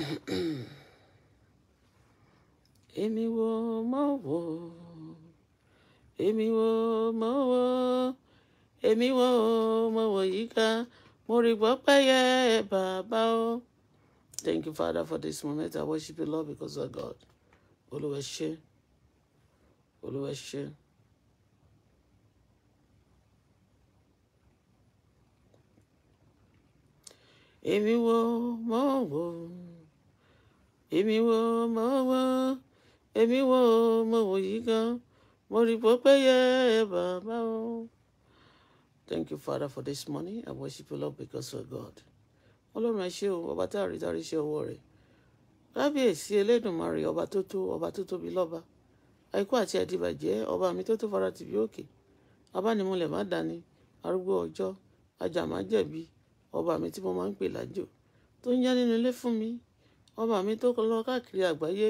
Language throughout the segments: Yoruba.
èmi wo mo wò èmi wo mo wò èmi wo mo wò yìí ká mo rí gbọ́ o. Thank you, Father, for this moment. I worship you, Lord, because of God. Olúwa ṣé. Olúwa ṣé. wo mo wò èmi wo mo wo èmi wo mo wò yí gan mo rí bó pé yẹ bàbá o. Thank you, Father, for this money. I worship you, Lord, because of God. Ọlọ́run ẹ o, ọba tá a rí dárí iṣẹ́ ọwọ́ rẹ̀. Kábíyèsí Elédùmarè, ọba tó tó, ọba tó tóbi lọ́ba. Àìkú àti àdìbàjẹ́, ọba mi tó tó fara tìbí òkè. Abánimúlẹ̀ má dání, arúgbó ọjọ́, ajàmájẹ̀bi, ọba mi tí mo máa ń pè lájò. Tó ń yá nínú ilé fún mi, ọba mi tó lọ káàkiri àgbáyé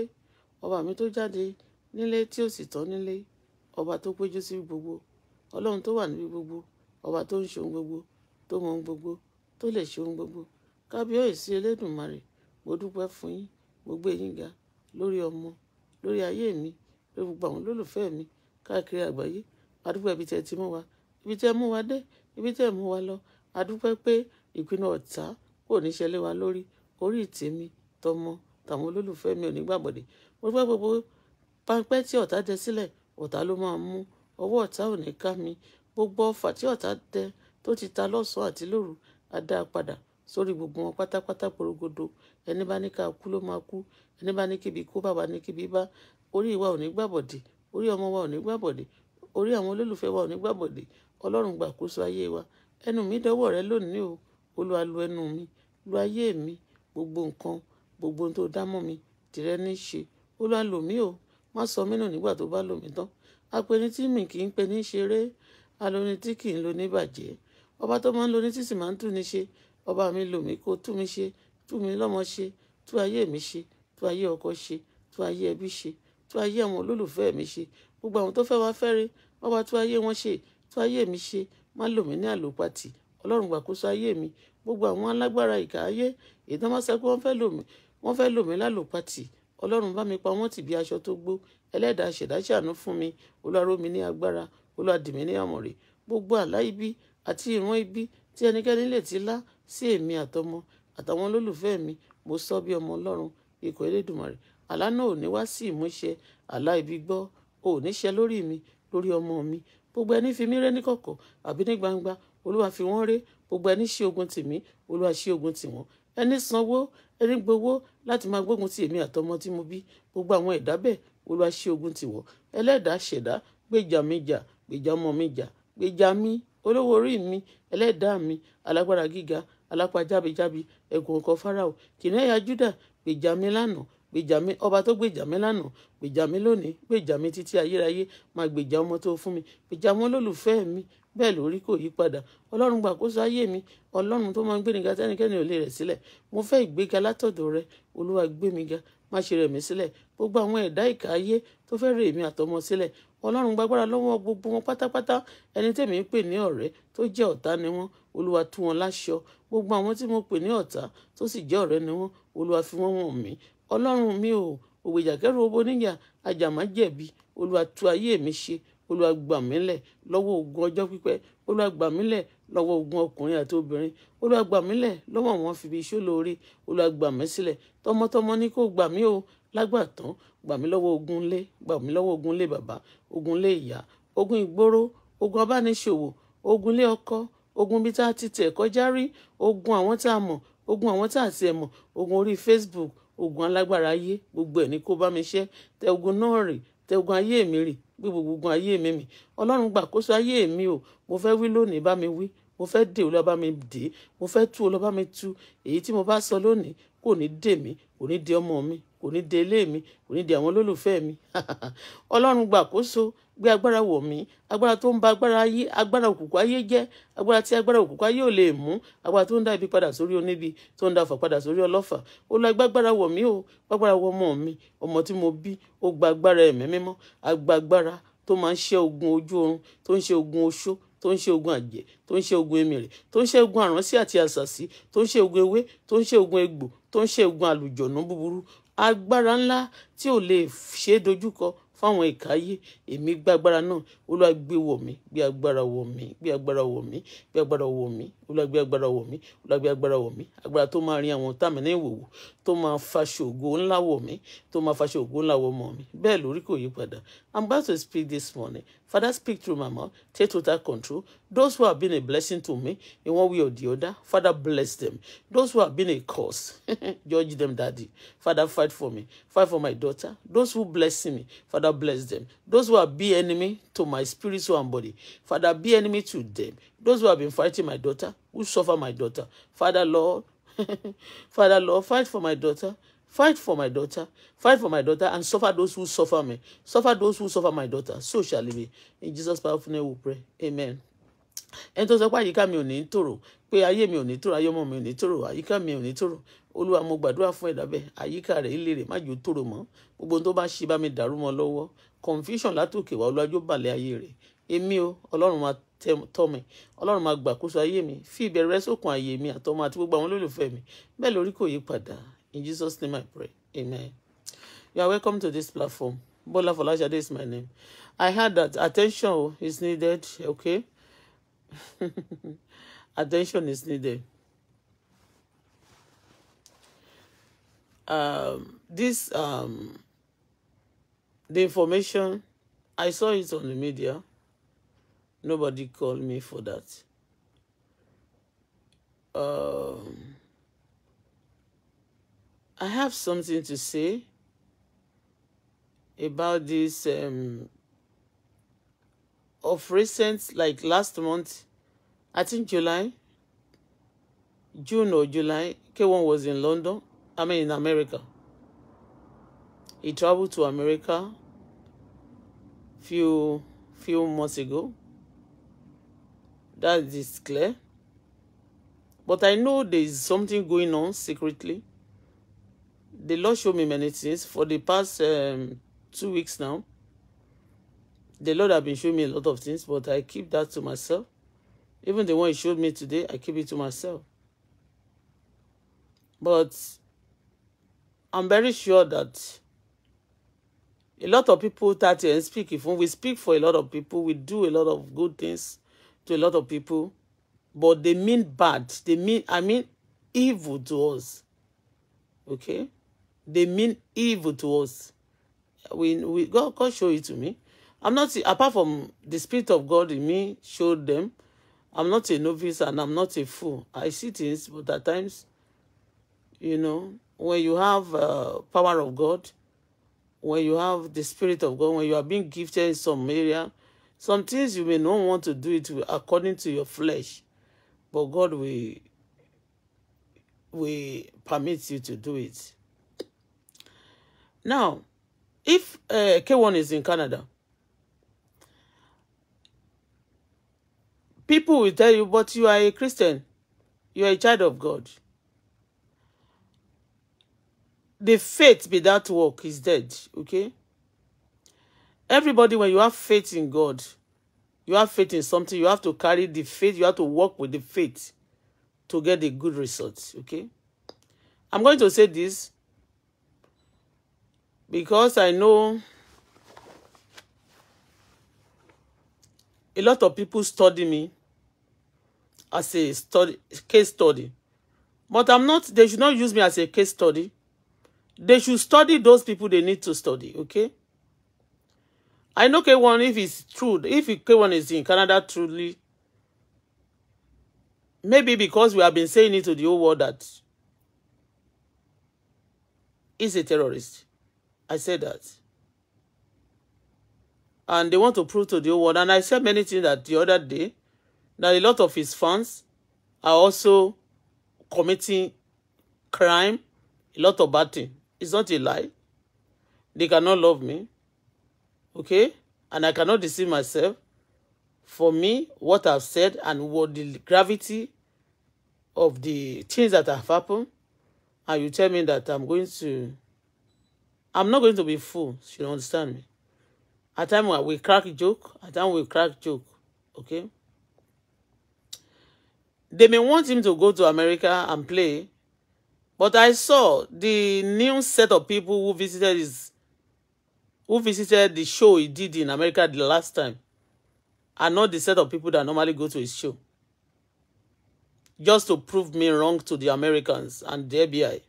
ọba mi tó jáde nílé tí ó sì tọ́ nílé ọba tó péjú sí gbogbo ọlọ́run tó wà níbi gbogbo ọba tó ń ṣohun gbogbo tó mọ ohun gbogbo tó lè ṣohun gbogbo kábíyèsí elédùnmarè mo dúpẹ́ fún yín mo gbé ga lórí ọmọ lórí ayé mi lórí gbogbo àwọn olólùfẹ́ mi káàkiri àgbáyé adúgbò ibi tẹ́ ti mú wa ibi tẹ́ mú wa dé ibi tẹ́ mú wa lọ adúpẹ́ pé ìpinnu ọ̀tá kò ní ṣẹlẹ̀ wa lórí orí tèmi tọmọ tàwọn olólùfẹ́ mi ò ní gbàbọ̀dé mo dúpẹ́ gbogbo páńpẹ́ tí ọ̀tá dẹ sílẹ̀ ọ̀tá ló máa mú ọwọ́ ọ̀tá ò ní ká mi gbogbo ọfà tí ọ̀tá dẹ tó ti ta lọ́sàn-án àti lóru á padà sórí gbogbo wọn pátápátá porogodo ẹni bá ní ká kú ló máa kú ẹni bá ní kíbi kú bàbá ní kíbi bá orí wa ò ní gbàbọ̀dé orí ọmọ wa ò ní gbàbọ̀dé orí àwọn olólùfẹ́ wa ò ní gbàbọ̀dé ọlọ́run gbàkóso ayé wa ẹnu mi dọwọ́ rẹ lónìí o olúwa lu ẹnu mi lu ayé mi gbogbo nǹkan gbogbo ohun tó dá mọ́ mi tìrẹ ní ṣe olúwa lò mí o má sọ mí nù nígbà tó bá lò mí tán apẹni tí mi kì í pe ní ṣeré alóni tí kì í lo ní bàjẹ́ ọba tó máa ń lo ní títì máa ń tún ní ṣe ọba mi lò mí kó tú mi ṣe tú mi lọ́mọ ṣe tú ayé mi ṣe tú ayé ọkọ ṣe tú ayé ẹbí ṣe tú ayé àwọn olólùfẹ́ mi ṣe gbogbo àwọn tó fẹ́ wá fẹ́re bàbá tú ayé wọn ṣe tú ayé mi ṣe má lò mí ní àlòpàtì ọlọ́run gbàkóso ayé mi gbogbo àwọn alágbára ìkà ayé ìdánmásákú wọn fẹ́ lò mí wọ́n fẹ́ lò mí lálòpatì ọlọ́run bá mi pa wọ́n tì bí aṣọ tó gbó ẹlẹ́dàá ṣẹ̀dáṣàánú fún mi olúwarò mi ní agbára olúwadìmí ní àmọ̀rè gbogbo àlá ibi àti ìran ibi tí ẹnikẹ́ni lè ti lá sí èmi àtọmọ àtàwọn olólùfẹ́ mi mo sọ bí ọmọ ọlọ́run ikọ̀ elédùnmarè àlá náà ò ní wá sí ìmúṣẹ àlá ibi gbọ́ ò ní ṣẹ lórí mi lórí ọmọ mi gbogbo ẹni fi mí rẹ́ ní kọ̀kọ̀ àbí ní gbangba olúwa fi wọ́n rẹ́ gbogbo ẹni ṣí ogun tì mí olúwa ṣí ogun tì wọ́n ẹni sanwó ẹni gbowó láti máa gbógun ti èmi àtọmọ tí mo bí gbogbo àwọn ẹ̀dá bẹ́ẹ̀ Olúwa ṣí ogun tiwọ ẹlẹ́dàá ṣẹ̀dá gbèjà mi jà gbèjà ọmọ mi jà gbèjà mi olówó orí mi ẹlẹ́dàá mi alágbára gíga alápá jábíjábí ẹkùn ọkọ Fáráò kìnìún ẹ̀yà Júdà gbèjà mi lánàá gbèjà mi ọba tó gbèjà mi lánàá gbèjà mi lónìí gbèjà mi títí ayérayé máa gbèjà ọmọ tó fún mi gbèjà ọmọ olólùfẹ́ mi bẹ́ẹ̀ lórí kò yí padà ọlọ́run gbàkóso ayé mi ọlọ́run tó máa ń gbéniga tẹ́nikẹ́ni ò lè rẹ̀ sílẹ̀ mo fẹ́ ìgbéga látọ̀dọ̀ rẹ olúwa gbémiga má ṣe rẹ̀ mí sílẹ̀ gbogbo àwọn ẹ̀dá ìkà ayé tó fẹ́ rè mí àtọmọ sílẹ̀ ọlọ́run gbàgbára lọ́wọ́ gbogbo wọn pátápátá ẹni tèmi ń pè ní ọ̀rẹ́ tó jẹ́ ọ̀tá ni wọ́n olúwa tú wọn láṣọ gbogbo àwọn tí mo pè ní ọ̀tá tó sì jẹ́ ọ̀rẹ́ ni wọ́n olúwa fi wọ́n wọ̀n mí ọlọ́run mi ò òwèjà kẹrù owó níyà ajàmájẹ̀bi olúwa tú ayé mi ṣe Olúwa gbà mí lẹ̀ lọ́wọ́ ogun ọjọ́ pípẹ́ Olúwa gbà mí lẹ̀ lọ́wọ́ ogun ọkùnrin àti obìnrin Olúwa gbà mí lẹ̀ lọ́wọ́ àwọn fìbí iṣẹ́ olóore Olúwa gbà mí sílẹ̀ tọmọtọmọ ní kó gbà mí o lágbàtàn gbà mí lọ́wọ́ ogun lé gbà mí lọ́wọ́ ogun lé bàbá ogun lé ìyá ogun ìgboro ogun abániṣòwò ogun lé ọkọ ogun bí tá a ti tẹ̀ kọjá rí ogun àwọn tá a mọ̀ ogun àwọn tá a ti ẹ̀ mọ̀ ogun orí Facebook ogun alágbára ayé gbogbo ẹ̀ ní kó bá mi ṣẹ́ tẹ ogun náà rì tẹ ogun ayé mi rì gbé gbogbo ogun ayé mi mì ọlọ́run gbàkóso ayé mi o mo fẹ́ wí lónìí bá mi wí mo fẹ́ dè ó lọ́ba mi dè mo fẹ́ tú ó lọ́ba mi tú èyí tí mo bá sọ lónìí kò ní dè mí kò ní dè ọmọ mi kò ní dè ilé mi kò ní dè àwọn olólùfẹ́ mi ọlọ́run gbàkóso gbé agbára wọ̀ mí agbára tó ń ba agbára ayé agbára òkùnkùn ayé jẹ́ agbára tí agbára òkùnkùn ayé ò lè mú agbára tó ń dá ibi padà sórí oníbi tó ń dá ọ̀fà padà sórí ọlọ́fà ó lọ agbára wọ̀ mí o agbára wọ̀ ọmọ mi ọmọ tí mo bí ó gba agbára ẹ̀mí mímọ́ agbagbára tó máa ń ṣe ogun ojú oorun tó ń ṣe ogun oṣó tó ń ṣe ogun àjẹ́ tó ń ṣe ogun emèrè tó ń ṣe ogun àránsí àti àṣàsí tó ń ṣe ogun ewé tó ń ṣe ogun egbò tó ń ṣe ogun àlùjọ̀nù búburú agbára ńlá tí ò lè ṣe dojúkọ fáwọn ìkáyé èmi gbé agbára náà olúwa gbé wọ̀ mí gbé agbára wọ̀ mí gbé agbára wọ̀ mí gbé agbára wọ̀ mí olúwa agbára wọ̀ mí olúwa agbára wọ̀ mí agbára tó máa rin àwọn tàmí ní ìwòwò tó máa faṣọ ògo ńlá wọ̀ mí tó máa faṣọ ògo ńlá wọ̀ mọ́ mi bẹ́ẹ̀ lórí kò yí padà I'm about to speak this morning Father, speak through my mouth. Take total control. Those who have been a blessing to me in one way or the other, Father, bless them. Those who have been a curse, judge them, Daddy. Father, fight for me. Fight for my daughter. Those who bless me, Father, bless them. Those who have been enemy to my spirit, soul, and body, Father, be enemy to them. Those who have been fighting my daughter, who suffer my daughter, Father, Lord, Father, Lord, fight for my daughter. Fight for my daughter. Fight for my daughter and suffer those who suffer me. Suffer those who suffer my daughter. So shall it be. In Jesus' powerful name we pray. Amen. ẹni tó sọ pé àyíká mi ò ní tòrò pé ayé mi ò ní tòrò ayé ọmọ mi ò ní tòrò àyíká mi ò ní tòrò olúwa mo gbàdúrà fún ẹ̀dá bẹ́ẹ̀ àyíká rẹ̀ ilé rẹ̀ má jò tòrò mọ́ gbogbo tó bá ṣe bá mi dàrú mọ́ lọ́wọ́ confusion látòkè wá olúwa jó balẹ̀ ayé rẹ̀ èmi o ọlọ́run máa tọ́ mi ọlọ́run máa gbàkóso ayé mi fi ìbẹ̀rẹ̀ sókun ayé mi àtọmọ àti gbogbo àwọn olólùfẹ́ mi bẹ́ẹ̀ lórí kò yí padà In Jesus' name I pray. Amen. You are welcome to this platform. Bola Folashade is my name. I heard that attention is needed, okay? attention is needed. Um, this, um, the information, I saw it on the media. Nobody called me for that. Um, I have something to say about this um, of recent, like last month, I think July, June or July, K1 was in London, I mean in America. He traveled to America few few months ago. That is clear. But I know there is something going on secretly the Lord showed me many things for the past um, two weeks now. The Lord have been showing me a lot of things, but I keep that to myself. Even the one He showed me today, I keep it to myself. But I'm very sure that a lot of people that and speak if we speak for a lot of people we do a lot of good things to a lot of people but they mean bad they mean i mean evil to us okay they mean evil to us. We, we God, God show it to me. I'm not apart from the spirit of God in me showed them. I'm not a novice and I'm not a fool. I see things, but at times, you know, when you have uh, power of God, when you have the spirit of God, when you are being gifted in some area, some things you may not want to do it according to your flesh, but God will, will permit you to do it. Now, if uh, eh, K1 is in Canada, people will tell you, but you are a Christian, you are a child of God. The faith without work is dead, okay? Everybody, when you have faith in God, you have faith in something, you have to carry the faith, you have to work with the faith to get the good results, okay? I'm going to say this because I know a lot of people study me as a study case study but I'm not they should not use me as a case study they should study those people they need to study okay I know K1 if it's true if K1 is in Canada truly maybe because we have been saying it to the whole world that he's a terrorist I said that. And they want to prove to the world. And I said many things that the other day that a lot of his fans are also committing crime, a lot of bad things. It's not a lie. They cannot love me. Okay? And I cannot deceive myself. For me, what I've said and what the gravity of the things that have happened, and you tell me that I'm going to I'm not going to be fool. You don't understand me. At times we crack joke. At time we crack joke. Okay. They may want him to go to America and play, but I saw the new set of people who visited his, who visited the show he did in America the last time, are not the set of people that normally go to his show. Just to prove me wrong to the Americans and the FBI.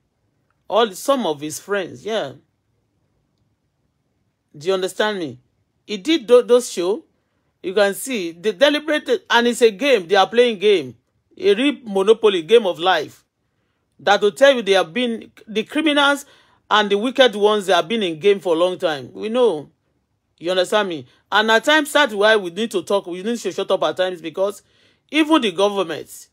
All some of his friends, yeah. Do you understand me? He did do, those show. You can see they deliberated, and it's a game. They are playing game, a real monopoly game of life. That will tell you they have been the criminals and the wicked ones. They have been in game for a long time. We know. You understand me? And at times that's why we need to talk. We need to shut up at times because even the government,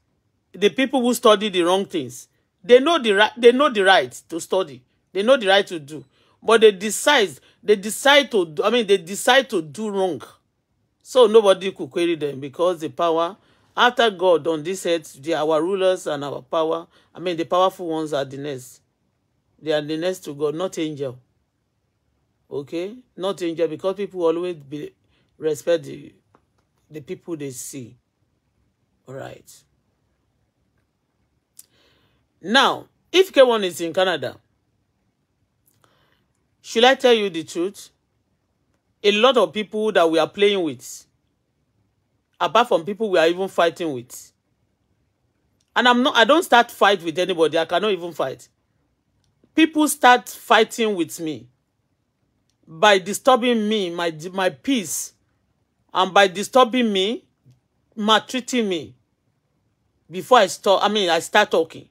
the people who study the wrong things, they know the right. They know the right to study. They know the right to do, but they decide they decide to do, I mean they decide to do wrong. So nobody could query them because the power after God on this earth, they are our rulers and our power. I mean the powerful ones are the next. They are the next to God, not angel. Okay? Not angel because people always be, respect the the people they see. All right. Now, if K1 is in Canada, Should I tell you the truth? A lot of people that we are playing with, apart from people we are even fighting with. And I'm not I don't start fight with anybody. I cannot even fight. People start fighting with me by disturbing me, my my peace, and by disturbing me, maltreating me before I start I mean I start talking.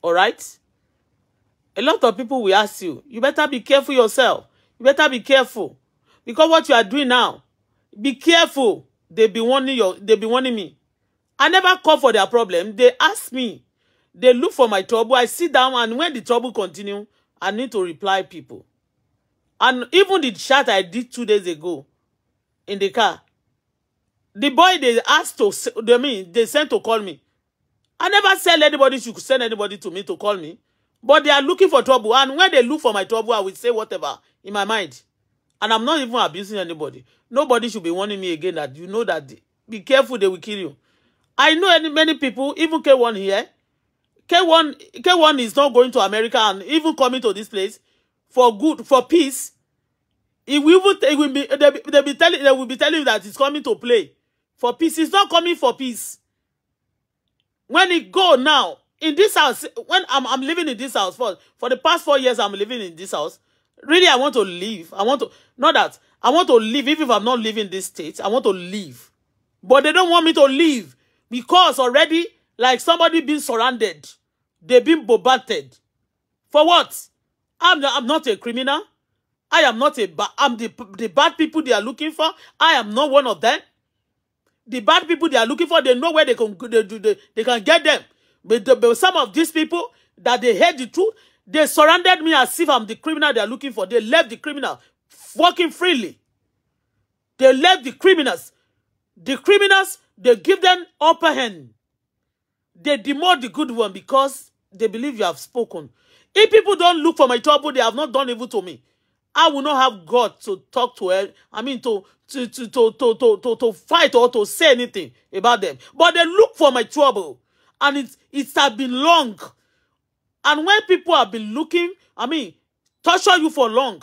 All right? A lot of people will ask you, you better be careful yourself. You better be careful. Because what you are doing now, be careful. They be warning you. they be warning me. I never call for their problem. They ask me. They look for my trouble. I sit down and when the trouble continue, I need to reply people. And even the chat I did two days ago in the car, the boy they asked to, they mean, they sent to call me. I never said anybody should send anybody to me to call me. But they are looking for trouble. And when they look for my trouble, I will say whatever in my mind. And I'm not even abusing anybody. Nobody should be warning me again that you know that they, be careful, they will kill you. I know any, many people, even K1 here. K1, K1 is not going to America and even coming to this place for good, for peace. It will, even, it will be, they, they, be telling, they will be telling you that it's coming to play for peace. It's not coming for peace. When it go now, in this house when I'm I'm living in this house for for the past four years I'm living in this house. Really, I want to leave. I want to not that I want to leave. Even if I'm not leaving this state, I want to leave. But they don't want me to leave because already like somebody being surrounded, they've been bombarded. For what? I'm I'm not a criminal. I am not a bad. I'm the the bad people they are looking for. I am not one of them. The bad people they are looking for, they know where they can they, they, they can get them. But, the, but some of these people that they hate the truth, they surrounded me as if I'm the criminal they're looking for. They left the criminal walking freely. They left the criminals. The criminals, they give them upper hand. They demote the good one because they believe you have spoken. If people don't look for my trouble, they have not done evil to me. I will not have God to talk to her. I mean, to to to to to to to, to fight or to say anything about them. But they look for my trouble and it it has been long and when people have been looking i mean torture you for long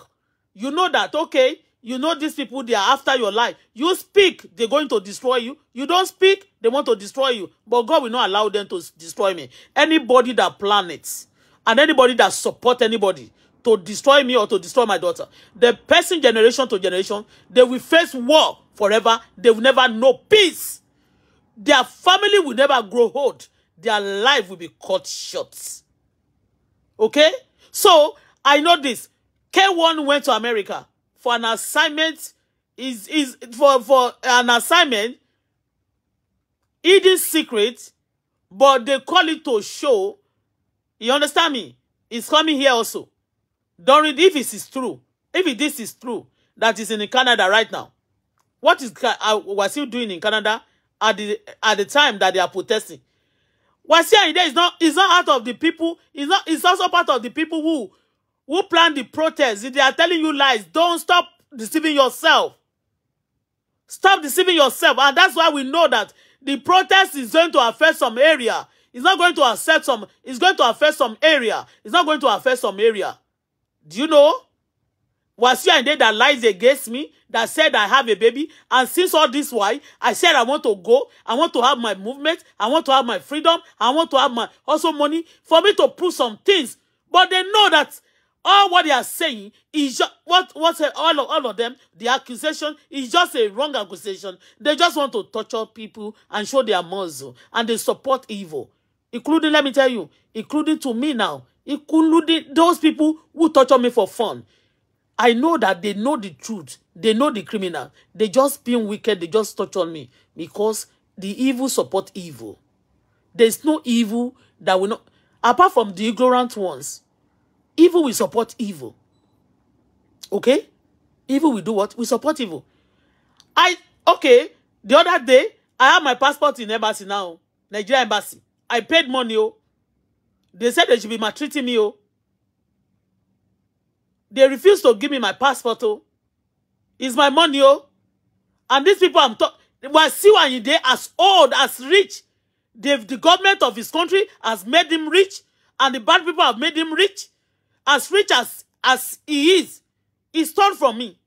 you know that okay you know these people they are after your life you speak they're going to destroy you you don't speak they want to destroy you but god will not allow them to destroy me anybody that plan it and anybody that support anybody to destroy me or to destroy my daughter the person generation to generation they will face war forever they will never know peace their family will never grow old their life will be cut short. Okay? So, I know this. K1 went to America for an assignment is is for for an assignment It is secret but they call it to show you understand me it's coming here also Don't read if this is true if this is true that is in canada right now what is uh, was he doing in canada at the at the time that they are protesting Wasiu Ayinde is not is not out of the people. Is not is also part of the people who who plan the protest. If they are telling you lies, don't stop deceiving yourself. Stop deceiving yourself, and that's why we know that the protest is going to affect some area. It's not going to affect some. It's going to affect some area. It's not going to affect some area. Do you know? Was and Ayinde that lies against me, that said I have a baby. And since all this why I said I want to go. I want to have my movement. I want to have my freedom. I want to have my also money for me to prove some things. But they know that all what they are saying is just what what all of all of them the accusation is just a wrong accusation they just want to torture people and show their muscle and they support evil including let me tell you including to me now including those people who torture me for fun I know that they know the truth. They know the criminal. They just being wicked. They just touch on me because the evil support evil. There's no evil that will not, apart from the ignorant ones, evil will support evil. Okay? Evil will do what? We support evil. I, okay, the other day, I have my passport in embassy now, Nigeria embassy. I paid money, oh. They said they should be maltreating me, oh. They refuse to give me my passport. Oh, it's my money. Oh, and these people I'm talking, Well, see Wasiu Ayinde, as old, as rich, They've, the government of his country has made him rich, and the bad people have made him rich, as rich as as he is. He stole from me.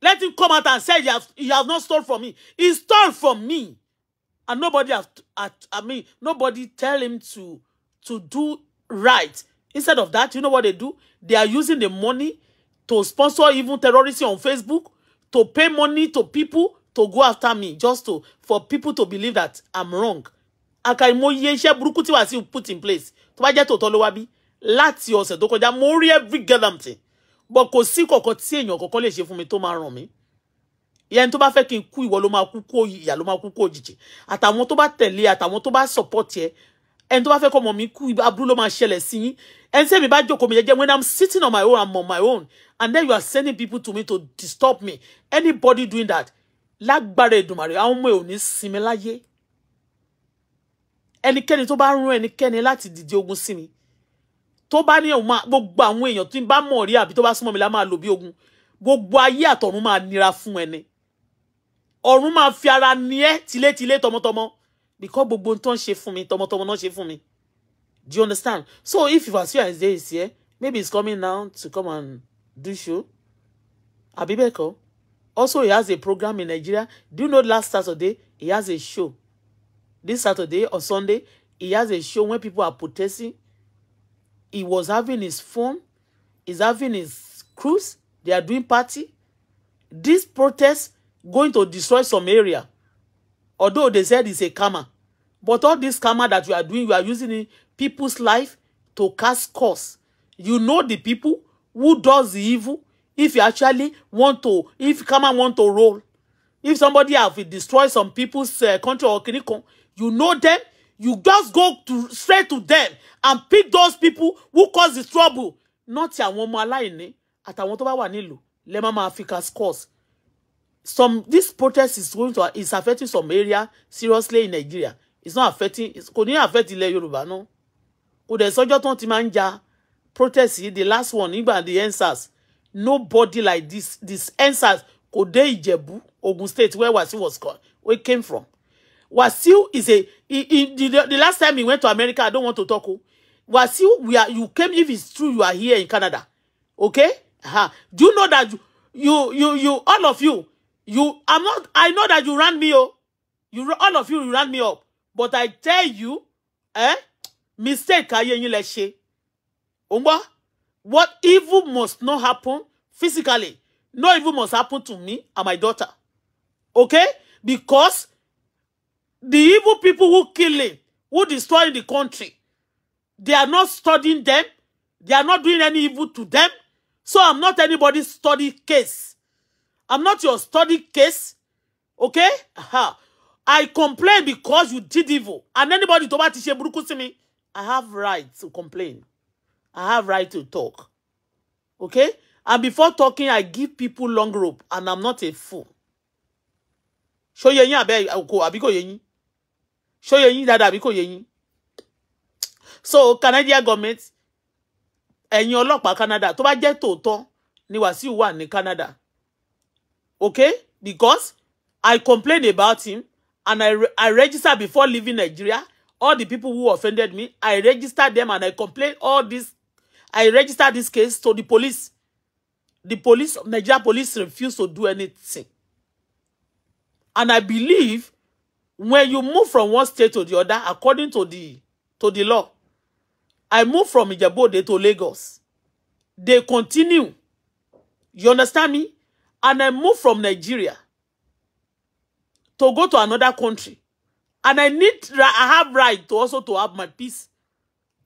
Let him come out and say he has, he has not stole from me. He stole from me, and nobody have, I mean, nobody tell him to to do right Instead of that, you know what they do? They are using the money to sponsor even terrorism on Facebook, to pay money to people to go after me, just to for people to believe that I'm wrong. Àkàìmọye iṣẹ́ burúkú tí Wasiu put in place. Tó bá jẹ́ tòótọ́ ló wá bí. Láti ọ̀sẹ̀ tó kọjá, mo rí every goddamn thing. But kò sí kọ̀ọ̀kan tí èèyàn kọ̀ọ̀kan lè ṣe fún mi tó máa ràn mí. Ìyẹn tó ba fẹ́ kí n kú ìwọ ló máa kú kó ìyà ló máa kú kó òjijì. Àtàwọn tó bá tẹ̀lé àtàwọn tó support ye ẹni to bá fẹ́ kọ́ mọ̀ mí kú aburú ló máa ṣẹlẹ̀ sí yín ẹni tí èmi bá jókòó mi jẹ́jẹ́ when i'm sitting on my own i'm on my own and then you are sending people to me to disturb me anybody doing that lágbára Èdùmàrè àwọn ọmọ ẹ ò ní sinmi láyé ẹnikẹ́ni tó bá rún ẹnikẹ́ni láti dìde ogun sí mi tó bá ní òun gbogbo àwọn èèyàn tí ń bá mọ̀ rí àbí tó bá mi lá máa lò bí ogun gbogbo ayé àtọ̀run máa nira fún ẹni ọ̀run máa fi ara ní ẹ́ tilétilé tọmọtọmọ because gbogbo tó ń ṣe fún mi tọmọtọmọ náà ṣe fún mi do you understand so if Wasiu Ayinde is here maybe he's coming now to come and do show àbí bẹ́ẹ̀ kọ́ also he has a program in Nigeria do you know last Saturday he has a show this Saturday or Sunday he has a show when people are protesting he was having his phone he's having his cruise they are doing party this protest going to destroy some area although they said it's a karma but all this karma that you are doing you are using in people's life to cast curse you know the people who does the evil if you actually want to if karma want to roll if somebody have destroyed some people's uh, country or clinic you know them you just go to straight to them and pick those people who cause the trouble not ti àwọn ọmọ aláìní àtàwọn tó bá wà nílùú lẹ́ẹ̀ má fi cast curse some this protest is going to is affecting some area seriously in Nigeria it's not affecting Could ní affect the Yorùbá náà kò dẹ̀ sọ́jọ́ tán ti protest the last one even the answers. nobody like this this answers. kò they? Ìjẹ̀bú Ogun State where was he? was where came from Wasiu is a he, he, the, the last time he went to America I don't want to talk o oh. Wasiu we are you came if it's true you are here in Canada okay uh -huh. do you know that you you you, you all of you You, I'm not, I know that you ran me up. Oh. You, all of you, you ran me up. But I tell you, eh, mistake ayé yín lẹ ṣe. Ongba, what evil must not happen physically. No evil must happen to me and my daughter. Okay? Because the evil people who killing, who destroying the country, they are not studying them. They are not doing any evil to them. So I'm not anybody's study case. I'm not your study case. Okay? Aha. I complain because you did evil. And anybody to bá ti ṣe burúkú sí I have right to complain. I have right to talk. Okay? And before talking, I give people long rope and I'm not a fool. Show yé yín àbí kò àbí kò yé yín? Ṣó yé yín dáadáa àbí kò yé yín? So Canadian government your lock by Canada tó bá jẹ́ tòótọ́ ni Wàsíù wà ní Canada okay because i complained about him and i re i register before leaving nigeria all the people who offended me i registered them and i complain all this i registered this case to the police the police nigeria police refused to do anything and i believe when you move from one state to the other according to the to the law i moved from ijebu to Lagos they continue you understand me and I move from Nigeria to go to another country. And I need, I have right to also to have my peace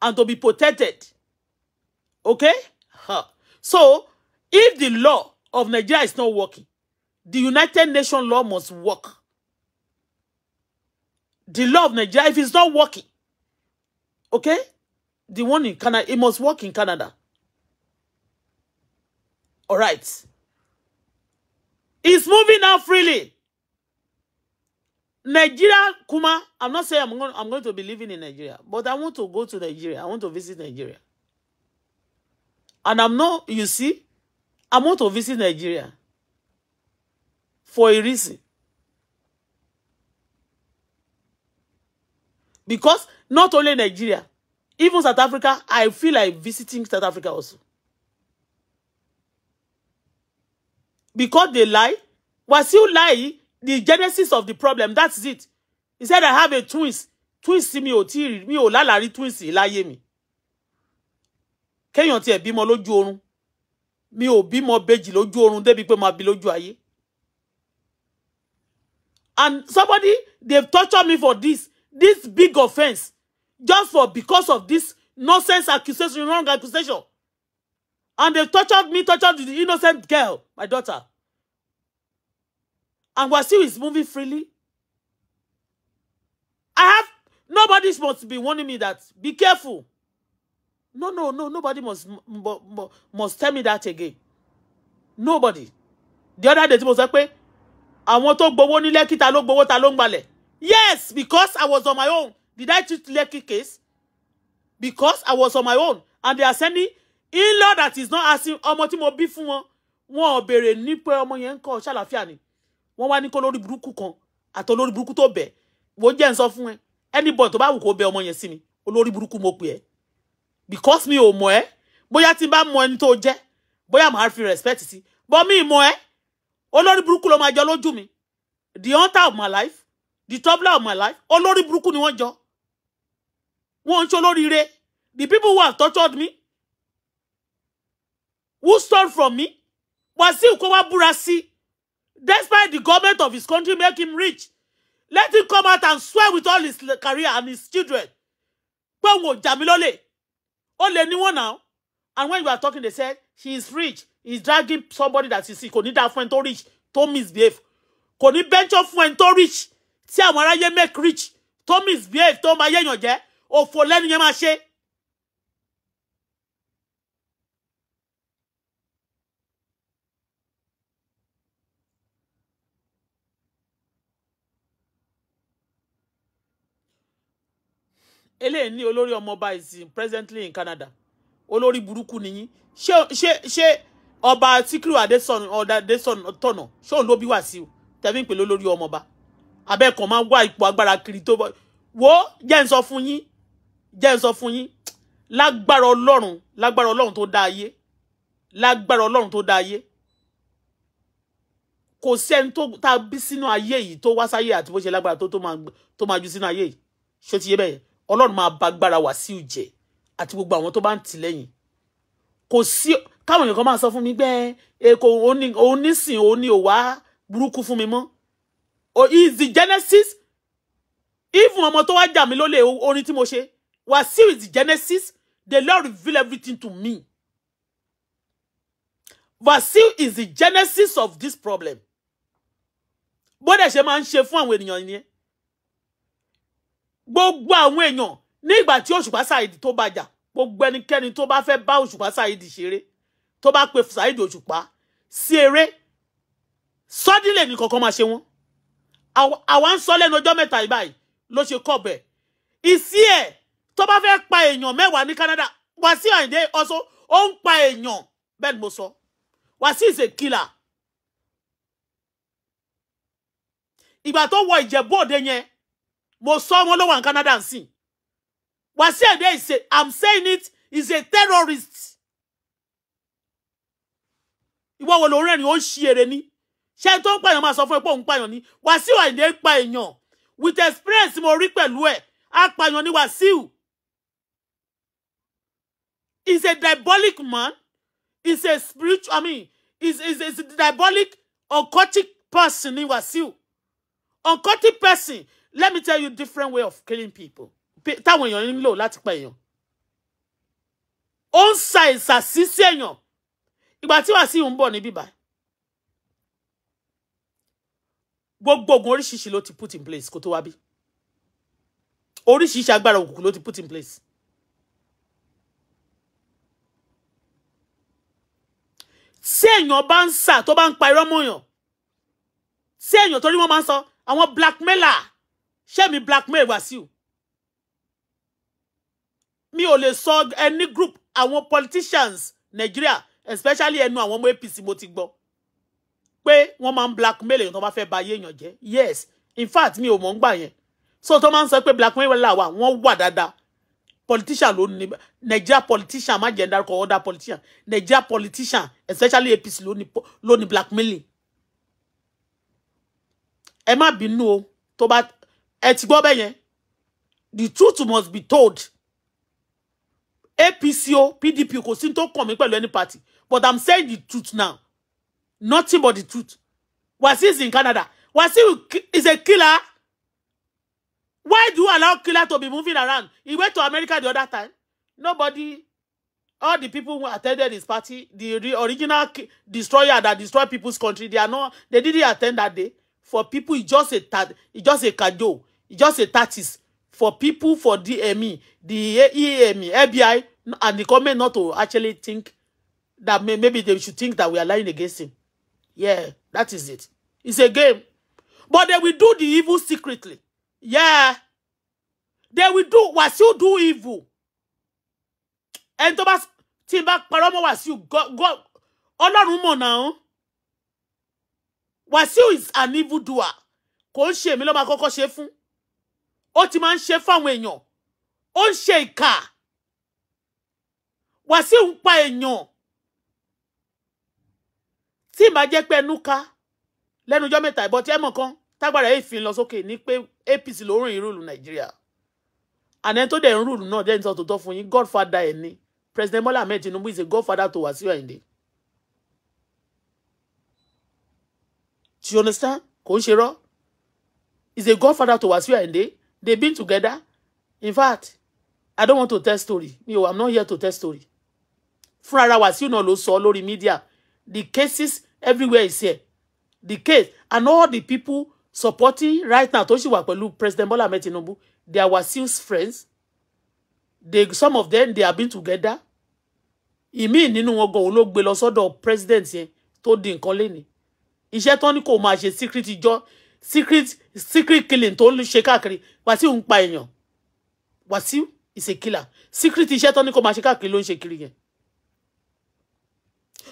and to be protected. Okay? Huh. So, if the law of Nigeria is not working, the United Nations law must work. The law of Nigeria, if it's not working, okay? The one in Canada, it must work in Canada. All right. It's moving now freely. Nigeria, Kuma, I'm not saying I'm going, I'm going to be living in Nigeria, but I want to go to Nigeria. I want to visit Nigeria. And I'm not, you see, I want to visit Nigeria for a reason. Because not only Nigeria, even South Africa, I feel like visiting South Africa also. because they lie. Wasiu lie, the genesis of the problem, that's it. He said, I have a twins. Twins mi o tí mi o lálàrí twins láyé mi. Kéèyàn tiẹ̀ bímọ lójú oorun. Mi ò bímọ bejì lójú oorun débi pé máa bí lójú ayé. And somebody, they've tortured me for this, this big offense, just for because of this nonsense accusation, wrong accusation. And they tortured me, tortured the innocent girl, my daughter. And Wasiu is moving freely. I have, nobody must be warning me that. Be careful. No, no, no, nobody must must tell me that again. Nobody. The other day, tí mo sọ pé, àwọn tó gbowó ní Lekki ta ló gbowó ta ló ń Yes, because I was on my own. Did I treat Lekki case? Because I was on my own. And they are sending in-law that is not asking ọmọ tí mo bí fún wọn wọn ò béèrè ní pé ọmọ yẹn ń kọ́ ṣàlàfíà ni wọ́n wá ní kó lórí burúkú kan àti olórí burúkú tó bẹ̀ wò jẹ́ ń sọ fún ẹ anybody tó bá wù kó bẹ ọmọ yẹn sí mi olórí burúkú mo pè ẹ́ because mi ò mọ̀ ẹ́ bóyá tí n bá mọ ẹni tó jẹ́ bóyá màá fi respect sí bọ́ mi mọ̀ ẹ́ olórí burúkú ló máa jọ lójú mi the hunter of my life the troubler of my life olórí burúkú ni wọ́n jọ wọ́n ń ṣe olóríire the people who have tortured me who stole from me Wasiu kó wá búra sí despite the government of his country make him rich let him come out and swear with all his career and his children pé òun ò jà mí lólè and when you are talking they said he is rich he is dragging somebody that he see kò ní dá fún rich tó misbehave kò bench venture fún ẹni rich tí àwọn aráyé make rich tó misbehave tó máa yéèyàn jẹ òfò lẹ́nu yẹn máa ṣe eléyìí ní olórí ọmọọba is presently in Canada olórí burúkú nìyí ṣé ṣé ṣé ọba Síkírù Adésọ̀nà ọ̀dà Adésọ̀nà tọ̀nà ṣé òun ló bí Wàsíù tẹ̀mí pè lólórí ọmọọba abẹ́ẹ̀kan máa wá ipò agbára kiri tó bọ́ wo jẹ́ ń sọ fún yín jẹ́ ń sọ fún yín lágbára ọlọ́run lágbára ọlọ́run tó dá ayé lágbára ọlọ́run tó dá ayé kò sẹ́ni tó tá a bí sínú ayé yìí tó wá sáyé àti bó ṣe lágbára tó tó máa ju sínú ayé yìí ṣó ti yé bẹ́ẹ̀ yẹn ọlọ́run máa bá agbára Wàsíù jẹ àti gbogbo àwọn tó bá ń tìlẹ́yìn kò sí káwọn èèyàn kan máa sọ fún mi pé èkó onísìn òní ò wá burúkú fún mi mọ́ is the genesis even ọmọ tó wá jà mí lólè orin tí mo ṣe Wàsíù is the genesis the Lord reveal everything to me Wàsíù is the genesis of this problem bó dẹ̀ ṣe máa ń ṣe fún àwọn ènìyàn yẹn gbogbo àwọn èèyàn ní ìgbà tí òṣùpá ṣáìdì tó bá jà gbogbo ẹnikẹ́ni tó bá fẹ́ bá òṣùpá ṣáìdì ṣeré tó bá pe ṣáìdì òṣùpá sí eré sọ́dílẹ̀ nìkan kan máa ṣe wọ́n àwa ń sọ lẹ́nu ọjọ́ mẹ́ta ìbáyìí ló ṣe kọ́ bẹ̀ ìsí ẹ̀ tó bá fẹ́ pa èèyàn mẹ́wàá ní Canada Wàsíù Àyìndé ọ̀ṣọ́ ó ń pa èèyàn bẹ́ẹ̀ ni mo sọ Wàsíù is a killer ìgbà tó wọ Ìjẹ̀bú Òde yẹn mo sọ wọn ló wà ní Canada ń sìn Wasiu Ayinde i'm saying it is a terrorist ìwọ wo ló ń rẹ́rìn ó ń ṣí ere ní ṣé tó ń pààyàn máa sọ fún ẹ pé òun pààyàn ní Wasiu Ayinde ń pa èèyàn with experience mo rí pẹ̀lú ẹ̀ apààyàn ní Wasiu is a diabolic man He's a spiritual i mean is is a diabolic occultic person ní Wasiu occultic person let me tell you different way of killing people táwọn èèyàn ń lò láti pa èèyàn ó ń sa ìsàsí sí èèyàn ìgbà tí wàá sí ń bọ̀ níbí Go, go, ogun oríṣiríṣi ló ti put in place kó tó wá bí oríṣiríṣi agbára òkùnkùn ti put in place tí èèyàn bá ń sà tó bá ń pa irọ́ mọ́yàn tí èèyàn torí wọ́n máa blackmailer ṣé mi blackmail Wàsíù mi ò lè sọ ẹni group àwọn politicians Nigeria, especially ẹnu àwọn ọmọ APC mo ti gbọ́ pé wọ́n máa ń blackmail èèyàn tó bá fẹ́ ba ayé èèyàn jẹ́ yes in fact mi ò mọ̀ ń gbà yẹn so tó máa ń sọ pé blackmail là wà wọ́n wà dáadáa politician ló ní Nigeria politician má jẹ́ dárúkọ other politician Nigeria politician especially APC ló ní ló ní blackmailing ẹ má bínú o tó bá the truth must be told apc o pdp kò sí tó kàn mí pẹ̀lú any party but i'm saying the truth now nothing but the truth wasi is in canada wasi is a killer why do you allow killer to be moving around he went to america the other time nobody all the people who attended his party the, the original destroyer that destroyed people's country they are not they didn't attend that day for people it's just a it's just a cajole just a tactics for people for DME, the EAME, eh, e, eh, FBI, and the government not to actually think that may, maybe they should think that we are lying against him. Yeah, that is it. It's a game. But they will do the evil secretly. Yeah. They will do What you do evil. And Thomas bá tí n bá go? mọ́ Wasiu God God Ọlọ́run Wasiu is an evil doer. Kò ń ṣe èmi ló máa kọ́kọ́ ṣe ó ti máa ń ṣe fáwọn èèyàn ó ń ṣe ìkà Wàsíù ń pa èèyàn tí ìbá jẹ́ pé ẹnu ká lẹ́nu ọjọ́ mẹ́ta ìbọn tí ẹ mọ̀ kan tágbára èéfín lọ sókè ní pé APC ló rìn ìrúlù Nàìjíríà àná tó dẹ̀ ń rúlù náà dẹ́ni tó tọ́ fún yín godfather ẹ̀ ni President Bola Ahmed Tinubu is a godfather to Wàsíù Àyìndé. Do you understand? kò ń ṣe rọ́ is a godfather to Wàsíù Àyìndé They've been together in fact i don't want to tell story mi o i'm not here to tell story fúnra you know, ló sọ lórí media the cases everywhere is here the case and all the people supporting right now tó sì president Bola metinobu, they are Wasiu's friends they some of them they have been together I mean, wọn gan ló gbé lọ president yẹn tó di nǹkan lẹ́ni iṣẹ́ tán ni kò máa ṣe secret jọ secret secret killing tó ń ṣe káàkiri Wàsíù ń pa èèyàn Wàsíù is a killer secret iṣẹ́ tó ní kó máa ṣe káàkiri ló ń kiri yẹn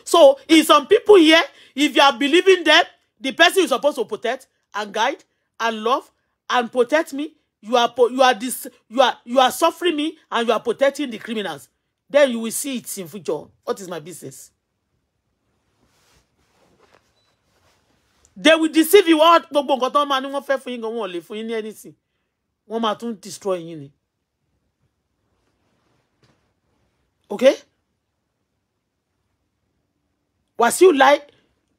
so in some people here if you are believing that the person you supposed to protect and guide and love and protect me you are you are this you are you are suffering me and you are protecting the criminals then you will see it in future what is my business. they will deceive you all gbogbo nǹkan tó máa ní wọ́n fẹ́ fún yín gan wọn ò lè fún yín ní anything wọ́n máa tún destroy yín ni okay Wàsíù láì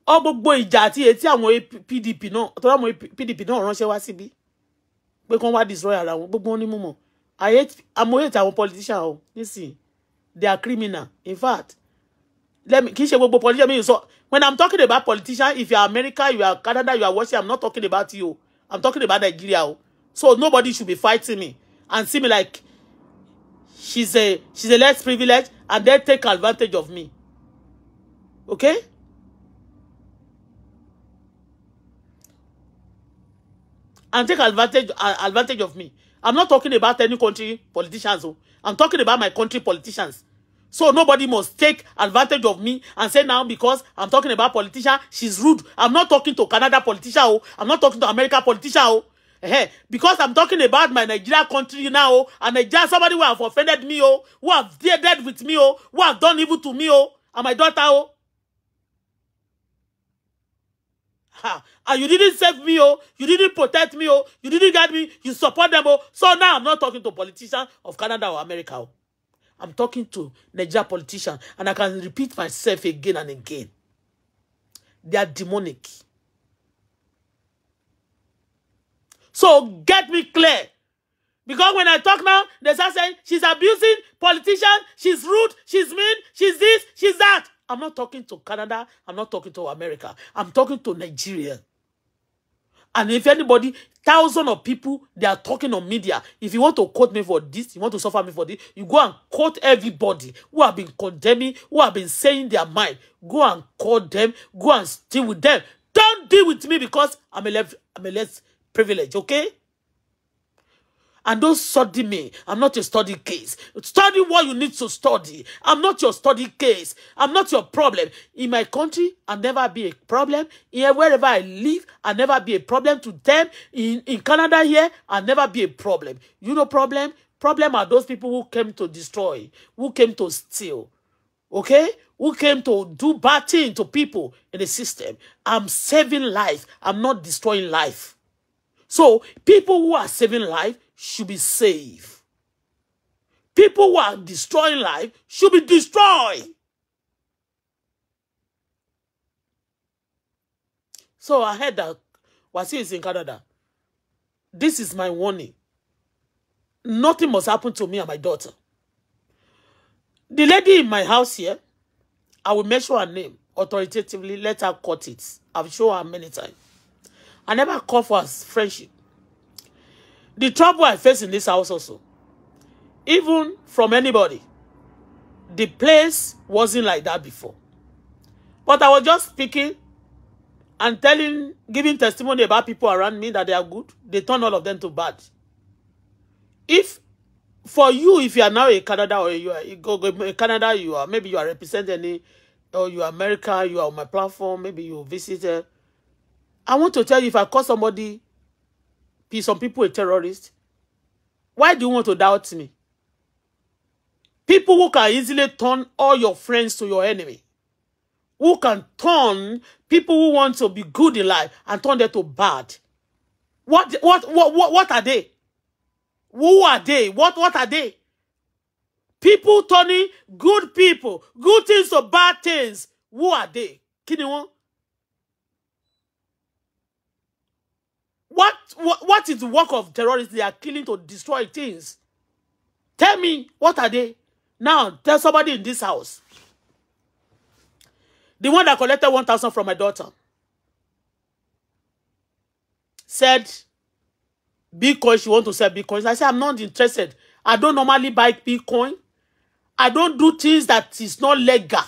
ọ gbogbo ìjà àti etí àwọn PDP náà tọ́lá àwọn PDP náà ránṣẹ́ wá síbí pé kí wọ́n wá destroy ara wọn gbogbo wọn ní mú mọ̀ àmọ́ hate àwọn politician o nísìnyí they are criminal in fact let me kì í ṣe gbogbo politician mi sọ when i'm talking about politician if you are america you are canada you are russia i'm not talking about you i'm talking about nigeria o so nobody should be fighting me and see me like she's a she's a less privileged and then take advantage of me okay. and take advantage uh, advantage of me. I'm not talking about any country politicians. Oh. I'm talking about my country politicians. So nobody must take advantage of me and say now because I'm talking about politician, she's rude. I'm not talking to Canada politician. Oh. I'm not talking to America politician. Oh. Eh, because I'm talking about my Nigeria country now. Oh. And Nigeria, somebody who have offended me, oh, who have dared with me, oh, who have done evil to me, oh, and my daughter, oh. Ha. And you didn't save me, oh. You didn't protect me, oh. You didn't guide me. You support them, oh. So now I'm not talking to politicians of Canada or America, oh. I'm talking to Nigeria politicians, and I can repeat myself again and again. They are demonic. So get me clear. Because when I talk now, they start saying she's abusing politicians, she's rude, she's mean, she's this, she's that. I'm not talking to Canada. I'm not talking to America. I'm talking to Nigeria. And if anybody, thousand of people, they are talking on media. If you want to quote me for this, you want to suffer me for this, you go and quote everybody who have been condemning, who have been saying their mind. Go and quote them. Go and deal with them. Don't deal with me because I'm a left I'm a less privilege, okay? And don't study me. I'm not a study case. Study what you need to study. I'm not your study case. I'm not your problem. In my country, I'll never be a problem. Here, wherever I live, I'll never be a problem to them. In, in Canada here, I'll never be a problem. You know problem? Problem are those people who came to destroy, who came to steal. Okay? Who came to do bad things to people in the system. I'm saving life. I'm not destroying life. So, people who are saving life, should be saved. People who are destroying life should be destroyed. So I heard that Wasiu is in Canada. This is my warning. Nothing must happen to me and my daughter. The lady in my house here, I will mention her name authoritatively. Let her cut it. I've shown her many times. I never call for her friendship. The trouble I face in this house also, even from anybody, the place wasn't like that before. But I was just speaking and telling, giving testimony about people around me that they are good. They turn all of them to bad. If for you, if you are now in Canada or you are in Canada, you are maybe you are representing or you are America, you are on my platform, maybe you visited. Eh, I want to tell you, if I call somebody be some people a terrorist? Why do you want to doubt me? People who can easily turn all your friends to your enemy. Who can turn people who want to be good in life and turn them to bad. What what what what, what are they? Who are they? What what are they? People turning good people, good things to bad things. Who are they? Kí one. What, what, what is the work of terrorists they are killing to destroy things? Tell me, what are they? Now, tell somebody in this house. The one that collected 1,000 from my daughter said Bitcoin, she want to sell Bitcoin. I said, I'm not interested. I don't normally buy Bitcoin. I don't do things that is not legal.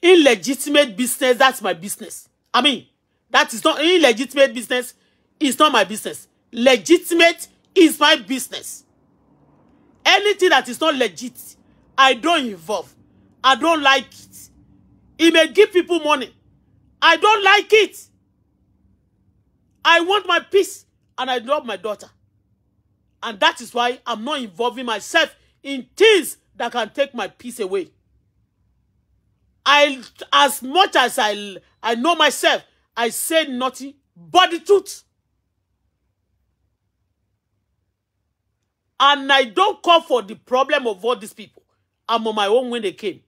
Illegitimate business, that's my business. I mean, that is not any legitimate business is not my business legitimate is my business anything that is not legit I don't involve I don't like it it may give people money I don't like it I want my peace and I love my daughter and that is why I'm not involving myself in things that can take my peace away I as much as I I know myself I say nothing but the truth. And I don't call for the problem of all these people. I'm on my own when they came.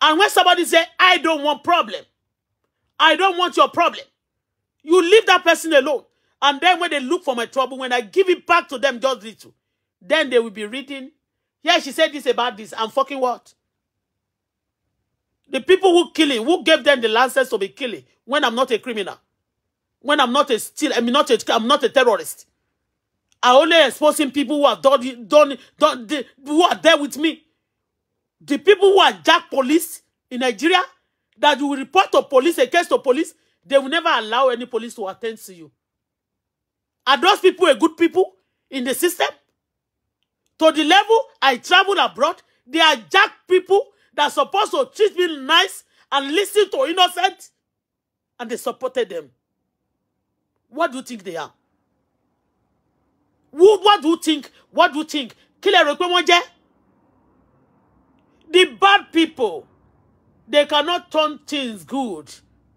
And when somebody say, I don't want problem. I don't want your problem. You leave that person alone. And then when they look for my trouble, when I give it back to them just little, then they will be reading. Yeah, she said this about this. I'm fucking what? The people who kill it, who gave them the license to be killing when I'm not a criminal, when I'm not a steal, I'm not a, I'm not a terrorist. I only exposing people who are done, done, done the, who are there with me. The people who are jack police in Nigeria that you report to police, a case to police, they will never allow any police to attend to you. Are those people a good people in the system? To the level I travel abroad, they are jack people That supposed to treat me nice and listen to innocent, and they supported them. What do you think they are? What, what do you think? What do you think? Kí lẹ rò The bad people, they cannot turn things good.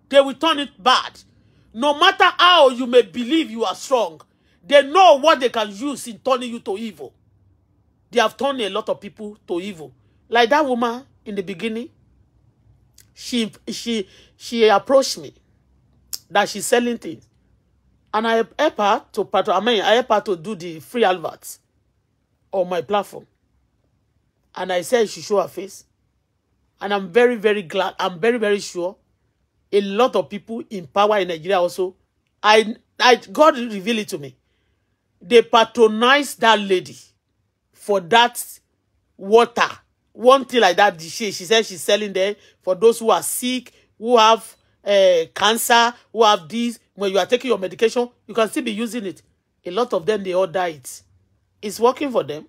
They will turn it bad. No matter how you may believe you are strong, they know what they can use in turning you to evil. They have turned a lot of people to evil. Like that woman in the beginning, she she she approached me that she's selling things. And I help her to part I mean I help her to do the free adverts on my platform. And I said she show her face. And I'm very, very glad. I'm very, very sure a lot of people in power in Nigeria also. I I God revealed it to me. They patronize that lady for that water one thing like that she she said she's selling there for those who are sick who have uh, cancer who have this when you are taking your medication you can still be using it a lot of them they order it it's working for them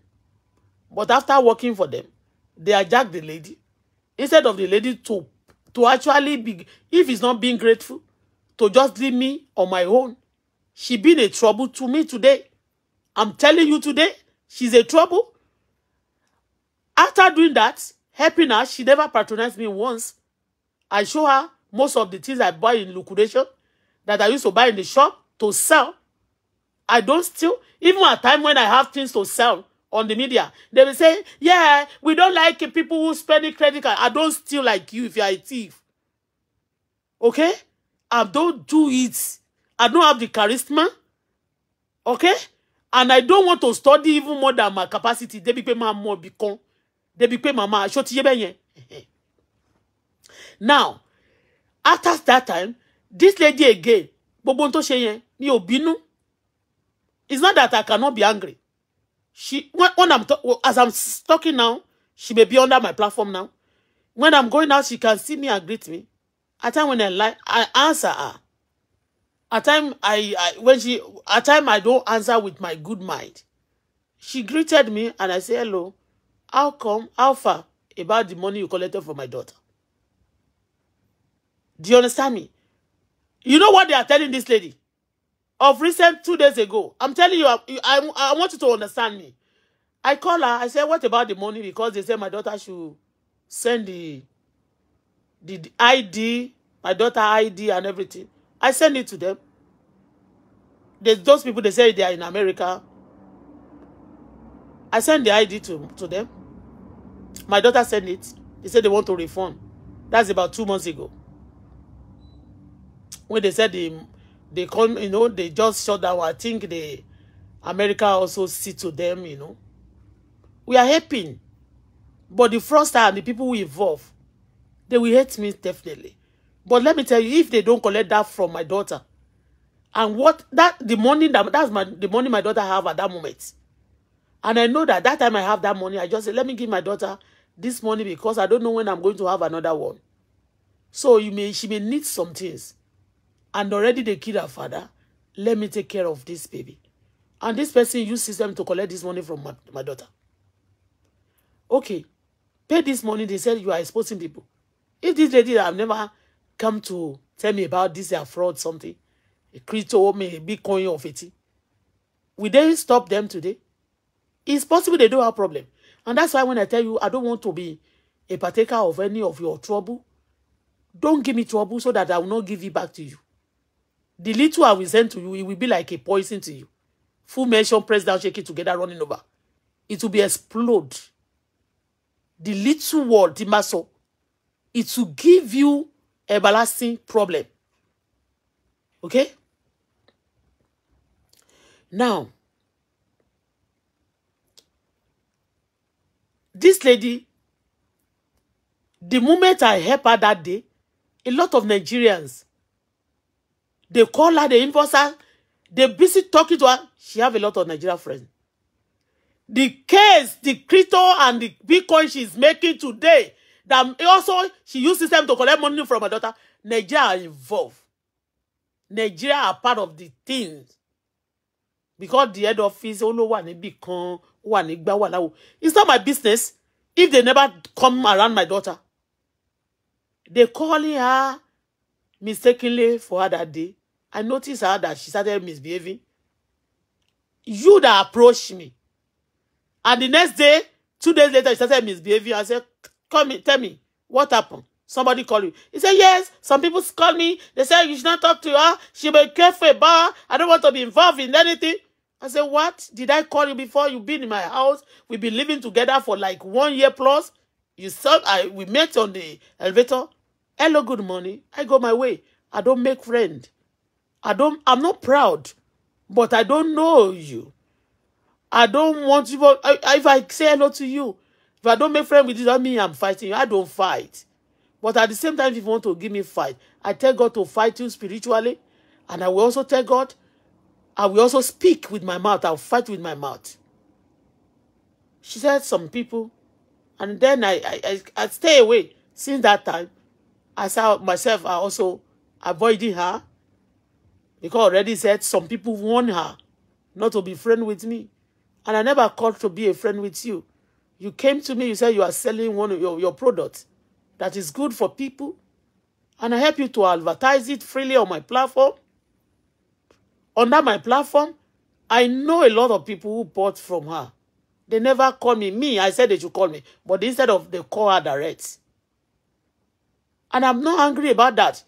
but after working for them they hijack the lady instead of the lady to to actually be if it's not being grateful to just leave me on my own she been a trouble to me today i'm telling you today she's a trouble After doing that, helping her, she never patronized me once. I show her most of the things I buy in liquidation that I used to buy in the shop to sell. I don't steal. Even at time when I have things to sell on the media, they will say, yeah, we don't like people who spend the credit card. I don't steal like you if you're a thief. Okay? I don't do it. I don't have the charisma. Okay? And I don't want to study even more than my capacity. They pay become more become débi pé màmá aṣọ ti yé bẹ́ẹ̀ yẹn now after that time this lady again gbogbo ohun tó ṣe yẹn mi it's not that I cannot be angry she when, when I'm as I'm talking now she may be under my platform now when I'm going out she can see me and greet me at time when I lie I answer her at time I, I when she at time I don't answer with my good mind she greeted me and I say hello How come, how far about the money you collected for my daughter? Do you understand me? You know what they are telling this lady? Of recent two days ago. I'm telling you, I, I, I want you to understand me. I call her, I say, what about the money? Because they say my daughter should send the, the, the ID, my daughter ID and everything. I send it to them. There's those people, they say they are in America. I send the ID to, to them. My daughter sent it. They said they want to refund. That's about two months ago. When they said they, they come, you know, they just shut down. I think the America also see to them, you know. We are helping. But the fraudster and the people who involve, they will hate me definitely. But let me tell you, if they don't collect that from my daughter, and what that the money that that's my the money my daughter have at that moment, and I know that that time I have that money, I just say, let me give my daughter this money because I don't know when I'm going to have another one. So you may she may need some things. And already they killed her father. Let me take care of this baby. And this person used system to collect this money from my, my daughter. Okay. Pay this money. They said you are exposing people. If this lady that I've never come to tell me about this their fraud something, a crypto me a Bitcoin or it. Will they stop them today? It's possible they don't have problem. And that's why when I tell you I don't want to be a partaker of any of your trouble, don't give me trouble so that I will not give it back to you. The little I will send to you, it will be like a poison to you. Full measure, press down, shake it together, running over. It will be explode. The little word, the muscle, it will give you a balancing problem. Okay? Now, This lady, the moment I help her that day, a lot of Nigerians, they call her the influencer. They busy talking to her. She have a lot of Nigerian friends. The case, the crypto and the Bitcoin she's making today, that also she uses them to collect money from her daughter, Nigeria are involved. Nigeria are part of the things because the head office ó ló wà níbì one ó wà ní it's not my business if they never come around my daughter they calling her mistakenly for her that day I noticed her that she started misbehaving you that approach me and the next day two days later she started misbehaving I said come in tell me what happened somebody call you he said yes some people call me they say you should not talk to her she be careful about her I don't want to be involved in anything I said, what? Did I call you before? You've been in my house. We've been living together for like one year plus. You said I we met on the elevator. Hello, good morning. I go my way. I don't make friend. I don't I'm not proud, but I don't know you. I don't want you. I, I, if I say hello to you, if I don't make friend with you, that means I'm fighting you. I don't fight. But at the same time, if you want to give me fight, I tell God to fight you spiritually, and I will also tell God I will also speak with my mouth. I'll fight with my mouth. She said some people. And then I, I, I, stay away. Since that time, I saw myself I also avoiding her. Because already said some people warn her not to be friend with me. And I never called to be a friend with you. You came to me, you said you are selling one of your, your products that is good for people. And I help you to advertise it freely on my platform. Under my platform, I know a lot of people who bought from her. They never call me. Me, I said they should call me. But instead of they call her direct. And I'm not angry about that.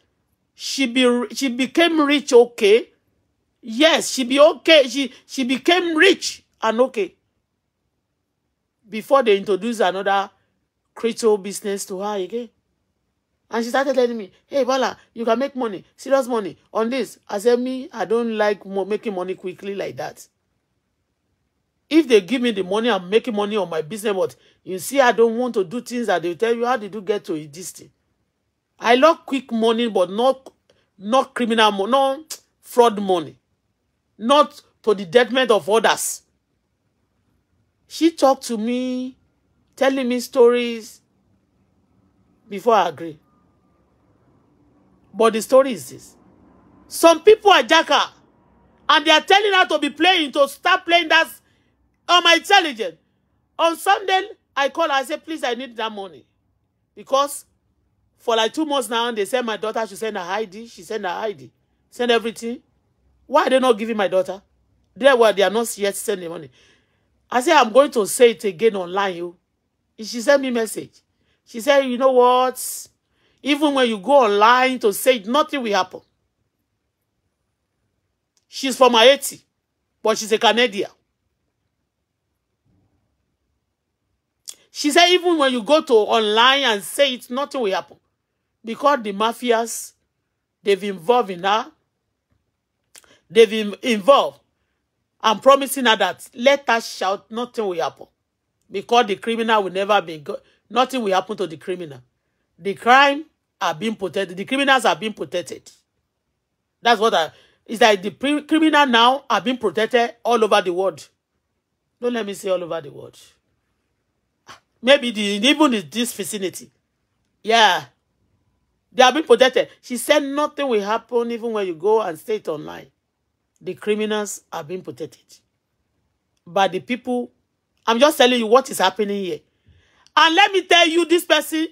She be she became rich, okay. Yes, she be okay. She she became rich and okay. Before they introduce another crypto business to her again. and she started telling me hey bala, you can make money serious money on this I said me I don't like mo making money quickly like that if they give me the money I'm making money on my business but you see I don't want to do things that they tell you how did you get to this thing I love quick money but not not criminal money not fraud money not to the detriment of others she talked to me telling me stories before I agree. But the story is this. Some people are jacker. And they are telling her to be playing, to start playing that on my um, intelligence. On Sunday, I call her, I say, please, I need that money. Because for like two months now, they said my daughter should send her ID. She send her ID. Send everything. Why are they not giving my daughter? There were they are not yet sending money. I said, I'm going to say it again online. You. Oh. She sent me message. She said, you know what? Even when you go online to say it, nothing will happen. She's from Haiti, but she's a Canadian. She said even when you go to online and say it, nothing will happen. Because the mafias, they've involved in her. They've involved. I'm promising her that let her shout, nothing will happen. Because the criminal will never be, nothing will happen to the criminal. The crime are being protected. The criminals are being protected. That's what I. It's like the criminal now are being protected all over the world. Don't let me say all over the world. Maybe the even in this vicinity. Yeah. They are being protected. She said nothing will happen even when you go and stay it online. The criminals are being protected. But the people, I'm just telling you what is happening here. And let me tell you, this person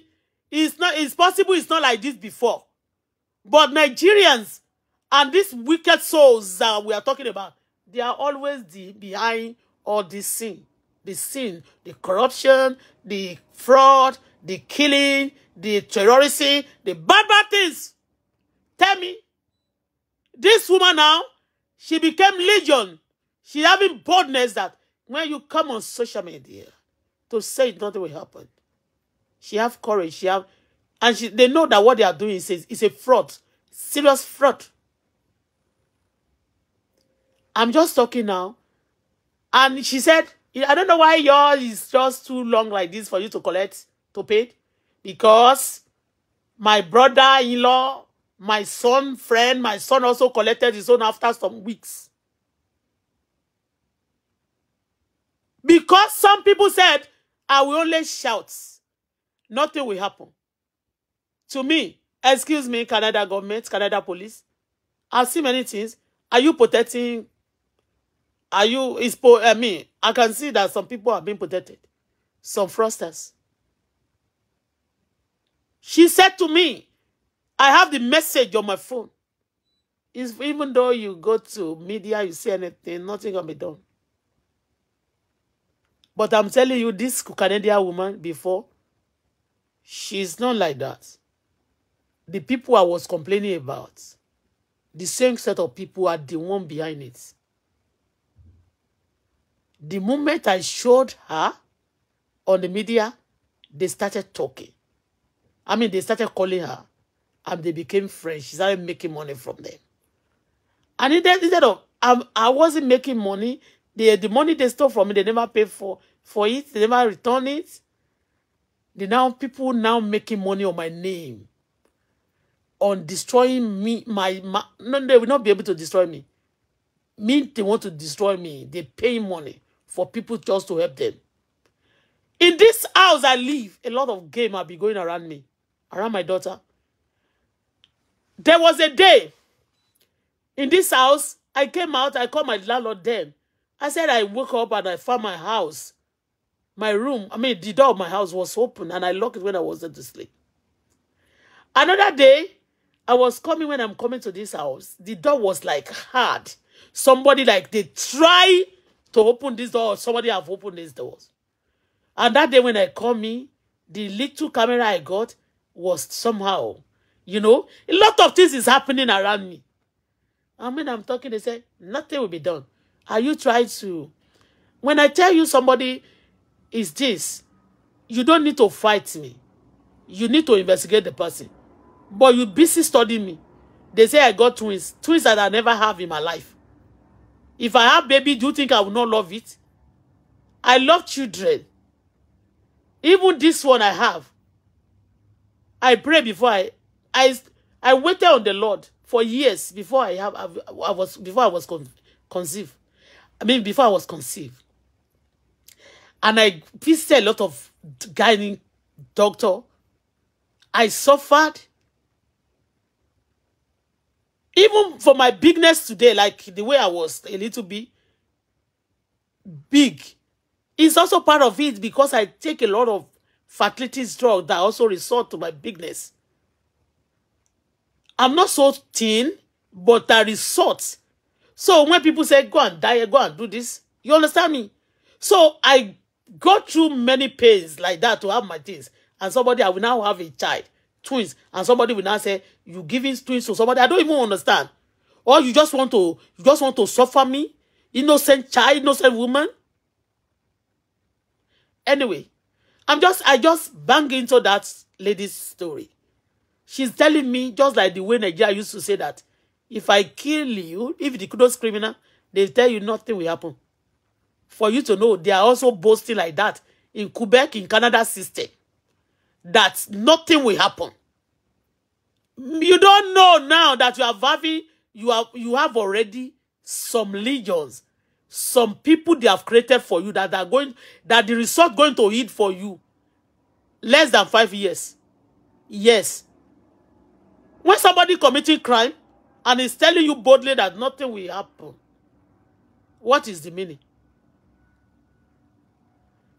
It's not it's possible it's not like this before. But Nigerians and these wicked souls that we are talking about, they are always the behind all this sin. The sin, the corruption, the fraud, the killing, the terrorism, the bad bad things. Tell me, this woman now, she became legion. She having boldness that when you come on social media to say nothing will happen, She have courage. She have, and she, they know that what they are doing is is a fraud, serious fraud. I'm just talking now. And she said, I don't know why yours is just too long like this for you to collect, to pay. Because my brother-in-law, my son friend, my son also collected his own after some weeks. Because some people said, I will only shout nothing will happen. To me, excuse me, Canada government, Canada police, I see many things. Are you protecting? Are you, is, I mean, I can see that some people are being protected. Some fraudsters. She said to me, I have the message on my phone. It's, even though you go to media, you see anything, nothing can be done. But I'm telling you, this Canadian woman before, She's not like that. The people I was complaining about, the same set of people are the one behind it. The moment I showed her on the media, they started talking. I mean, they started calling her and they became friends. She started making money from them. And instead, of, I, um, I wasn't making money. The, the money they stole from me, they never paid for, for it. They never returned it. The now people now making money on my name, on destroying me. My, my no, they will not be able to destroy me. Mean they want to destroy me. They pay money for people just to help them. In this house I live, a lot of game have been going around me, around my daughter. There was a day in this house, I came out, I called my landlord then. I said I woke up and I found my house my room, I mean, the door of my house was open and I locked it when I was at to sleep. Another day, I was coming when I'm coming to this house. The door was like hard. Somebody like they try to open this door. Somebody have opened these doors. And that day when I come in, the little camera I got was somehow, you know, a lot of things is happening around me. I mean, I'm talking, they say, nothing will be done. Are you trying to? When I tell you somebody is this you don't need to fight me you need to investigate the person but you busy studying me they say I got twins twins that I never have in my life if I have baby do you think I will not love it I love children even this one I have I pray before I I I waited on the Lord for years before I have I, I was before I was con conceived I mean before I was conceived and I visited a lot of gynae doctor. I suffered. Even for my bigness today, like the way I was a little bit big, it's also part of it because I take a lot of fertility drugs that also result to my bigness. I'm not so thin, but I resort. So when people say, go and diet, go and do this, you understand me? So I go through many pains like that to have my things and somebody i will now have a child twins and somebody will now say you giving twins to somebody i don't even understand or you just want to you just want to suffer me innocent child innocent woman anyway i'm just i just bang into that lady's story she's telling me just like the way nigeria used to say that if i kill you if the kudos criminal they tell you nothing will happen for you to know they are also boasting like that in Quebec, in Canada system, that nothing will happen. You don't know now that you are having, you have, you have already some legions, some people they have created for you that are going, that the resort going to eat for you less than five years. Yes. When somebody committing crime and is telling you boldly that nothing will happen, what is the meaning?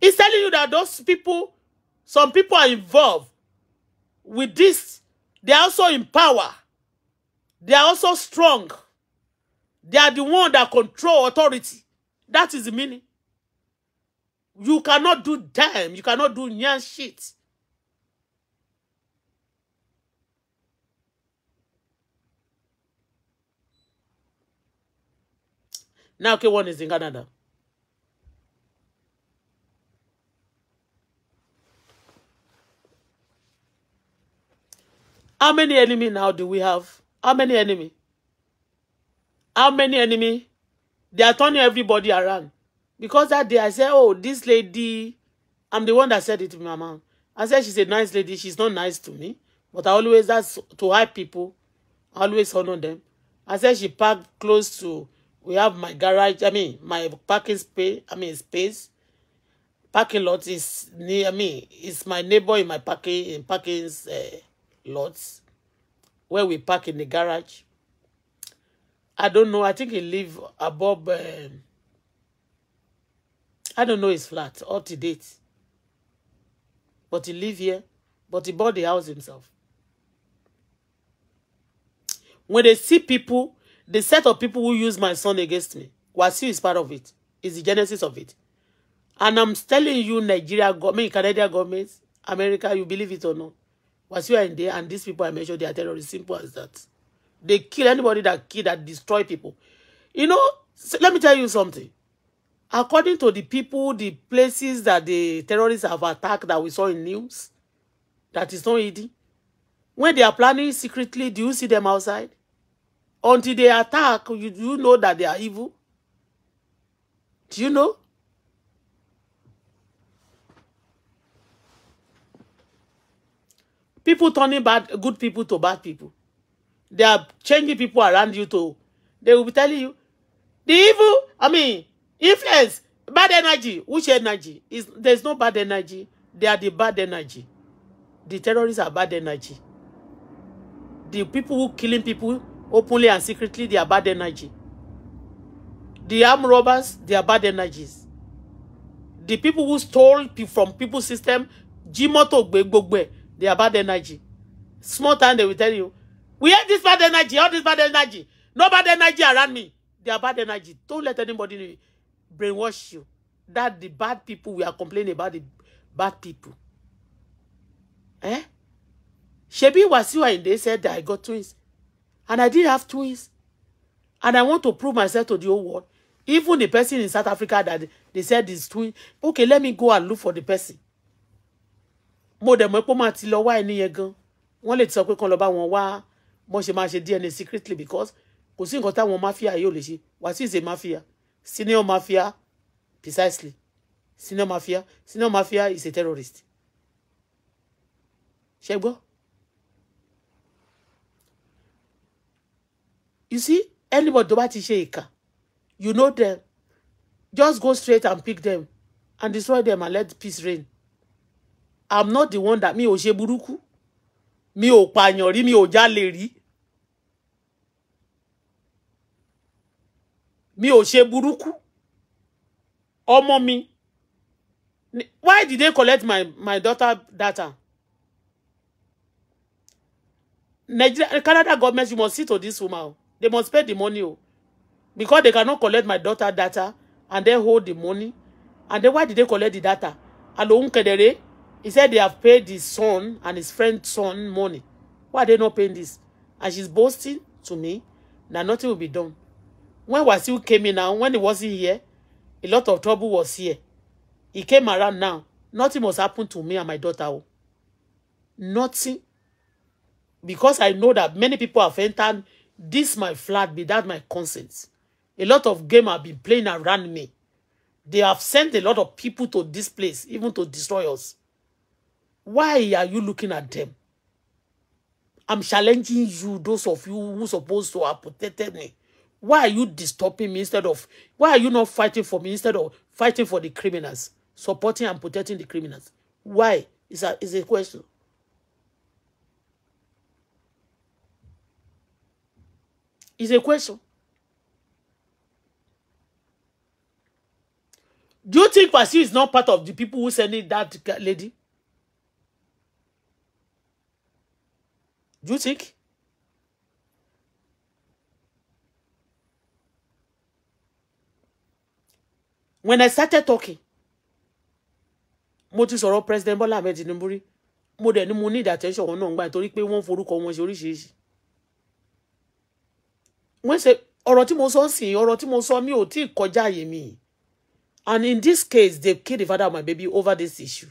He's telling you that those people, some people are involved with this. They are also in power. They are also strong. They are the one that control authority. That is the meaning. You cannot do damn. You cannot do nyan shit. Now, okay, one is in Canada. How many enemy now do we have? How many enemy? How many enemy? They are turning everybody around. Because that day I said, oh, this lady, I'm the one that said it to my mom. I said she's a nice lady. She's not nice to me. But I always, ask to high people. I always honor them. I said she parked close to, we have my garage, I mean, my parking space, I mean, space. Parking lot is near me. It's my neighbor in my parking, in parking, uh, lots where we park in the garage. I don't know. I think he live above. Um, I don't know his flat up to date. But he live here. But he bought the house himself. When they see people, the set of people who use my son against me, Wasi is part of it. Is the genesis of it. And I'm telling you, Nigeria government, Canadian government, America, you believe it or not, Wasiu Ayinde and these people I mentioned, they are terrorists. Simple as that. They kill anybody that kill, that destroy people. You know, let me tell you something. According to the people, the places that the terrorists have attacked that we saw in news, that is not easy. When they are planning secretly, do you see them outside? Until they attack, you, you know that they are evil. Do you know? People turning bad good people to bad people. They are changing people around you to they will be telling you the evil, I mean, influence, bad energy. Which energy? Is there's no bad energy. They are the bad energy. The terrorists are bad energy. The people who killing people openly and secretly, they are bad energy. The armed robbers, they are bad energies. The people who stole from people's system, jí mọ́tò gbé gbogbo They are bad energy. Small time they will tell you, we have this bad energy, all this bad energy. No bad energy around me. They are bad energy. Don't let anybody brainwash you. That the bad people we are complaining about the bad people. Eh? Shebi was you Wasiu Ayinde said that I got twins. And I did have twins. And I want to prove myself to the whole world. Even the person in South Africa that they said is twin. Okay, let me go and look for the person mo dẹ̀ mọ̀ pé ó máa ti lọ wá ẹni yẹn gan wọ́n lè ti sọ pé kán lọ bá wọn wá wọ́n ṣe máa ṣe DNA secretly because kò sí nǹkan táwọn mafia yóò lè ṣe Wasiu is a mafia senior mafia precisely senior mafia senior mafia is a terrorist ṣe gbọ́ you see anybody tó bá ti ṣe ìkà you know them just go straight and pick them and destroy them and let peace reign i'm not the one that mi ò ṣe burúkú mi ò pààyàn rí mi ò jalè rí mi ò ṣe burúkú ọmọ mi why did they collect my my daughter data Nigeria Canada government you must sit to this woman they must pay the money o because they cannot collect my daughter data and then hold the money and then why did they collect the data alòun kẹdẹrẹ He said they have paid his son and his friend's son money. Why are they not paying this? And she's boasting to me that nothing will be done. When Wasiu came in now, when he wasn't here, a lot of trouble was here. He came around now. Nothing must happen to me and my daughter. Oh. Nothing. Because I know that many people have entered this my flat without my consent. A lot of game have been playing around me. They have sent a lot of people to this place, even to destroy us. Why are you looking at them? I'm challenging you, those of you who supposed to have protected me. Why are you disturbing me instead of, why are you not fighting for me instead of fighting for the criminals, supporting and protecting the criminals? Why? Is a, is a question. It's a question. Do you think Fasi is not part of the people who sending that lady? Do you think? When I started talking, mo ti sọ̀rọ̀ President Bola Ahmed Tinubu rí, mo dẹ̀ ni mo need attention wọn náà gbà torí pé wọ́n forúkọ wọn ṣe oríṣiríṣi. Wọ́n ṣe ọ̀rọ̀ tí mo sọ ń sìn ọ̀rọ̀ tí mo sọ mi ò tí ì kọjá àyè mi. And in this case, they killed the father of my baby over this issue.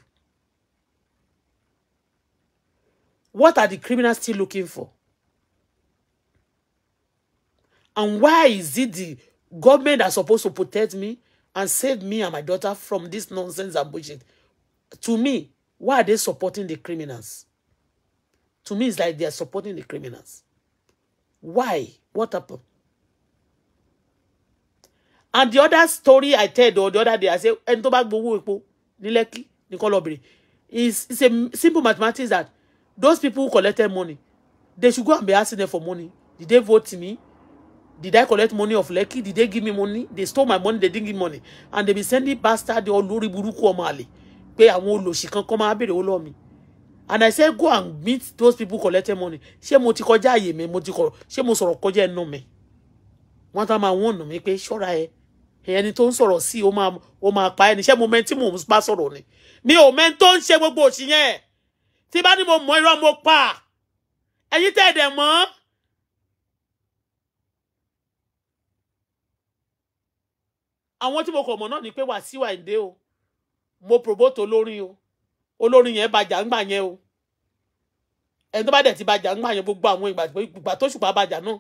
What are the criminals still looking for? And why is it the government that's supposed to protect me and save me and my daughter from this nonsense and bullshit? To me, why are they supporting the criminals? To me, it's like they are supporting the criminals. Why? What happened? And the other story I told, the, the other day, I said, ẹni tó nileki gbowó epo It's, it's a simple mathematics that those people who collected money they should go and be asking them for money did they vote to me did I collect money of Lekki did they give me money they stole my money they didn't give money and they be sending bastard olórí burúkú ọmọ àlè pé àwọn olòṣì kan kọ́ máa béèrè owó lọ́wọ́ mi and I said, go and meet those people who collected money ṣé mo ti kọjá àyè mi mo ti kọ ṣé mo sọ̀rọ̀ kọjá ẹnu mi wọ́n tá máa wọ́n nù mí pé ṣọ́ra ẹ ẹni tó ń sọ̀rọ̀ sí i ó pa ẹni ṣé mo mẹ́ni tí mò ń ni mi ò mẹ́ni tó ń gbogbo òṣìyẹn tí bá ní mo mọ irọ́ mo pa ẹ̀yin tẹ́ ẹ̀ mọ́. àwọn tí mo kọ̀ mọ̀ náà ni pé Wàsíù Àyìndé o mo promote olórin o olórin yẹn bàjá ńgbà yẹn o ẹni tó bá dẹ̀ ti bàjá ńgbà yẹn gbogbo àwọn ìgbà ìgbà tó ṣùpá bàjá náà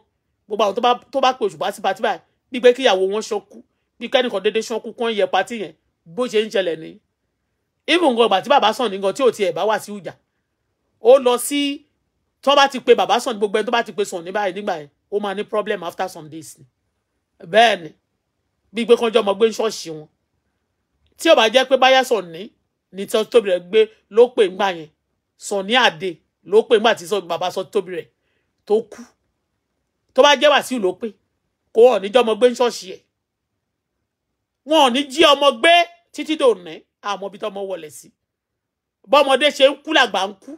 gbogbo àwọn tó bá pè òṣùpá sí patí báyìí bí pé kíyàwó wọn ṣọkú bí kẹ́nìkan déédéé ṣọkú kán yẹ patí yẹn bó ṣe ń ṣẹlẹ̀ ní. even ìgbà tí bàbá sàn nìkan tí ò tiẹ̀ bá wà sí ìjà ó lọ sí tó bá ti pe bàbá sàn ní gbogbo ẹni tó bá ti pe sàn ní báyìí nígbà yẹn ó máa ní problem after some days ni bẹ́ẹ̀ ni bí gbé kánjọ́ ọmọ gbé ṣọ́ọ̀ṣì wọn tí ó bá jẹ́ pé báyà sàn ní ní tí tóbi rẹ̀ gbé ló pè ńgbà yẹn sàn ní àdè ló pè ńgbà tí bàbá sàn tóbi rẹ̀ tó kú tó bá jẹ́ wàsíù ló pè kó ọ̀ níjọ́ ọmọ gbé ṣọ́ọ̀ṣì ẹ̀ wọn ò ní jí ọmọ gbé títí dòní àmọ́ bí tọ́mọ wọlé sí bọ́mọdé ṣe ń kú làgbà ń kú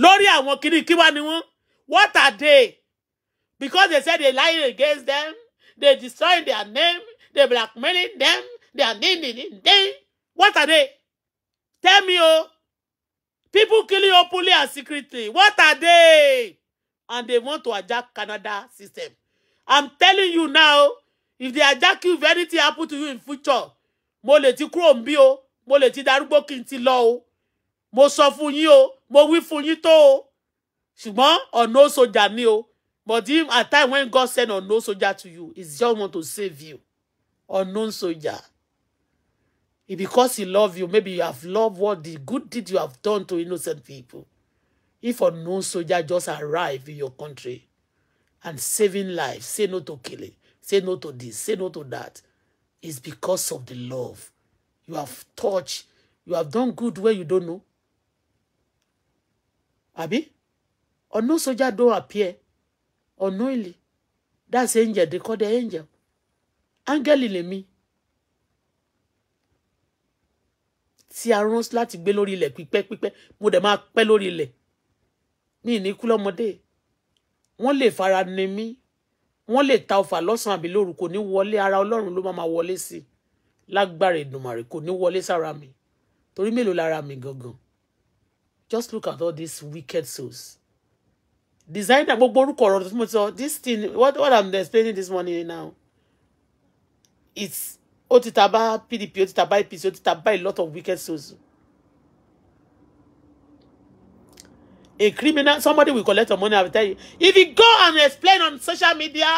lórí àwọn kìíní kí wá ni wọ́n what are they because they say they lying against them they destroying their name they blackmailing them they are nin nin nin what are they tell me o oh. people killing openly and secretly what are they and they want to hijack Canada system i'm telling you now if they hijack you if anything happen to you in future mo lè ti kúrò ń bí o mo lè ti darúgbó kí n ti lọ o mo sọ fún yín o mo wí fún yín tó o ṣùgbọ́n ọ̀nà sójà ni o but him at time when God send ọ̀nà sójà to you He just want to save you ọ̀nà sójà e because he love you maybe you have loved what the good deed you have done to innocent people if unknown soldier just arrive in your country and saving life say no to killing say no to this say no to that is because of the love you have touched you have done good where you don't know àbí or no soldier don't appear unknowingly that's angel they call the angel áńgẹ́lì lèmi tí a rán láti gbé lórí ilẹ̀ pípẹ́ pípẹ́ mo dẹ̀ máa pẹ́ lórí ilẹ̀ ní ìníkú lọ́mọdé wọ́n lè fara ni mí wọ́n lè ta ọfà lọ́sàn-án àbí lóru kò ní wọlé ara ọlọ́run ló máa ma wọlé sí i lágbára ìdùnmọ̀rẹ́ kò ní wọlé sára mi torí mélòó lára mi gangan just look at all these wicked souls designer gbogbo orúkọ ọ̀rọ̀ tí this thing what what i'm explaining this morning now it's ó ti ta bá pdp ó ti a lot of wicked souls a criminal somebody will collect your money i will tell you if you go and explain on social media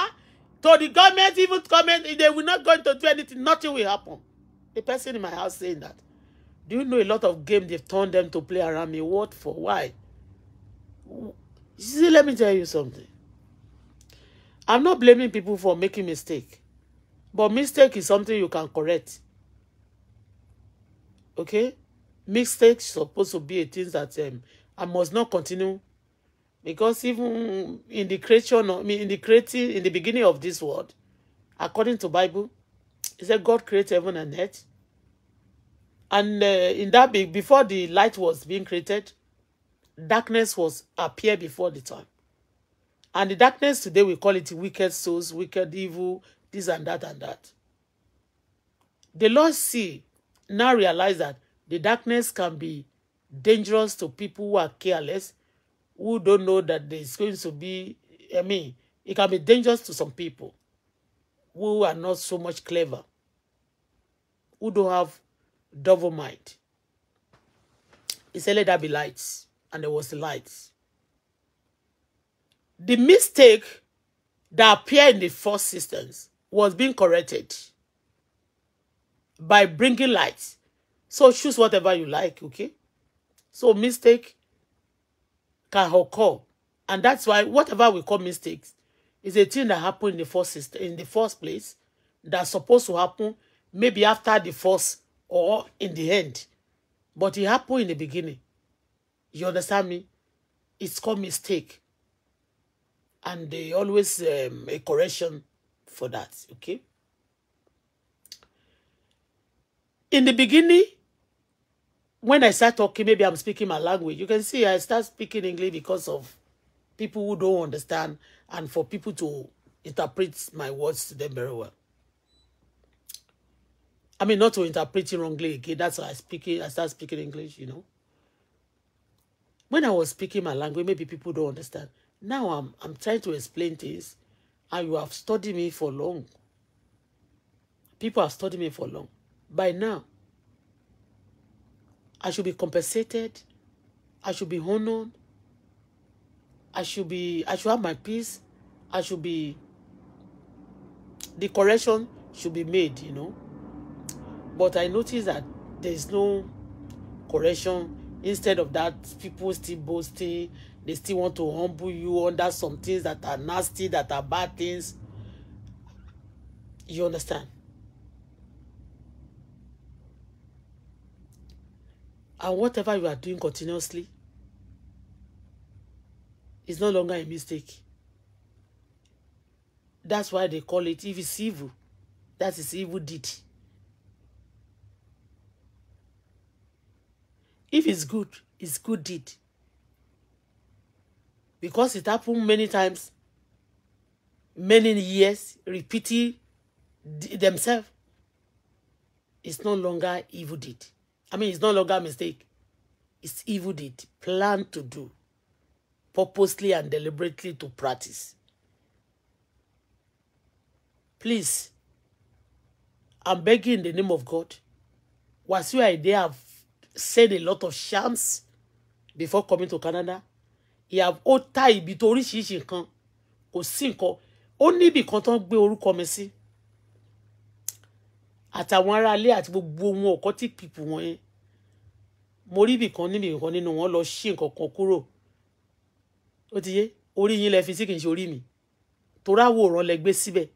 to the government even comment, they will not going to do anything nothing will happen the person in my house saying that Do you know a lot of games they've turned them to play around me? What for? Why? see, let me tell you something. I'm not blaming people for making mistake. But mistake is something you can correct. Okay? Mistakes supposed to be a thing that um, I must not continue. Because even in the creation, I mean, in the creating, in the beginning of this world, according to Bible, it said God created heaven and earth And uh, in that before the light was being created, darkness was appear before the time. And the darkness today we call it wicked souls, wicked evil, this and that and that. The Lord see now realize that the darkness can be dangerous to people who are careless, who don't know that there's going to be, I mean, it can be dangerous to some people who are not so much clever, who don't have double mind. He said, let there be light. And there was light. The mistake that appeared in the first instance was being corrected by bringing light. So choose whatever you like, okay? So mistake can occur. And that's why whatever we call mistakes is a thing that happened in the first in the first place that's supposed to happen maybe after the first or in the end. But it happened in the beginning. You understand me? It's called mistake. And they always um, a correction for that, okay? In the beginning, when I start talking, maybe I'm speaking my language. You can see I start speaking English because of people who don't understand and for people to interpret my words to them very well. I mean, not to interpret it wrongly again. That's why I speak it, I start speaking English, you know. When I was speaking my language, maybe people don't understand. Now I'm I'm trying to explain things, and you have studied me for long. People have studied me for long. By now, I should be compensated. I should be honored. I should be I should have my peace. I should be the correction should be made, you know but i noticed that there's no correction instead of that people still boasting they still want to humble you under some things that are nasty that are bad things you understand and whatever you are doing continuously is no longer a mistake that's why they call it if it's evil that is evil deed If it's good, it's good deed. Because it happened many times, many years, repeating themselves. It's no longer evil deed. I mean, it's no longer mistake. It's evil deed, planned to do, purposely and deliberately to practice. Please, I'm begging in the name of God, was you idea? said a lot of shams before coming to Canada he have all ta ibi tó oríṣiríṣi nǹkan kò sí nǹkan ó níbì kan tó ń gbé orúkọ mi sí àtàwọn aráalé àti gbogbo wọn ọkọtí pìpù wọn yẹn mo rí ibì kan níbì kan nínú wọn lọ ṣí nǹkan kan kúrò ó ti yé orí yín lẹ fi sí kì í ṣe orí mi torí àwòrán lẹ gbé síbẹ̀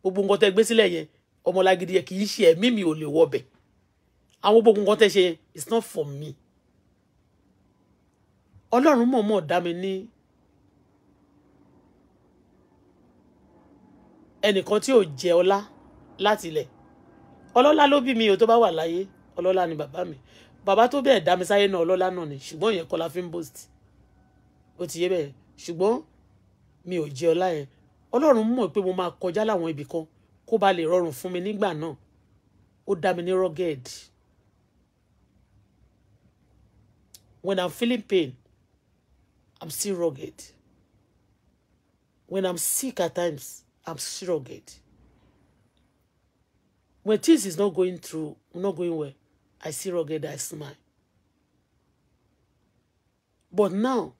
gbogbo nǹkan tẹ gbé sílẹ̀ yẹn ọmọlágidi yẹn kì í ṣe ẹ̀mí àwọn gbogbo nǹkan tẹ́ ṣe it's not for me ọlọ́run mọ̀ọ́mọ̀ dá mi ní ẹnìkan tí ò jẹ ọlá láti ilẹ̀ ọlọ́lá ló bí mi ò tó bá wà láyé ọlọ́lá ni bàbá mi bàbá tó bẹ́ẹ̀ dá mi sáyé náà ọlọ́lá náà ni ṣùgbọ́n ìyẹn kọ́ la fi ń boast ó ti yé bẹ́ẹ̀ ṣùgbọ́n mi ò jẹ ọlá yẹn ọlọ́run mọ̀ pé mo máa kọjá láwọn ibì kan kó ba lè rọrùn fún mi nígbà náà ó dá mi ní rugged When I'm feeling pain, I'm still rugged. When I'm sick at times, I'm still rugged. When things is not going through, not going well, I still rugged, I smile. But now,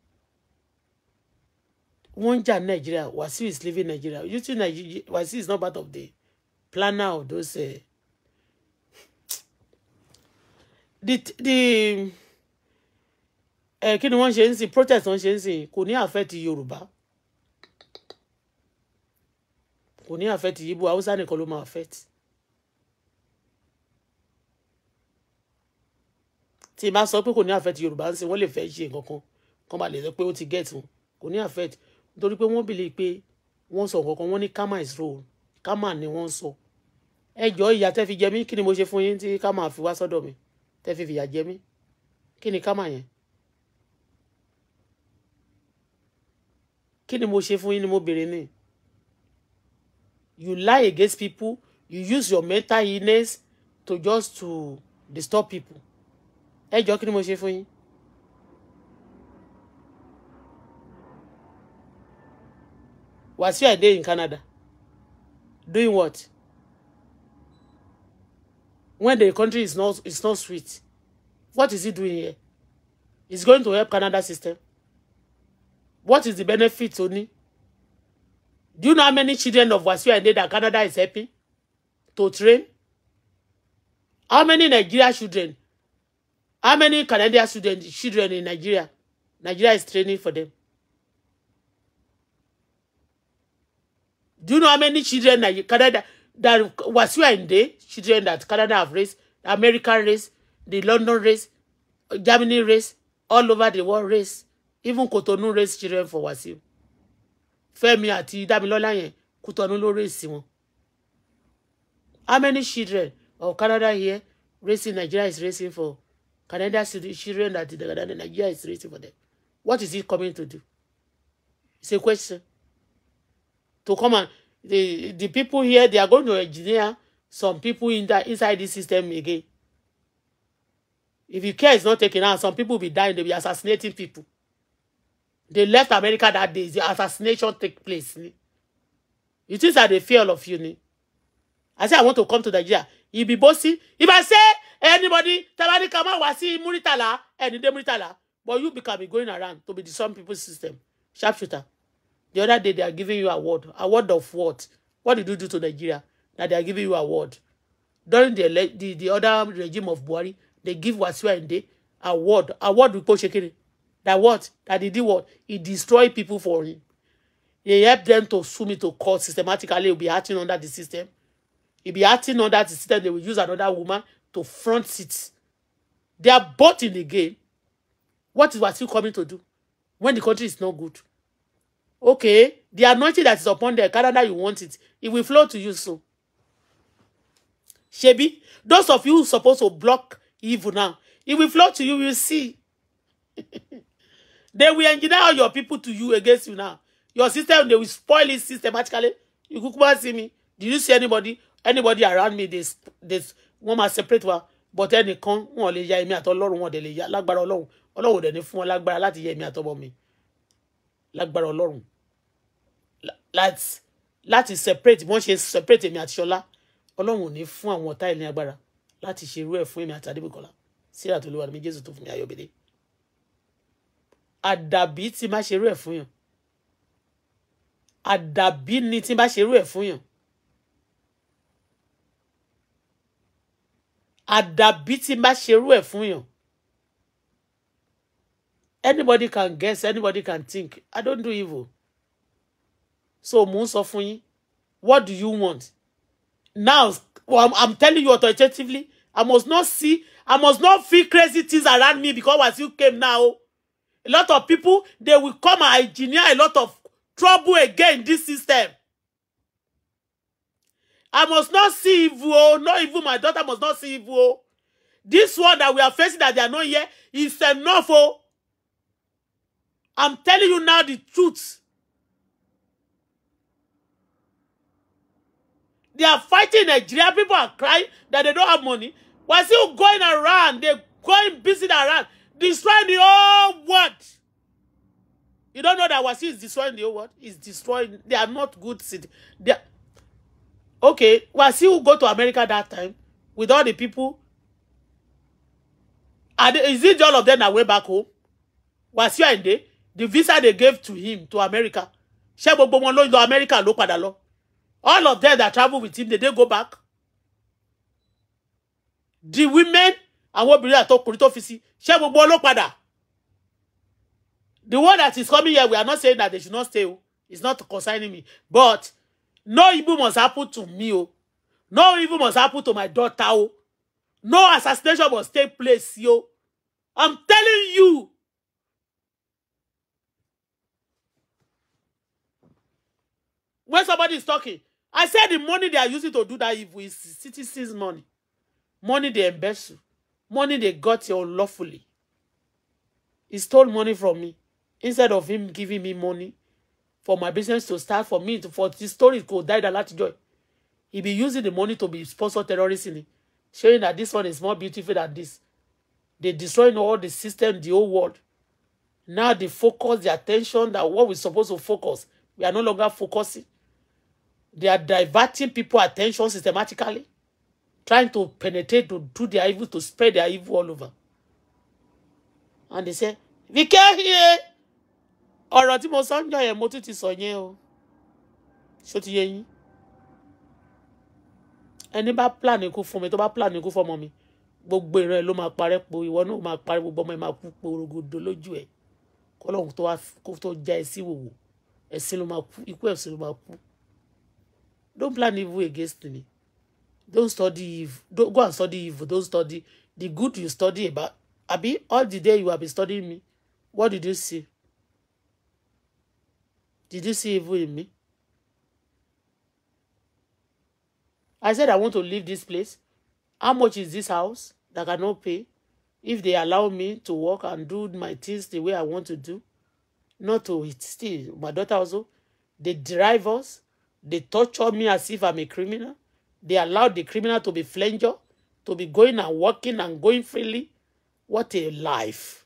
one jar Nigeria, Wasiu is leaving Nigeria. You think Nigeria, Wasiu is not part of the plan now, those. Uh, the the ẹ kí ni wọ́n ṣe ń sìn protest wọ́n ṣe ń sìn kò ní affect yorùbá kò ní affect yíbo haúsá nìkan ló máa affect. tí ìbá sọ pé kò ní affect yorùbá ń sìn wọ́n lè fẹ́ ṣe nǹkan kan kán bá lè sọ pé ó ti get wọn kò ní affect nítorí pé wọ́n believe pé wọ́n sọ nǹkan kan ní karma is role karma ni wọ́n sọ ẹjọ́ ìyá tẹ́ fi jẹ mí kí ni mo ṣe fún yín tí karma fi wá sọ́dọ̀ mi tẹ́ fi fìyà jẹ kí ni karma yẹn kí ni mo ṣe fún yín ni mo béèrè ni you lie against people you use your mental illness to just to disturb people ẹ jọ kí ni mo ṣe fún yín. Wasiu Ayinde in Canada doing what when the country is not is not sweet what is he doing here Is going to help Canada system what is the benefit ó do you know how many children of Wasiu Ayinde that Canada is helping to train how many Nigeria children how many Canadian student children in Nigeria Nigeria is training for them do you know how many children that Canada that and Ayinde children that Canada have raised American race the London race Germany race all over the world race even Kotonu raise children for Wasiu Fẹ́mi àti Damilola yẹn Kotonu ló raise wọn how many children of Canada here raising Nigeria is raising for Canada children that the Nigeria is raising for them what is it coming to do it's a question to come on the the people here they are going to engineer some people in that inside this system again if you care is not taken out some people be dying they be assassinating people they left America that day the assassination take place you think that they fear all of you I say I want to come to Nigeria You be bossy. if I say anybody tabani kama wá sí Muritala ẹni dé Muritala but you become be going around to be the some people system sharpshooter the other day they are giving you award award of what what did you do to Nigeria that they are giving you award during the the, the other regime of Buhari they give and they award award wípé ó ṣe that what that he did what he destroyed people for him he helped them to sue me to court systematically he'll be acting under the system he'll be acting under the system they will use another woman to front it they are bought in the game what is what Wasiu coming to do when the country is not good okay the anointing that is upon the Canada you want it it will flow to you soon shebi those of you who supposed to block evil now it will flow to you you will see They will engineer all your people to you against you now. Your system, they will spoil it systematically. You could come and see me. Did you see anybody? Anybody around me, they, they wọ́n máa separate wa. But ẹnìkan, wọn lè ya èmi àti Ọlọ́run, wọn lè ya lágbára Ọlọ́run. Ọlọ́run dẹ̀ ní fún wọn lágbára láti ya èmi àti ọmọ mi. Lágbára Ọlọ́run. Láti láti separate wọ́n ṣe separate èmi àti Ṣọlá. Ọlọ́run ò ní fún àwọn ọ̀tá ẹ̀ ní agbára láti ṣerú ẹ̀ fún èmi àti Adébùkọ́lá. Síra tó lè wà ní Jésù tó fún mi ayọ̀bẹ̀dẹ̀ àdàbí tí má ṣerú ẹ̀ fún yàn àdàbí ni tí má ṣerú ẹ̀ fún yàn àdàbí tí má ṣerú ẹ̀ fún yàn anybody can guess anybody can think I don't do evil so mò ń sọ fún yín what do you want now well, I'm, telling you authoritatively I must not see I must not feel crazy things around me because Wasiu came now. A lot of people, they will come and engineer a lot of trouble again in this system. I must not see evil. Oh. Not even my daughter must not see evil. Oh. This one that we are facing that they are not here is enough. Oh. I'm telling you now the truth. They are fighting Nigeria. People are crying that they don't have money. While still going around, they're going busy around destroying the whole world. You don't know that Wasiu is destroying the whole world? He's destroying. They are not good city. Okay, Wasi okay, go to America that time with all the people. Are is it all of them that went back home? and they the visa they gave to him to America. Ṣé gbogbo wọn ló lọ America ló padà All of them that travel with him, did they go back? The women àwọn obìnrin àtọkùnrin tó fi sí ṣé gbogbo olópadà the one that is coming here we are not saying that they should not stay o it's not concerning me but no evil must happen to me o no evil must happen to my daughter o no assassination must take place Yo, i'm telling you when somebody is talking i say the money they are using to do that evil is citizens money money they embezzle money they got here unlawfully. He stole money from me. Instead of him giving me money for my business to start, for me to, for this story to die the Lot joy. He be using the money to be sponsor terrorists in it, showing that this one is more beautiful than this. They destroying all the system, the whole world. Now they focus the attention that what we're supposed to focus, we are no longer focusing. They are diverting people attention systematically trying to penetrate to do their evil to spread their evil all over and they say we can't hear. ọ̀rọ̀ tí mo sọ ń jọ yẹn mo tún ti sọ yẹn o ṣó ti yẹ plan ikú fún mi tó bá plan ikú fọmọ mi gbogbo ìran ẹ ló máa parẹ́ po ìwọ náà máa parẹ́ gbogbo ọmọ ẹ máa kú po orogodo lójú ẹ kọlọ́hún tó wá kó tó já ẹ sí don't plan evil against me don't study evil don't go and study evil don't study the good you study about abi all the day you have been studying me what did you see did you see evil in me I said I want to leave this place how much is this house that I cannot pay if they allow me to work and do my things the way I want to do not to it still my daughter also they drive us they torture me as if I'm a criminal They allowed the criminal to be flanger, to be going and walking and going freely. What a life.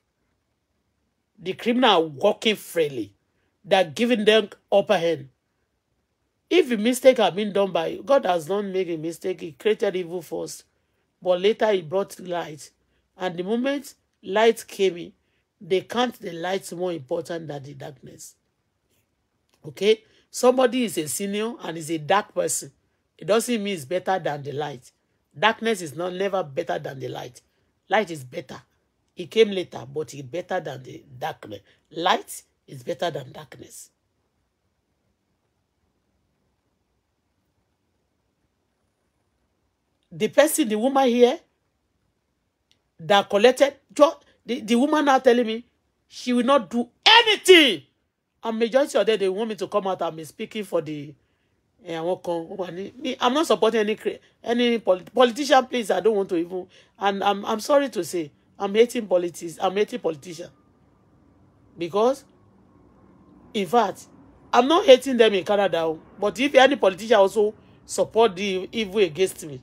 The criminal walking freely. They're giving them upper hand. If a mistake has been done by God has not made a mistake, he created evil first. But later he brought light. And the moment light came in, they count the light more important than the darkness. Okay? Somebody is a senior and is a dark person. It doesn't mean it's better than the light. Darkness is not never better than the light. Light is better. It came later, but it's better than the darkness. Light is better than darkness. The person, the woman here, that collected, the, the woman now telling me, she will not do anything. And majority of them, they want me to come out and be speaking for the Eh, àwọn kan wà ní i'm not supporting any any politician please i don't want to even and i'm i'm sorry to say i'm hating politics i'm hating politician because in fact i'm not hating them in Canada oh, but if any politician also support the evil against me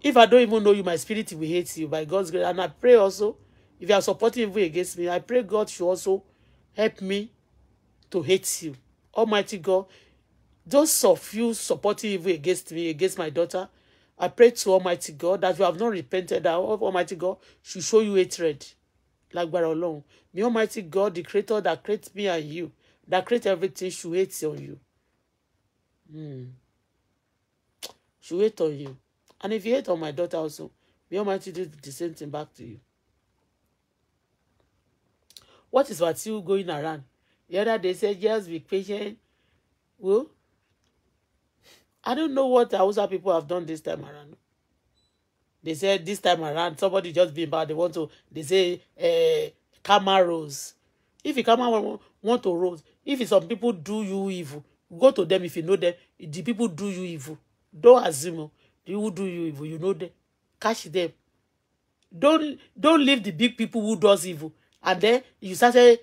if i don't even know you my spirit will hate you by God's grace and i pray also if you are supporting evil against me i pray God should also help me to hate you almighty God Those of you supporting evil against me, against my daughter, I pray to Almighty God that you have not repented, that Almighty God should show you hatred. Lágbára Ọlọ́run. May Almighty God, the creator that creates me and you, that creates everything, should hate on you. Hmm. Should hate on you. And if you hate on my daughter also, may Almighty do the same thing back to you. What is what you going around? The other day said, just be patient. Well, I don't know what Hausa people have done this time around. They said this time around, somebody just been bad. They want to, they say, eh, karma rose. If you come want, want to rose, if some people do you evil, go to them if you know them. If the people do you evil. Don't assume oh. they will do you evil. You know them. Catch them. Don't don't leave the big people who does evil. And then you start eh,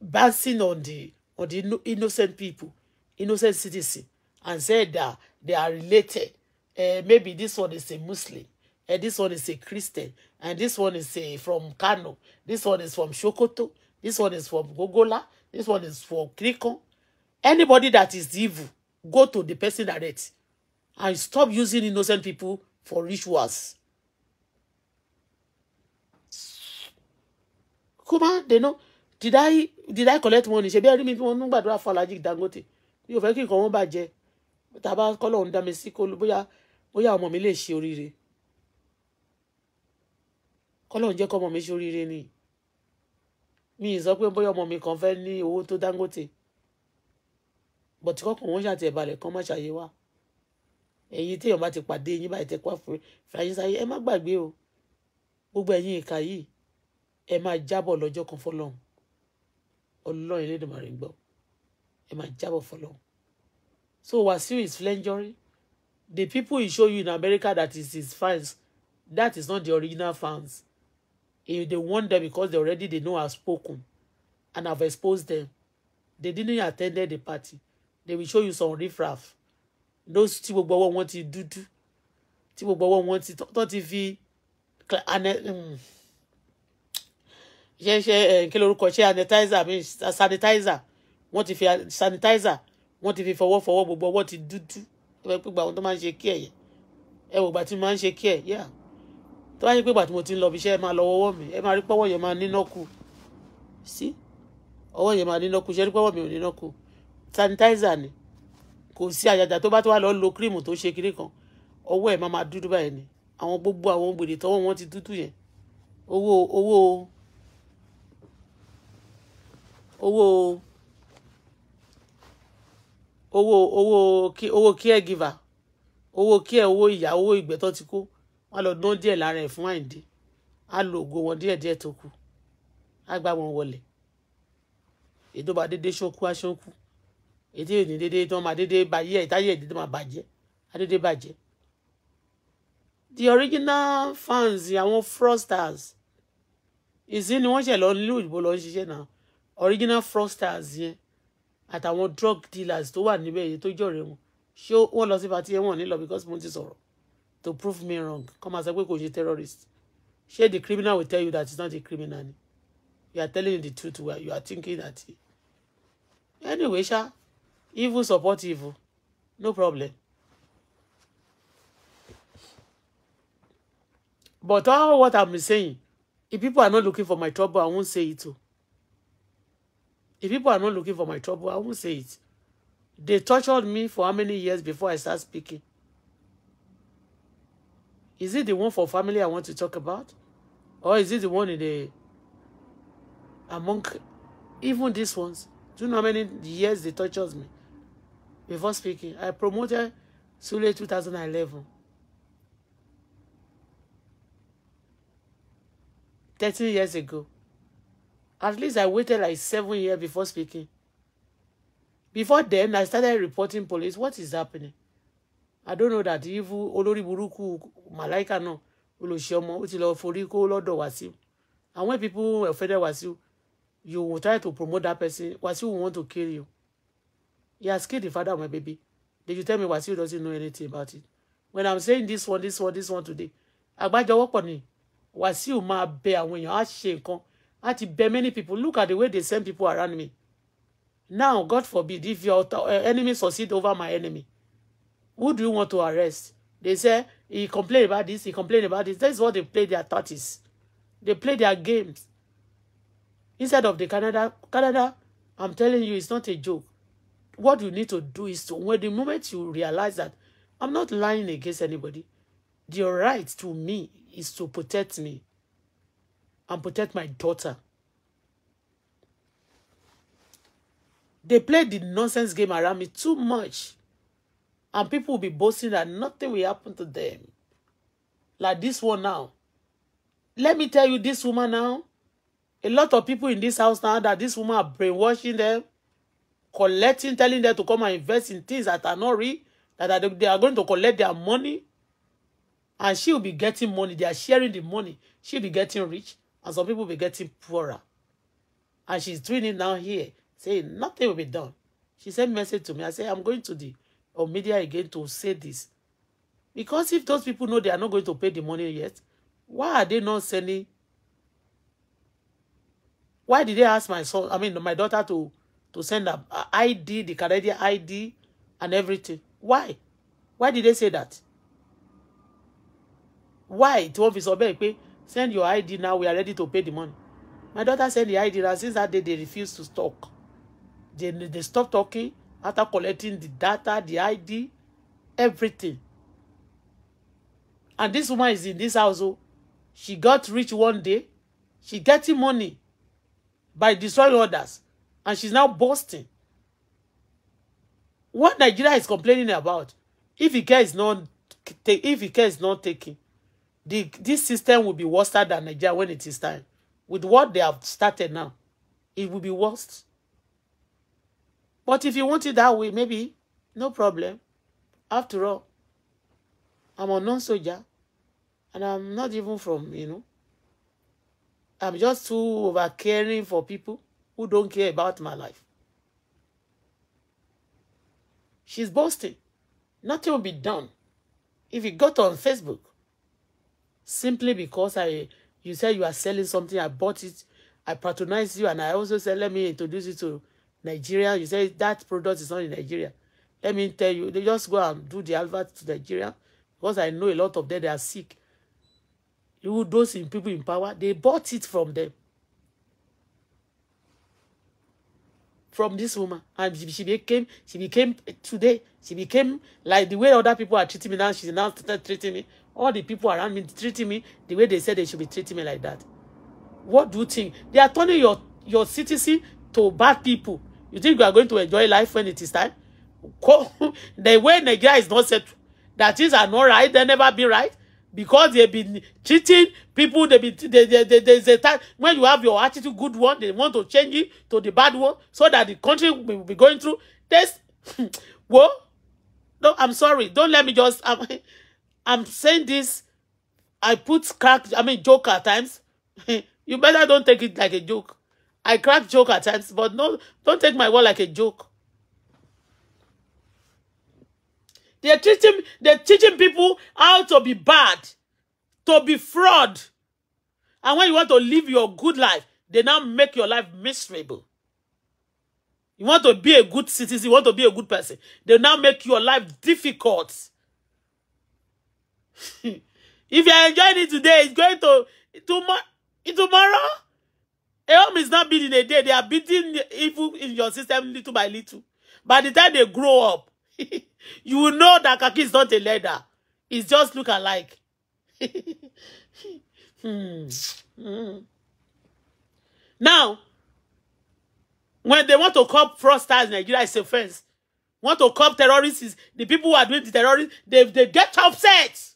bouncing on the on the innocent people, innocent citizens and said that they are related. Uh, maybe this one is a Muslim, and eh, this one is a Christian, and this one is a, eh, from Kano, this one is from Shokoto, this one is from Gogola, this one is from Krikon. Anybody that is evil, go to the person that it, and stop using innocent people for rituals. Come on, they know. Did I did I collect money? Ṣebí ẹ rí mi fi wọn ń gbàdúrà fún Aláàjì Dangote. Mi very good. kí nǹkan wọn tàbá kọ́lọ́hún dá mi sí kó bóyá bóyá ọmọ mi lè ṣe oríire kọ́lọ́hún jẹ́ kọ́ ọmọ mi ṣe oríire ni mi ì sọ pé bóyá ọmọ mi kan fẹ́ ní owó tó Dangote bọ̀tí kọ́kàn wọn ṣàti ẹ̀balẹ̀ kan má ṣàyè wá ẹ̀yin téèyàn bá ti pàdé yín báyìí tẹ́ pa fìràyín sáyé ẹ má gbàgbé o gbogbo ẹ̀yin ìka yìí ẹ máa jábọ̀ lọ́jọ́ kan fọlọ́hún ọlọ́run Elédùmarè gbọ́ ẹ máa jábọ̀ fọlọ́hún So Wasiu is flangery. The people he show you in America that is his fans, that is not the original fans. If they want them because they already they know I've spoken and I've exposed them. They didn't attend the party. They will show you some riffraff. Those tí gbogbo ọwọ́ wọn ti dúdú. Tí gbogbo ọwọ́ wọn ti tọ́ ti fi um, ṣe ṣe eh, kí lorúkọ ṣe sanitizer wọ́n ti fi sanitizer wọ́n ti fi fọwọ́fọwọ́ gbogbo ọwọ́ ti dúdú tó bá yẹ pé gbà wọn tó máa ń ṣe kí ẹ̀yẹ ẹ wò gbà tí mo máa ń ṣe kí ẹ̀ yá tó bá yẹ pé gbà tí mo ti ń lọ ibiṣẹ́ ẹ máa lọ ọwọ́ mi ẹ máa rí pọ́wọ́ yẹn máa níná kù sí ọwọ́ yẹn máa níná kù ṣe rí pọ́wọ́ mi ò níná kù sanitizer ni kò sí àjàjà tó bá tó wà lọ lo kírìmù tó ṣe kinní kan ọwọ́ ẹ̀ máa máa dúdú báyìí ni àwọn gbogbo àwọn gbèrè tọwọ́ wọn ti dúdú yẹn owó owó owó owó owó owó caregiver owó care owó ìyá owó ìgbẹ́ tó ti kó wọn lọ ná díẹ̀ lára ẹ̀ fún àìndé á lo ògo wọn díẹ̀díẹ̀ tó kù á gbá wọn wọlé ètò bá dédé ṣókú á ṣókú ètò ìdí dédé tó máa dédé báyé ìtayé ìdí tó máa bàjẹ́ á dédé bàjẹ́. the original fans àwọn fraudsters ìsín ni wọ́n ṣẹ̀ lọ nílùú ìbò lọ́ọ́ ṣiṣẹ́ náà original frosters. yẹn àtàwọn drug dealers tó wà níbẹ̀ yìí tó jọ̀rẹ́ wọn ṣé wọ́n lọ sí pati ẹ̀ wọ̀n nílọ because mo ti sọ̀rọ̀ to prove me wrong kọ́ máa sọ pé kò ṣe terrorist ṣé the criminal will tell you that it's not a criminal ni you are telling the truth well you are thinking that anyway ṣá evil support evil no problem but all what i'm saying if people are not looking for my trouble i won't say it too. If people are not looking for my trouble, I won't say it. They tortured me for how many years before I start speaking? Is it the one for family I want to talk about? Or is it the one in the among even these ones? Do you know how many years they tortured me before speaking? I promoted Sule 2011. 13 years ago. At least I waited like seven years before speaking. Before then, I started reporting police. What is happening? I don't know that evil olórí burúkú màláìka náà olùṣọ́mọ ó ti lọ forí kó lọ́dọ̀ And when people offended Wasiu, you will try to promote that person. Wasiu will want to kill you. He has killed the father of my baby. Did you tell me Wasiu doesn't know anything about it? When I'm saying this one, this one, this one today, àgbájọwọ́pọ̀ ni Wasiu máa bear when you á ṣe nǹkan láti bẹ many people look at the way they send people around me now god forbid if your eh, enemy succeed over my enemy who do you want to arrest they say he complained about this he complained about this that's what they play their tactics they play their games instead of the canada canada i'm telling you it's not a joke what you need to do is to when the moment you realize that i'm not lying against anybody your right to me is to protect me and protect my daughter. They play the nonsense game around me too much. And people will be boasting that nothing will happen to them. Like this one now. Let me tell you this woman now. A lot of people in this house now that this woman are brainwashing them, collecting, telling them to come and invest in things that are not real, that they are going to collect their money. And she will be getting money. They are sharing the money. She will be getting rich and some people be getting poorer. And she's doing it now here, saying nothing will be done. She sent message to me. I said, I'm going to the or media again to say this. Because if those people know they are not going to pay the money yet, why are they not sending? Why did they ask my son, I mean my daughter to to send a, ID, the Canadian ID and everything? Why? Why did they say that? Why? to wọ́n fi send your id now we are ready to pay the money my daughter sent the id and since that day they refused to talk they they stopped talking after collecting the data the id everything and this woman is in this house o oh. she got rich one day she getting money by destroying others and she's now boasting what Nigeria is complaining about if he care not if he care not taking the this system will be worse than Nigeria when it is time. With what they have started now, it will be worse. But if you want it that way, maybe no problem. After all, I'm a non-soldier, and I'm not even from you know. I'm just too over caring for people who don't care about my life. She's boasting. Nothing will be done if you got on Facebook simply because I you said you are selling something, I bought it, I patronized you, and I also said, let me introduce you to Nigeria. You say that product is not in Nigeria. Let me tell you, they just go and do the advert to Nigeria because I know a lot of them they are sick. You those in people in power, they bought it from them. From this woman, and she, she became, she became today, she became like the way other people are treating me now. She's now treating me all the people around me treating me the way they said they should be treating me like that what do you think they are turning your your citizen to bad people you think you are going to enjoy life when it is time the way Nigeria is not set, that things are not right they never be right because they've been cheating people they be they they they there's a time when you have your attitude good one they want to change it to the bad one so that the country will be going through this well no i'm sorry don't let me just um, I'm saying this. I put crack, I mean, joke at times. you better don't take it like a joke. I crack joke at times, but no, don't take my word like a joke. They're teaching, they're teaching people how to be bad, to be fraud. And when you want to live your good life, they now make your life miserable. You want to be a good citizen, you want to be a good person. They now make your life difficult if you are enjoying it today it's going to tomorrow tomorrow a home is not built in a day they are building evil in your system little by little by the time they grow up you will know that kaki is not a leather it's just look alike hmm. Hmm. now when they want to cop fraudsters in Nigeria it's a fence want to cop terrorists the people who are doing the terrorists they, they get upset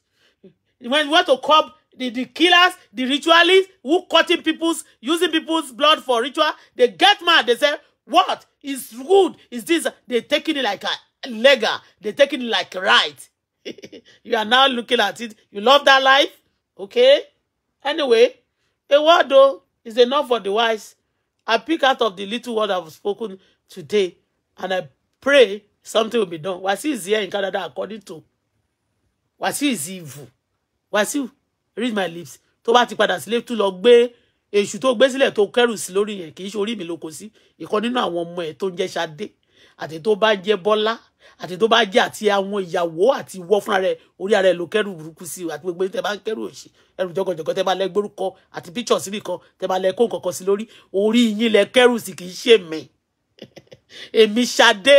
when you want to curb the, the killers, the ritualists who cutting people's, using people's blood for ritual, they get mad. They say, what is good? Is this? They taking it like a legal. They taking it like right. you are now looking at it. You love that life, okay? Anyway, a word though is enough for the wise. I pick out of the little word I've spoken today, and I pray something will be done. Wasi is here in Canada according to Wasi is evil. Wàsíù read my lips tó bá ti padà sílé tún lọ gbé èṣù tó gbé sílẹ̀ tó kẹ́rù sí lórí yẹn kì í ṣe orí mi ló kó sí ìkan nínú àwọn ọmọ ẹ̀ tó ń jẹ́ Ṣadé àti tó bá jẹ́ Bọ́lá àti tó bá jẹ́ àti àwọn ìyàwó àti ìwọ fúnra rẹ̀ orí ara ẹ̀ ló kẹ́rù burúkú sí àti gbogbo tẹ bá ń kẹ́rù òṣì ẹrù jọgọjọgọ tẹ bá lẹ gbórúkọ àti picture síbì kan tẹ bá lẹ kó nǹkan sí lórí orí yín lẹ kẹ́rù sí kì í ṣe mi èmi Ṣadé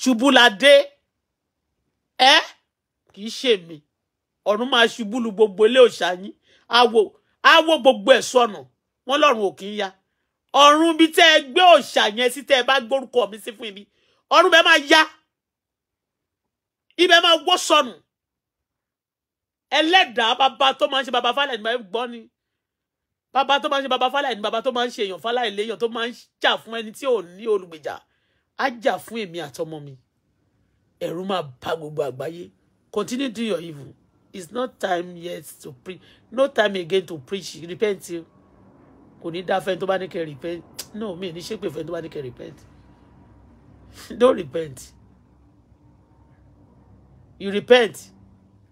Ṣubúladé ẹ kì í ṣe mi ọ̀run máa ṣubú lu gbogbo ilé òòṣà yín àwo àwo gbogbo ẹ̀ sọnù wọ́n lọ́run ò kì í ya ọ̀run bíi tẹ́ ẹ gbé òòṣà yẹn sí tẹ́ ẹ bá gbórúkọ mi sí fún mi ọ̀run bẹ́ẹ̀ máa ya ibẹ̀ máa wọ́ sọnù ẹlẹ́dàá bàbá tó máa ń ṣe bàbá fálẹ̀ ní bàbá gbọ́ ni bàbá tó máa ń ṣe bàbá fálẹ̀ ní bàbá tó máa ń ṣe èèyàn fálẹ̀ léèyàn tó máa ń jà fún ẹni tí ò ní olùgbèjà á jà fún èmi àtọmọ mi ẹ̀rù máa bà gbogbo àgbáyé continue do your evil it's not time yet to preach no time again to preach repent you kò ní dá fẹ́ni tó repent no me ní ṣépè fẹ́ni tó bá ní repent don't repent you repent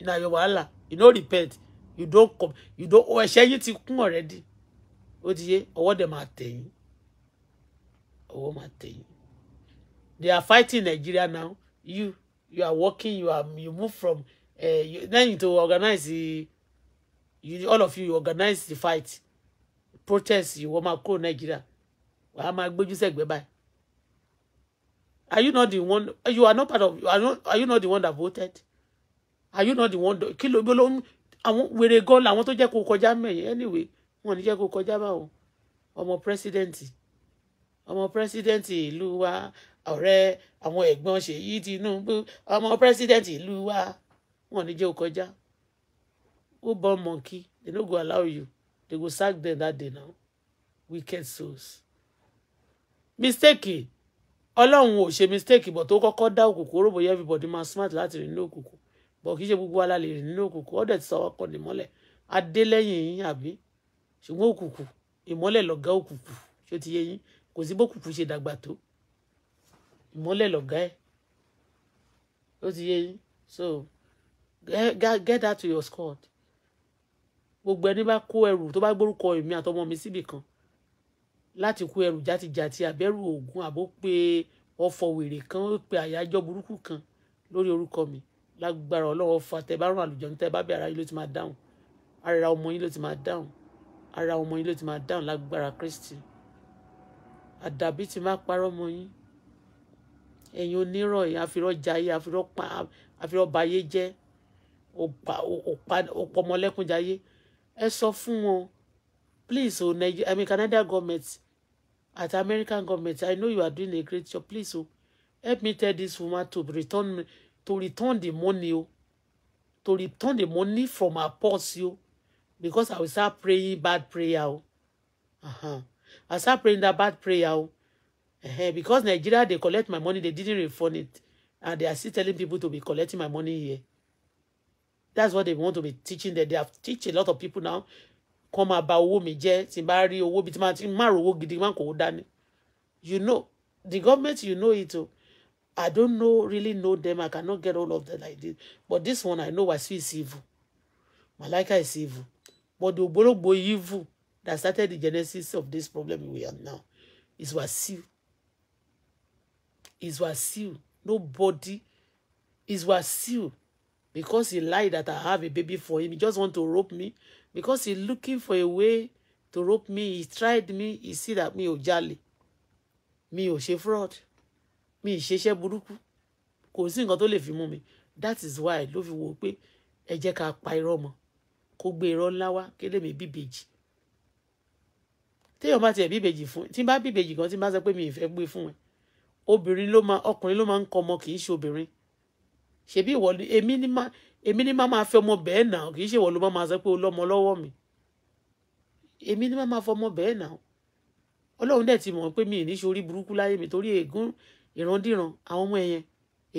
na your wahala you no repent you don't come you don ọ share you ti kún already ó ti yé ọwọ́ dẹ̀ máa tẹ̀yìn ọwọ́ máa tẹ̀yìn they are fighting Nigeria now you you are walking. you are you move from lẹ́yìn eh, tó organize the, you, all of you organize the fight protest ìwọ máa kúrò nàìjíríà I máa gbójú say goodbye. are you not the one you are not part of are, not, are you not the one that voted are you not the one kí ló ló ń àwọn wèrè gan làwọn tó jẹ́ kó kọjá mẹ́yìn anyway wọn ò ní jẹ́ kó kọjá báwọn ọmọ pírẹsidẹ́ǹtì ọmọ pírẹsidẹ́ǹtì ìlú wa ọ̀rẹ́ àwọn ẹ̀gbọ́n Ṣèyí Tinubu ọmọ pírẹsidẹ́ǹtì ìlú wa wọn ní jẹ́ ó kọjá who born monkey they no go allow you they go sack them that day now wicked souls mistake ọlọ́run ò ṣe mistake but ó kọ́kọ́ dá òkùnkùn rò bóyá everybody máa smart láti rìn nínú òkùnkùn but kì í ṣe gbogbo ala lè rìn nínú òkùnkùn ọ̀dẹ̀ ti sọ̀rọ̀ kọ́ni mọ́lẹ̀ adélẹ́yìn yín àbí ṣùgbọ́n òkùnkùn ìmọ́lẹ̀ lọ̀gá òkùnkùn ṣó ti yé yín kò sí bókùnkùn ṣe dàgbà tó ìmọ́lẹ̀ lọ̀gá ẹ̀ ó ti yé yín so get, that to your squad gbogbo ẹni bá kó ẹrù tó bá gbórúkọ èmi àtọmọ mi síbì kan láti kó ẹrù játijàti àbẹ̀rù oògùn àbó pé ọ̀fọ̀ wèrè kan ó pe àyájọ́ burúkú kan lórí orúkọ mi lágbára ọlọ́wọ́ fa tẹ bá rún àlùjọ́ni tẹ bá bẹ ara yín ló ti máa dáhùn ara ọmọ yín ló ti máa dáhùn ara ọmọ yín ló ti máa dáhùn lágbára Kristi àdàbí ti máa parọ́ mọ́ yín ẹ̀yin onírọ̀ yín àfirọ́ jayé àfirọ́ pa àfirọ́ bayé jẹ́ òpọmọlẹ́kúnjayé ẹ sọ fún wọn please o Nigeria I mean Canada government at American government I know you are doing a great job please o help me tell this woman to return to return the money o to return the money from her purse o because I will start praying bad prayer o uh-huh. I start praying that bad prayer o uh-huh. because Nigeria dey collect my money they didn't refund it and they are still telling people to be collecting my money here that's what they want to be teaching them they have teach a lot of people now Come about bà owó mi jẹ́ tí n bá rí owó bí tí you know the government you know it I don't know really know them I cannot get all of them like this but this one I know was is evil Malaika is evil but the ogbologbo evil that started the genesis of this problem we are now is Wasiu is Wasiu nobody is Wasiu because he lied that I have a baby for him. He just want to rope me because he looking for a way to rope me. He tried me. He see that me ò jalè, mi ò ṣe fraud, me she she buruku. kò sí nǹkan tó lè That is why ló fi wò pé ẹ jẹ́ ká pa irọ́ mọ́ kó me irọ́ ńlá wá kéde mi bíbejì. Téèyàn bá tiẹ̀ bíbejì fún tí n bá bíbejì gan tí n bá sọ pé mi ì fẹ́ gbé fún ẹ. Obìnrin ló lo ọkùnrin ló máa ń kọ ọmọ ṣebí ìwọ èmi ni má èmi ni má máa fẹ́ ọmọ bẹ́ẹ̀ náà kì í ṣe ìwọ ló má máa sọ pé o lọ́mọ lọ́wọ́ mi èmi ni má máa fọmọ bẹ́ẹ̀ náà ọlọ́run dẹ̀ ti mọ̀ pé mi ní ṣorí burúkú láyé mi torí ègún ìrandíran àwọn ọmọ ẹ̀yẹn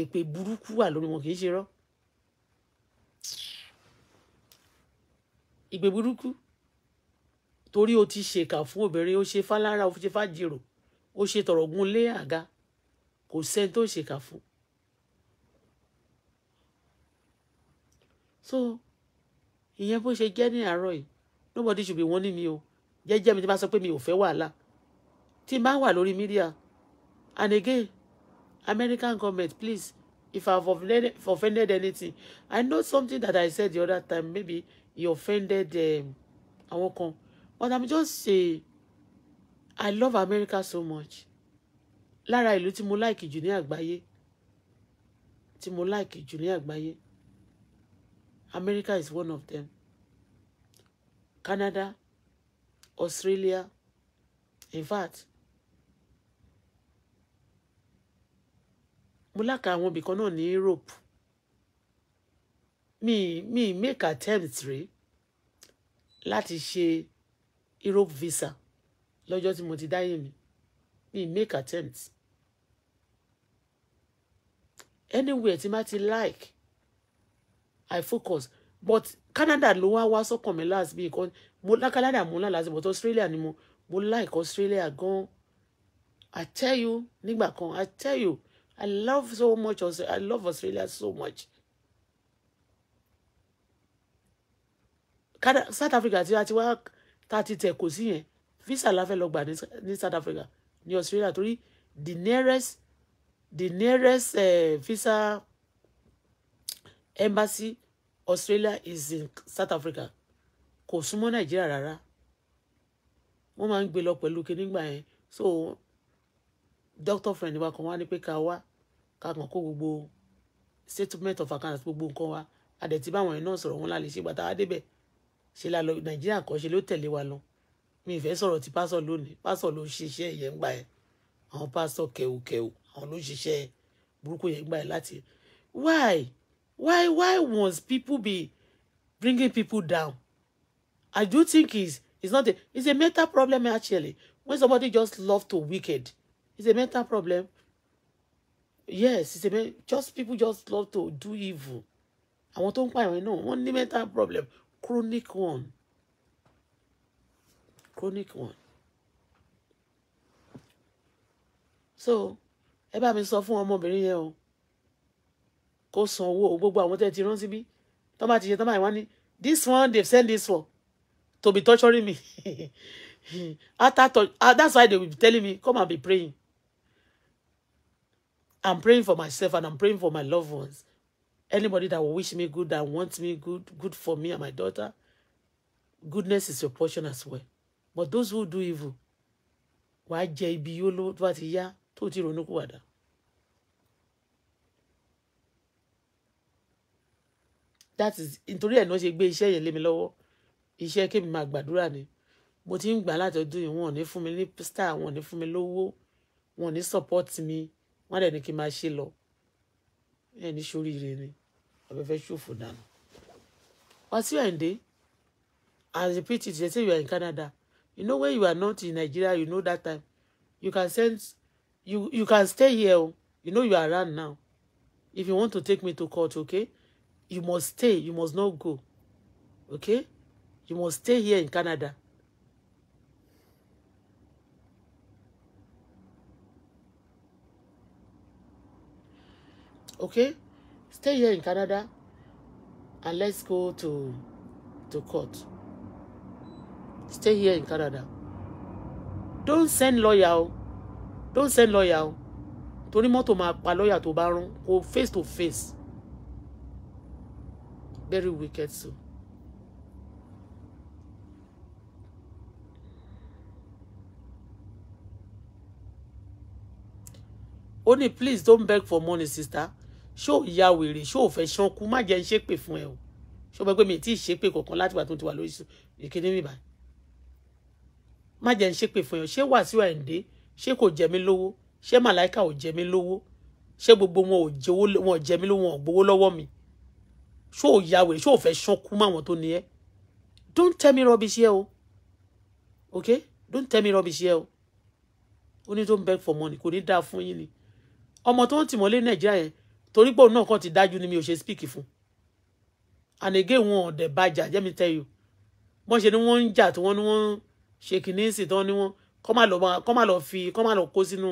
èpè burúkú wà lórí wọn kì í ṣe rọ́ ìgbè burúkú torí o ti ṣèkà fún obìnrin o ṣe fálára o ṣe fájìrò o ṣe tọ̀rọ̀gùn lé àga kò sẹ́ni tó ṣèkà fún un so ìyẹn bó ṣe jẹ́ ní àárọ̀ yìí nobody should be warning me o jẹ́jẹ́ mi ti bá sọ pé mi ò fẹ́ wàhálà tí n bá wà lórí media and again American government please if I've offended, offended anything I know something that I said the other time maybe he offended um, àwọn um, kan but I'm just say I love America so much lára ìlú tí mo láìkì jù ní àgbáyé tí mo láìkì jù ní àgbáyé America is one of them Canada Australia in fact mo láka àwọn ibìkan náà ní Europe mi mi make attempts re. Lati she, Europe visa lo just mo ti dáyé mi make attempts. anywhere tí má ti like i focus but Canada ló wá so come last week. nǹkan mo lá Canada mo lá last but Australia ni mo mo like Australia gan i tell you nígbà kan i tell you i love so much i love Australia so much Canada, South Africa tí a ti wá ta ti tẹ̀ kò sí yẹn visa la fẹ́ lọ gbà ní South Africa ní Australia torí the nearest the nearest uh, visa embassy Australia is in South Africa kò súnmọ́ Nàìjíríà rárá wọ́n máa ń gbé lọ pẹ̀lú kí yẹn so doctor friend wa kan wá ní pé ká wá ká kàn kó gbogbo statement of account gbogbo nǹkan wa àdẹ̀tí báwọn yẹn náà sọ̀rọ̀ wọn lálẹ́ ṣe gbàtà àdébẹ̀ ṣe la Nàìjíríà kan ṣe ló tẹ̀lé wa lọ mi ìfẹ́ sọ̀rọ̀ ti pásọ̀ lónìí pásọ̀ ló ṣiṣẹ́ yẹn gbà yẹn àwọn pásọ̀ kẹwùkẹwù àwọn ló ṣiṣẹ́ burúkú yẹn gbà yẹn láti why Why, why was people be bringing people down? I do think it's, it's not a, it's a mental problem actually. When somebody just love to wicked, it's a mental problem. Yes, it's a just people just love to do evil. I want to find. náà know ní mental problem chronic one chronic one. So ẹ bá mi sọ fún ọmọbìnrin yẹn o kó san owó gbogbo àwọn tẹ́ ti rán síbí tó bá ti ṣe tó bá ìwá ní this one they send this for to be torturing me after to uh, that's why they will be telling me come and be praying i'm praying for myself and i'm praying for my loved ones anybody that will wish me good that wants me good good for me and my daughter goodness is your portion as well but those who do evil wàá jẹ ibi yóò lówó tó bá ti yá tó ti ronú kúwàdà that is nítorí ẹ̀ náà ṣe gbé iṣẹ́ yẹn lé mi lọ́wọ́ iṣẹ́ kémi máa gbàdúrà ni mo ti ń gbà láti ọdún yìí wọn ò ní fún mi ní star wọn ò ní fún mi lówó wọn ò ní support mi wọn dẹ̀ ní kí n máa ṣe lọ ẹ̀ ní sóríire ni abẹ́fẹ́ ṣòfò dànù. Wasiu Ayinde as the pt they say you are in Canada you know when you are not in Nigeria you know that time you can send you you can stay here o you know you are around now if you want to take me to court okay you must stay you must not go okay you must stay here in Canada. okay stay here in Canada and let's go to to court stay here in Canada don't send lawyer don't send lawyer Tony torí mọ́tò to Baron, or face to face very wicked soul. Only please don't beg for money sister Show ò ya wèrè ṣé ò fẹ́ ṣánkú má jẹ́ ń ṣépè fún ẹ o ṣé o mọ̀ pé mi tí ì ṣépè kankan látìgbà tó ti wà lórí ìkíní mi báyìí má jẹ́ ń ṣépè fún ẹ ṣé Wàsíù Àyìndé ṣé kò jẹ mí lówó ṣé màláìka ò jẹ mí lówó ṣé gbogbo wọn ò jẹ mí lówó wọn mi ṣó o yàwé ṣó o fẹ́ ṣánkú máwọn tó ní ẹ don't tell me rubbish here o ok don't tell me rubbish here o ó ní tó ń beg for money kò ní dáa fún yín ni ọmọ tó ń tìmọ́lé nàìjíríà yẹn torí pé òun náà kàn ti dájú ni mi ò ṣe speak fún and again wọn ò dẹ̀ bàjà let me tell you wọ́n ṣe ni wọ́n ń jà tí wọ́n ní wọ́n ṣe kìíní sí tán ni wọ́n kọ́ máa lọ kọ́ máa lọ fi kọ́ máa lọ kó sínú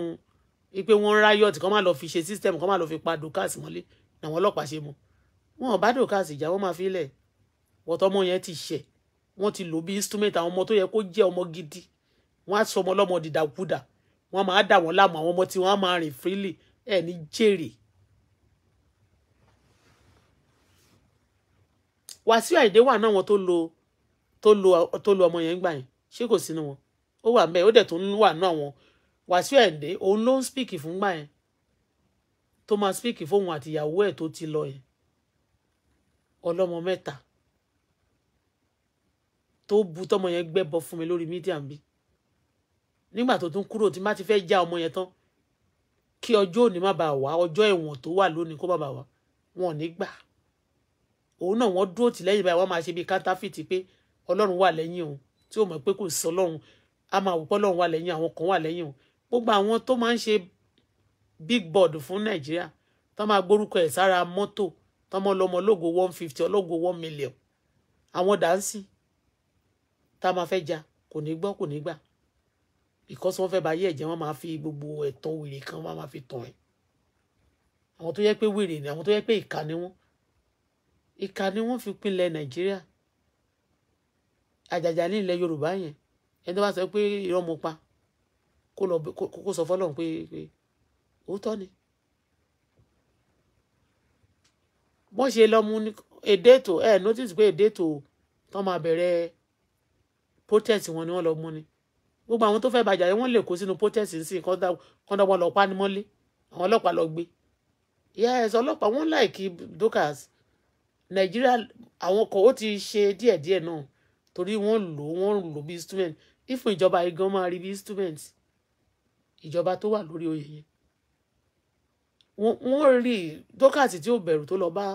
pé wọ́n ń riot kọ́ máa lọ fi ṣe system kọ́ máa lọ fi pa dukas mọ́lé làwọn ọlọ́pàá ṣe mọ́ wọn ò bá dòkàs ìjà wọn máa fi lẹ̀ wọ́tọ́ ọmọ yẹn ti ṣẹ̀ wọ́n ti lò bí instrument àwọn ọmọ tó yẹ kó jẹ́ ọmọ gidi wọ́n á sọ ọmọ ọlọ́mọ dìdàkudà wọ́n máa dà wọ́n láàmú àwọn ọmọ tí wọ́n á máa rìn freely ẹ̀ ní jèrè. Wàsíù Àyìndé wà náà wọn tó lo tó lo tó lo ọmọ yẹn gbà yẹn ṣé kò sínú wọn ó wà mẹ́ẹ̀ ó dẹ̀ tó ń wà náà wọn Wàsíù Àyìndé òun ló ń spíkì fún gbà yẹn tó máa spíkì fóun àtìyàwó ẹ̀ tó ti lọ yẹn ọlọ́mọ mẹ́ta tó bu tọmọ yẹn gbẹ́bọ fún mi lórí mídíà mi nígbà tó tún kúrò tí má ti fẹ́ já ọmọ yẹn tán kí ọjọ́ òní má bàa wá ọjọ́ ẹ̀wọ̀n tó wà lónìí kó má bàa wá wọn ò ní gbà òun náà wọ́n dúró tì lẹ́yìn báyìí wọ́n máa ṣe bíi kátàfìtì pé ọlọ́run wà lẹ́yìn òun tí ó mọ̀ pé kò sí ọlọ́run a máa wò pé ọlọ́run wà lẹ́yìn àwọn kan wà lẹ́yìn òun gbogbo àwọn tó máa ń ṣe big board fún nàìjíríà tó máa gbórúkọ ẹ̀ sára mọ́tò tọmọlọmọ lógo one fifty ọlógo one million àwọn dáńsì tá a máa fẹ́ ja kò ní gbọ́ kò ní gbà because wọ́n fẹ́ bá yé ẹ̀jẹ̀ wọ́n máa fi gbogbo ẹ̀tàn wèrè kan wọ́n máa fi tàn ẹ̀ àwọn tó yẹ pé wèrè ni àwọn tó yẹ pé ìka ni wọ́n ìka ni wọ́n fi pinlẹ̀ nàìjíríà àjàjà ní ilẹ̀ yorùbá yẹn ẹni tó bá sọ pé irọ́ mo pa kó sọ fọlọ́run pé òótọ́ ni bọ́n ṣe lọ mú èdètò ẹ̀ notice pé èdètò tó máa bẹ̀rẹ̀ protest wọn ni wọ́n lọ mú ni gbogbo àwọn tó fẹ́ bàjẹ́ yẹn wọ́n lè kó sínú protest sí kọ́ńdà wọn lọ pa ni mọ́lé àwọn ọlọ́pàá lọ gbé yes ọlọ́pàá wọn láìkí Dorkas Nàìjíríà àwọn kan ó ti ṣe díẹ̀díẹ̀ náà torí wọ́n lò wọ́n lò bí instrument ifun ìjọba igan máa rí bí instrument ìjọba tó wà lórí oyè yẹn wọ́n rí dókàtì tí ò bẹ̀rù tó lọ bá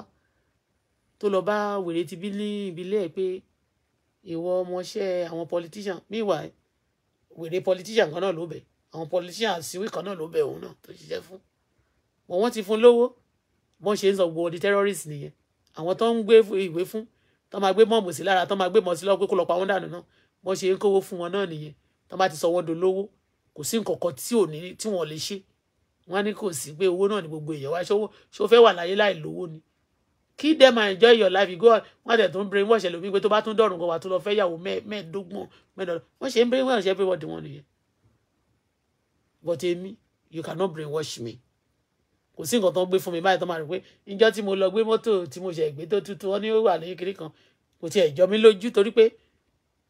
tó lọ bá wèrè ti bí ní ìbílẹ̀ pé ìwọ ọmọọṣẹ́ àwọn politician meanwhile wèrè politician kan náà ló bẹ̀ àwọn politician àṣìwí kan náà ló bẹ̀ òun náà tó ṣiṣẹ́ fún wọn wọ́n ti fún lówó bọ́n ṣe ń sọ gbogbo di terrorist nìyẹn àwọn tó ń gbé ìwé fún tó máa gbé mọ́ọ̀mù sí lára tó máa gbé mọ́ọ̀sí lọ́wọ́ pé kó lọ pa wọ́n dànù náà bọ́n ṣe ń kówó fún wọn náà nìyẹn tó bá ti sọ wọ́n dolówó kò sí nǹkan kan tí wọn lè ṣe wọ́n ní kò sí pé owó náà ni gbogbo èèyàn wá ṣó fẹ́ wà láyé láì lówó ni kí dem enjoy your life you go wọ́n tẹ̀ tún brain wọ́n ṣe lómi pé tó bá tún dọ̀rùn kan wà tún lọ fẹ́ yàwó mẹ́ẹ̀ẹ́dógún mẹ́ẹ̀ẹ́dọ́gbọ̀n wọ́n ṣe ń brain wọ́n ṣe pé wọ́n di wọn nìyẹn but èmi you cannot brain wash me kò sí nǹkan tó ń gbé fún mi báyìí tó máa rí pé níjọ́ tí mo lọ gbé mọ́tò tí mo ṣe gbé tó tutù wọ́n ní ó wà lẹ́yìn kiri kan kò tiẹ̀ jọ mí lójú torí pé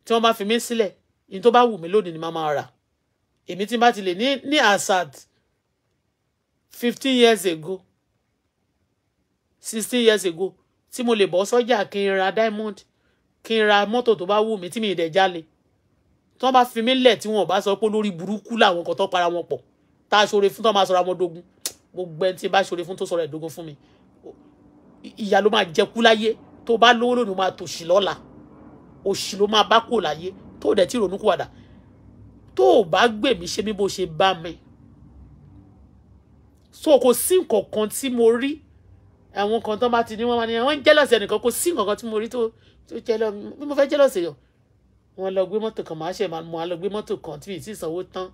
tí wọ́n bá fi mí sílẹ̀ ní tó bá wù mí lónìí ni màá máa rà èmi tí n bá ti lè ní ní àṣà fifteen years ago sixteen years ago tí mo lè bọ́ sọ́jà kí n ra diamond kí n ra mọ́tò tó bá wù mí tí mi dẹ̀ jalè tí wọ́n bá fi mí lẹ̀ tí wọ́n bá sọ pé lórí burúkú làwọn kan tó para wọn pọ̀ tá a ṣoore fún tó máa sọra wọn dogun gbogbo ẹni tí bá ṣoore fún tó sọra ẹ̀ fún mi ìyá ló máa jẹkú láyé tó bá lówó lónìí máa tòṣì lọ́la òṣì ló máa bá kò láyé tó dẹ̀ tí ronú kúwàdà tó bá gbèmí ṣe mí bó ṣe bá mi so kò sí nǹkan kan tí mo rí àwọn kan tó bá ti ní wọn máa ní wọn ń jẹ́lọ̀sì ẹnìkan kò sí nǹkan kan tí mo rí tó tó jẹ́lọ̀ bí mo fẹ́ jẹ́lọ̀sì yàn wọn lọ gbé mọ́tò kan màá ṣe màá lọ gbé mọ́tò kan tí mi ti sanwó tán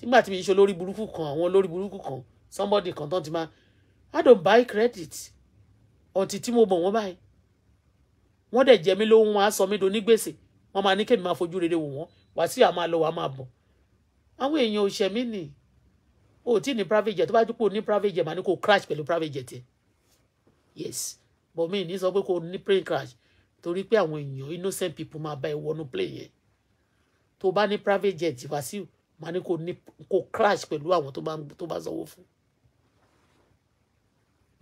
nígbà tí mi ń ṣe olórí burúkú kan àwọn olórí burúkú kan somebody kan tán ti máa I don't buy credit ọ̀tí tí mo mọ̀ wọ́n báyìí wọ́n dẹ̀ jẹ mí lówó wọn á sọ mí do ní gbèsè wọ́n máa ní kémi máa fojú rere wò wọ́n wàásù àmà lọ wàá máa bọ̀ àwọn èèyàn òṣèmí nìyí o ò tí ní private jet tó bá dúpọ̀ ní private jet mà ní kò crash pẹ̀lú private jet yes but mi ní sọ pé kò ní plane crash torí pé àwọn èèyàn innocent people máa bá ẹ wọnú plane yẹn tó bá ní private jet Wàsíù màá ní kò ní kò crash pẹ̀lú àwọn tó bá tó bá sanwó fún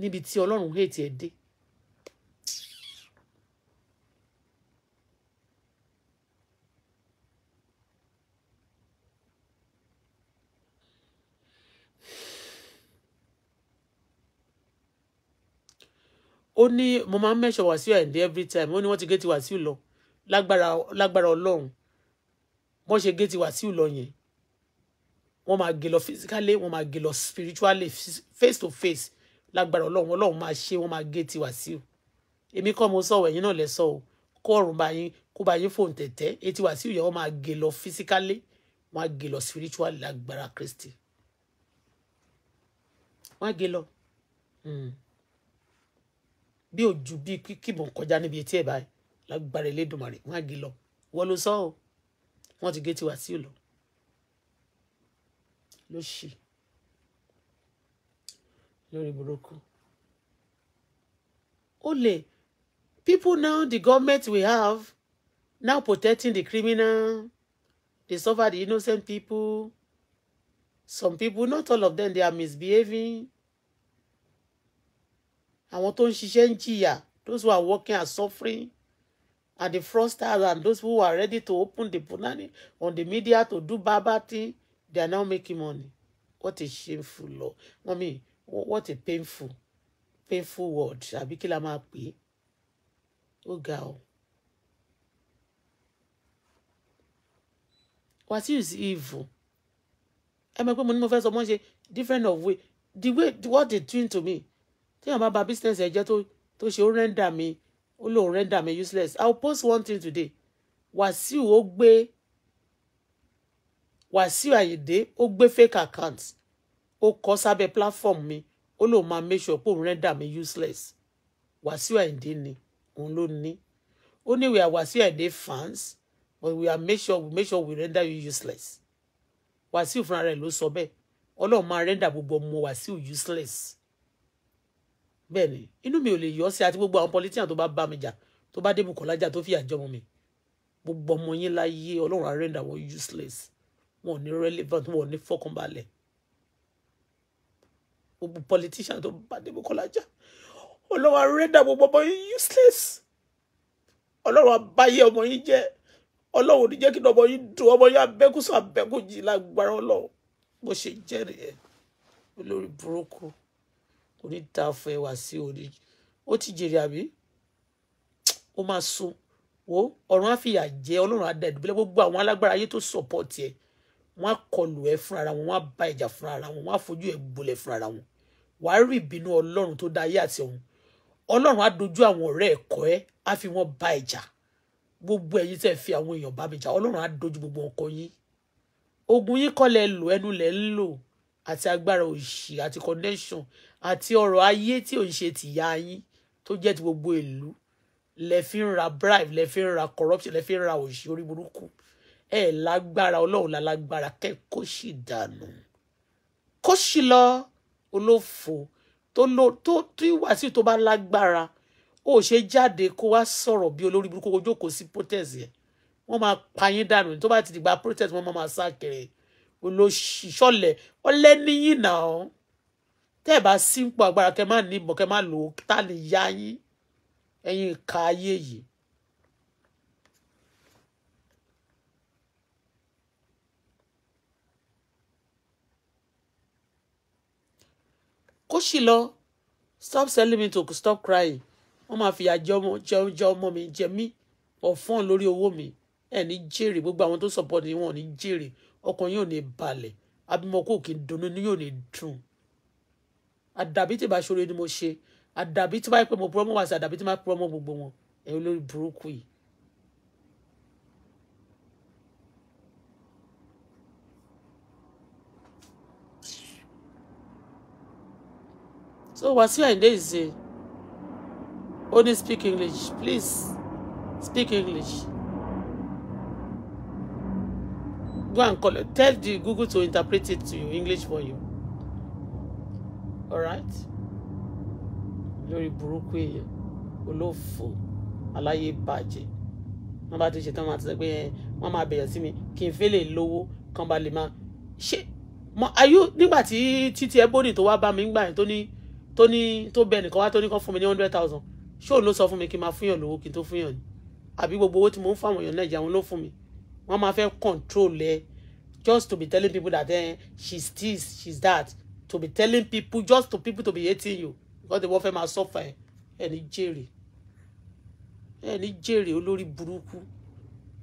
níbi tí Ọlọ́run hate ẹ dé ó ní mo máa ń mẹ́sọ̀ wàsíù àyìndé every time ó ní wọ́n ti gé ti wàsíù lọ lágbára lágbára ọlọ́run wọ́n ṣe gé ti wàsíù lọ yẹn wọ́n máa gé lọ physically wọ́n máa gé lọ spiritually face to face lágbára ọlọ́run ọlọ́run máa ṣe wọ́n máa gé ti wàsíù èmi kọ́ mo sọ̀rọ̀ ẹ̀yin náà lẹ sọ o kó ọ̀run bá yín kó bá yín fòun tẹ̀tẹ̀ etí wàsíù yẹn wọ́n máa gé lọ physically wọ́n á gé lọ spiritually lágbára Kristi wọ́n á gé lọ. Hmm bí òjò bí kíkìbọn kọjá níbi etí ẹ̀ báyìí lágbára Elédùmarè wọ́n á gé lọ wọ́n ló sọ ọ́ wọ́n ti gé tiwa sí ò ló ṣì lórí burúkú. ó lè people now the government we have now protecting the criminal they suffer the innocent people some people not all of them they are misbehaving àwọn tó ń ṣiṣẹ́ ń jìyà those who are working are suffering and the fraudsters and those who are ready to open the punani on the media to do bad bad thing they are now making money what a shameful law mọ́mí what a painful painful word àbí kí la máa pè é ó ga o. Wasiu is evil ẹ mọ̀ pé mo ní mo fẹ́ sọ mọ́ ṣe different of way the way what they doing to me téèyàn bá ba business ẹ̀ jẹ́ tó tó ṣe ó rẹ́ńdà mi ó lóun rẹ́ńdà mi useless i will post one thing today wàsíù ó gbé wàsíù àyìndé ó gbé fake account ó kọ sábẹ́ platform mi ó lóun máa make sure pé òun rẹ́ńdà mi useless wàsíù àyìndé ni òun ló ní ó ní we are wàsíù àyìndé fans but we are make sure we make sure we render you useless wàsíù fúnra rẹ̀ ló sọ bẹ́ẹ̀ ọlọ́run máa rẹ́ńdà gbogbo ọmọ wàsíù useless bẹ́ẹ̀ ni inú mi ò lè yọ sí àti gbogbo àwọn politian tó bá bá mi jà tó bá dé Bùkọ́lá jà tó fìyà jọmọ mi gbogbo ọmọ yín láyé Ọlọ́run arẹ́ndà wọn useless wọn ò ní relevant wọn ò ní fọkànbalẹ̀ gbogbo politician tó bá dé Bùkọ́lá jà Ọlọ́run arẹ́ndà gbogbo ọmọ yín useless Ọlọ́run abáyé ọmọ yín jẹ́ Ọlọ́run ò ní jẹ́ kí ọmọ yín dùn ọmọ yín abẹ́kùsọ abẹ́kùjì lágbára Ọlọ́run bó ṣe jẹ́ nìyẹn olórí burúkú oríta fún ẹwà sí orí ó ti jèrè àbí ó máa sun wo ọ̀run á fìyà jẹ ọlọ́run á dá ìdúpẹ́ gbogbo àwọn alágbára ayé tó sọ̀pọ̀tì ẹ̀ wọ́n á kọlù ẹ fúnra ara wọn wọ́n á ba ìjà fúnra ara wọn wọ́n á fojú ẹ gbolẹ̀ fúnra ara wọn wàá rí ìbínú ọlọ́run tó dá ayé àti ọ̀run ọlọ́run á dojú àwọn ọ̀rẹ́ ẹ̀kọ́ ẹ á fi wọ́n ba ìjà gbogbo ẹ̀yin tẹ́ fi àwọn èèyàn bá mi jà ọlọ́run á dojú gbogbo ọkọ yín ogun yín kọ́ lò ẹnu lẹ ń lò àti agbára òṣì àti connection àti ọrọ̀ ayé tí ò ń ṣe tìyá yín tó jẹ́ ti gbogbo ìlú lẹ fi ń ra bribe lẹ fi ń ra corruption lẹ fi ń ra òṣì orí burúkú ẹ lágbára ọlọ́run la lágbára kẹ́ kó sì dànù kó sì lọ olófo tó lò tó tí wàásù tó bá lágbára ó ṣe jáde kó wá sọ̀rọ̀ bí olórí burúkú kó jókòó sí protest yẹn wọ́n máa pa yín dànù tó bá ti dìgbà protest wọ́n máa máa sá kiri olóṣìṣọ́lẹ̀ ọlẹ́ níyì náà tẹ́ ẹ̀ bá sí agbára kẹ́ máa níbọn kẹ́ máa lò ó tá lè yá yín ẹ̀yin ìka ayé yìí. kó sì lọ stop selling me to stop crying wọ́n máa fìyà jẹ ọmọ jẹ oúnjẹ ọmọ mi jẹ mí ọ̀fọ́n lórí owó mi ẹ̀ ní jèrè gbogbo àwọn tó support ni wọ́n ní jèrè ọkàn yóò ní balẹ̀ abimọ̀kò kì í dunnú ni yóò ní dùn àdàbí tí bá ṣoore ni mo ṣe àdàbí tí bá yẹ mo purọ́ wá sí àdàbí tí bá purọ́ gbogbo wọn ẹ̀ olórí burúkú yìí. so Wasiu Ayinde is a only speak English please speak English. go and call it. Tell the Google to interpret it to you, English for you. All right? Lórí burúkú èèyàn, olófò, aláyé bàjẹ́. Wọ́n bá ti ṣe tán máa ti sọ pé wọ́n máa bẹ̀yẹ̀ sí mi kí n fẹ́ lè lówó kán ba lè máa ṣe. Ayú nígbà tí títí ẹbónì tó wá bá mi ń gbà yẹn tó ní tó ní tó bẹ nìkan wá tó ní kán fún mi ní hundred thousand. Ṣé òun ló sọ fún mi kí n máa fúnyàn lówó kí n tó fúnyàn ni? Àbí gbogbo owó tí mo ń fún àwọn èèyàn náà ìjà wọn ló fún mi wọ́n máa fẹ́ control ẹ just to be telling people that eh, she's this she's that to be telling people just to people to be hating you because the wọ́n fẹ́ suffer ẹ ẹ ní jèrè ẹ ní jèrè olórí burúkú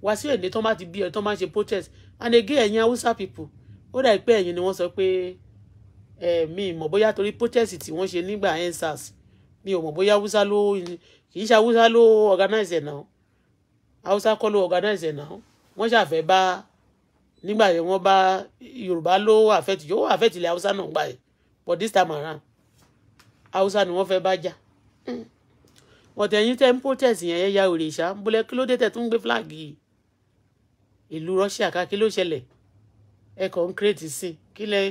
Wàsíù Ayinde tó máa ti bí ẹ tó máa ṣe protest and again ẹ̀yin Hausa people ó dà pé ẹ̀yin ni wọ́n sọ pé ẹ eh, mi mọ̀ bóyá torí protest tí wọ́n ṣe nígbà ensars mi ò mọ̀ bóyá Hausa ló kì í ṣe Hausa ló organize ẹ̀ náà Hausa kọ́ ló organize ẹ̀ náà wọ́n ṣàfẹ́ bá nígbà yẹn wọ́n bá yorùbá ló àfẹ́tì yóò àfẹ́tì ilẹ̀ haúsá náà gbà yẹn but this time around haúsá ni wọ́n fẹ́ bá jà wọ́n tẹ̀yìn tẹ́ ń protest yẹn yẹ́ ya òrìṣà ń bolẹ̀ kí ló dé tẹ̀ tún gbé flag yìí ìlú russia ká kí ló ṣẹlẹ̀ ẹ kàn sí kí lẹ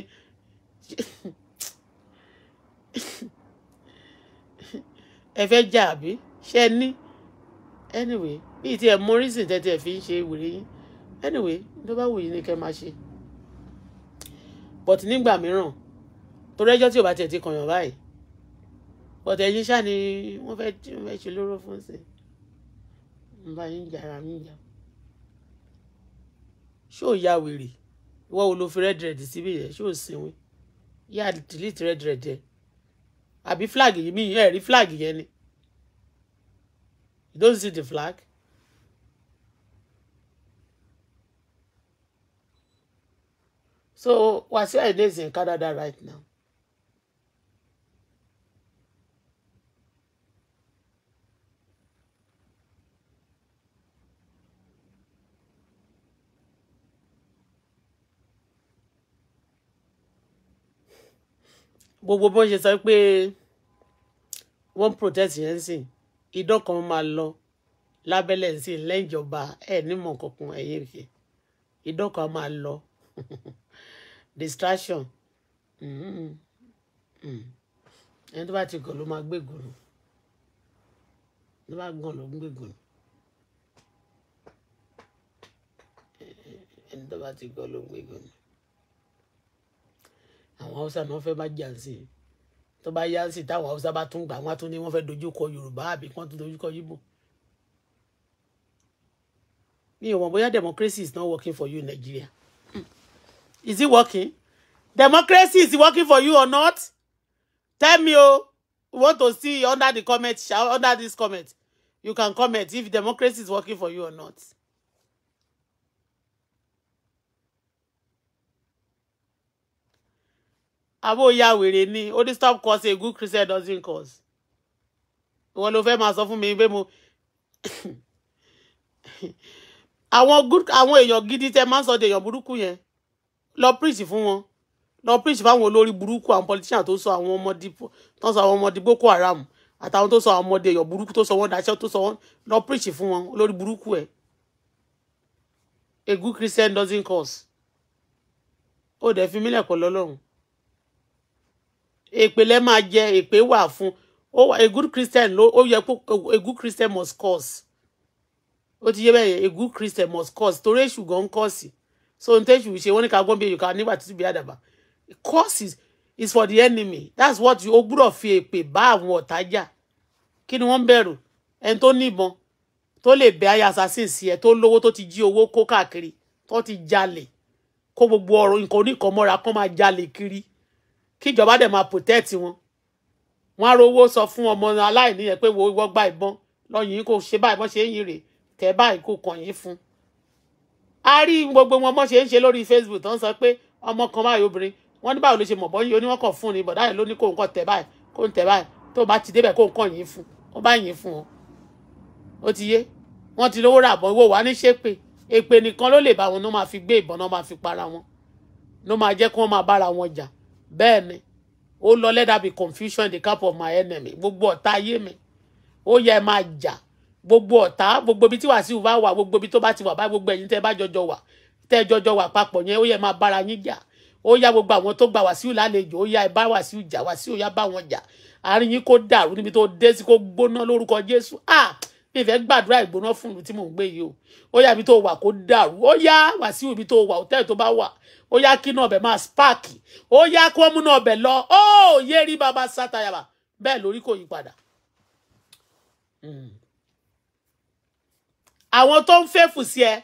ẹ fẹ́ jà àbí ṣẹ́ ní anyway bíi tí ẹ mọ orísìn fi ń ṣe wèrè yín anyway ló bá wù yín ni kẹ́ máa ṣe but nígbà mìíràn torí ẹjọ́ tí ò bá tiẹ̀ ti kàn báyìí but ẹ̀yin ṣáà ni wọ́n fẹ́ fẹ́ ṣe lóró fún sí n bá yín jà ara mi jà ṣó ya wèrè ìwọ wo ló fi red red síbi yẹn ṣó sinwi yá delete red red yẹn àbí flag yìí mi yẹn rí flag yẹn ni you don't see the flag. So Wasiu Ayinde is in Canada right now. gbogbo bó ń ṣe sọ pé wọ́n protest yẹn sìn idán kan máa lọ lábẹ́lẹ̀ sí lẹ́yìn ìjọba ẹ̀ nímọ̀ kankan ẹ̀yìn ìfẹ́ idán kan máa lọ distraction mm-hmm. Mm-hmm. ẹni tó bá ti gàn ló máa gbégun nù ló bá gàn ló ń gbégun nù ẹni tó bá ti gàn ló ń gbégun nù àwọn haúsá náà fẹ́ bá jà sí tó bá yá sí táwọn haúsá bá tún gbà wọn tún ní wọ́n fẹ́ dojúkọ yorùbá àbí wọ́n tún dojúkọ yíbò mi ò mọ̀ bóyá democracy is not working for you in Nigeria. Is it working? Democracy is working for you or not? Tell me, oh, you want to see under the comment, uh, under this comment. You can comment if democracy is working for you or not. àbó ya wèrè ni ó ní stop cause a good christian doesn't cause One of them has sọ fún mi pé mo good I want your tẹ máa So they your buruku burúkú lọ preach fún wọn lọ preach fáwọn olórí burúkú àwọn politician tó sọ àwọn ọmọdé tó sọ àwọn ọmọdé boko haram àtàwọn tó sọ àwọn ọmọdé ẹyọ burúkú tó sọ wọn daṣẹ tó sọ wọn lọ preach fún wọn olórí burúkú ẹ a good christian doesn't cause ó dẹ̀ fi mílẹ̀ pọ̀ lọ́lọ́run èpè lẹ́ máa jẹ èpè wà fún ó wà a good christian ló ó yẹ kó a good christian must cause ó ti yẹ bẹ́ẹ̀ a good christian must cause torí èṣù gan ń kọ́ọ̀sì so n tẹ́sù ṣe wọ́n ní ká gbọ́n bí èyíká nígbà títí bí àdàbà cause is is for the enemy that's what you o gbúdọ̀ fi èpè bá àwọn ọ̀tá jà kí ni wọ́n bẹ̀rù ẹni tó níbọn tó lè bẹ ayé assassin sí ẹ tó lówó tó ti jí owó kó káàkiri tó ti jalè kó gbogbo ọ̀rọ̀ nǹkan oníkan mọ́ra kó máa jalè kiri kí ìjọba dẹ̀ máa protect wọn wọn á rówó sọ fún ọmọ aláìní pé wo ìwọ gba ìbọn lọ́yìn kò ṣe báyìí bọ́n ṣe ń yìn rè tẹ̀ báyìí kò kàn yín fún un a rí gbogbo wọn mọ́ ṣe ń ṣe lórí Facebook tó ń sọ pé ọmọ kan báyìí obìnrin wọn ní báwo ló ṣe mọ̀ bọ́ yìí oníwọ́n kàn fún ni bọ̀dá yìí ló ní kó nǹkan tẹ̀ báyìí kó ń tẹ̀ báyìí tó bá ti débẹ̀ kó nǹkan yìí fún ó bá yìí fún wọn ó ti yé wọn ti lówó rà bọ́ ìwọ wà ní ṣépè èpè nìkan ló lè bá wọn ló máa fi gbé ìbọn náà máa fi para wọn ló máa jẹ́ kí wọ́n máa bára wọn jà bẹ́ẹ̀ ni ó lọ let be confusion the camp of my enemy gbogbo ọ̀tá ayé mi ó yẹ máa jà gbogbo ọ̀tá gbogbo ibi tí Wàsíù bá wà gbogbo ibi tó bá ti wà bá gbogbo ẹ̀yin tẹ́ bá jọjọ wà tẹ́ jọjọ wà papọ̀ yẹn ó yẹ máa bára yín jà ó yá gbogbo àwọn tó gba Wàsíù lálejò ó yá ẹ bá Wàsíù jà Wàsíù yá bá wọn jà àárín yín kó dàrú níbi tó dé sí kó gbóná lórúkọ Jésù ah ìfẹ́ gbàdúrà ìgbóná fún ìlú tí mò ń gbé yìí o ó yá ibi tó wà kó dàrú ó yá Wàsíù ibi tó wà òtẹ́ẹ̀ tó bá wà ó yá kí náà bẹ̀ máa spáàkì ó yá kó mú náà bẹ̀ lọ ó yé rí baba sátayaba bẹ́ẹ̀ lórí kò yí padà. Hmm àwọn tó ń fẹ́fù sí ẹ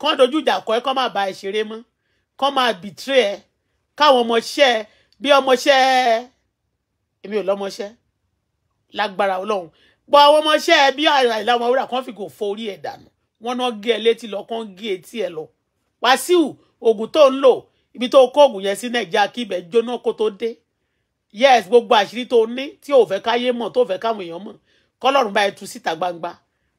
kán dojú ìjà kọ ẹ kán máa bá ẹ ṣeré mọ́ kán máa bìtírẹ̀ ẹ káwọn ọmọọṣẹ́ ẹ bí ọmọọṣẹ́ ẹ èmi ò lọ́mọọṣẹ́ lágbára ọlọ́run bọ àwọn ọmọọṣẹ́ ẹ bí àìlà ọmọ wúrà kán fi kò fọ orí ẹ dànù wọn náà gé ẹ létí lọ kán gé etí ẹ lọ wàsíù oògùn tó ń lò ibi tó kó oògùn yẹn sí nàìjíríà kí ibẹ̀ jóná kó tó dé yes gbogbo àṣírí tó ní tí ò fẹ́ káyé mọ̀ tó fẹ́ káwọn èèyàn mọ̀ kọ́lọ́run bá ẹ síta gbangba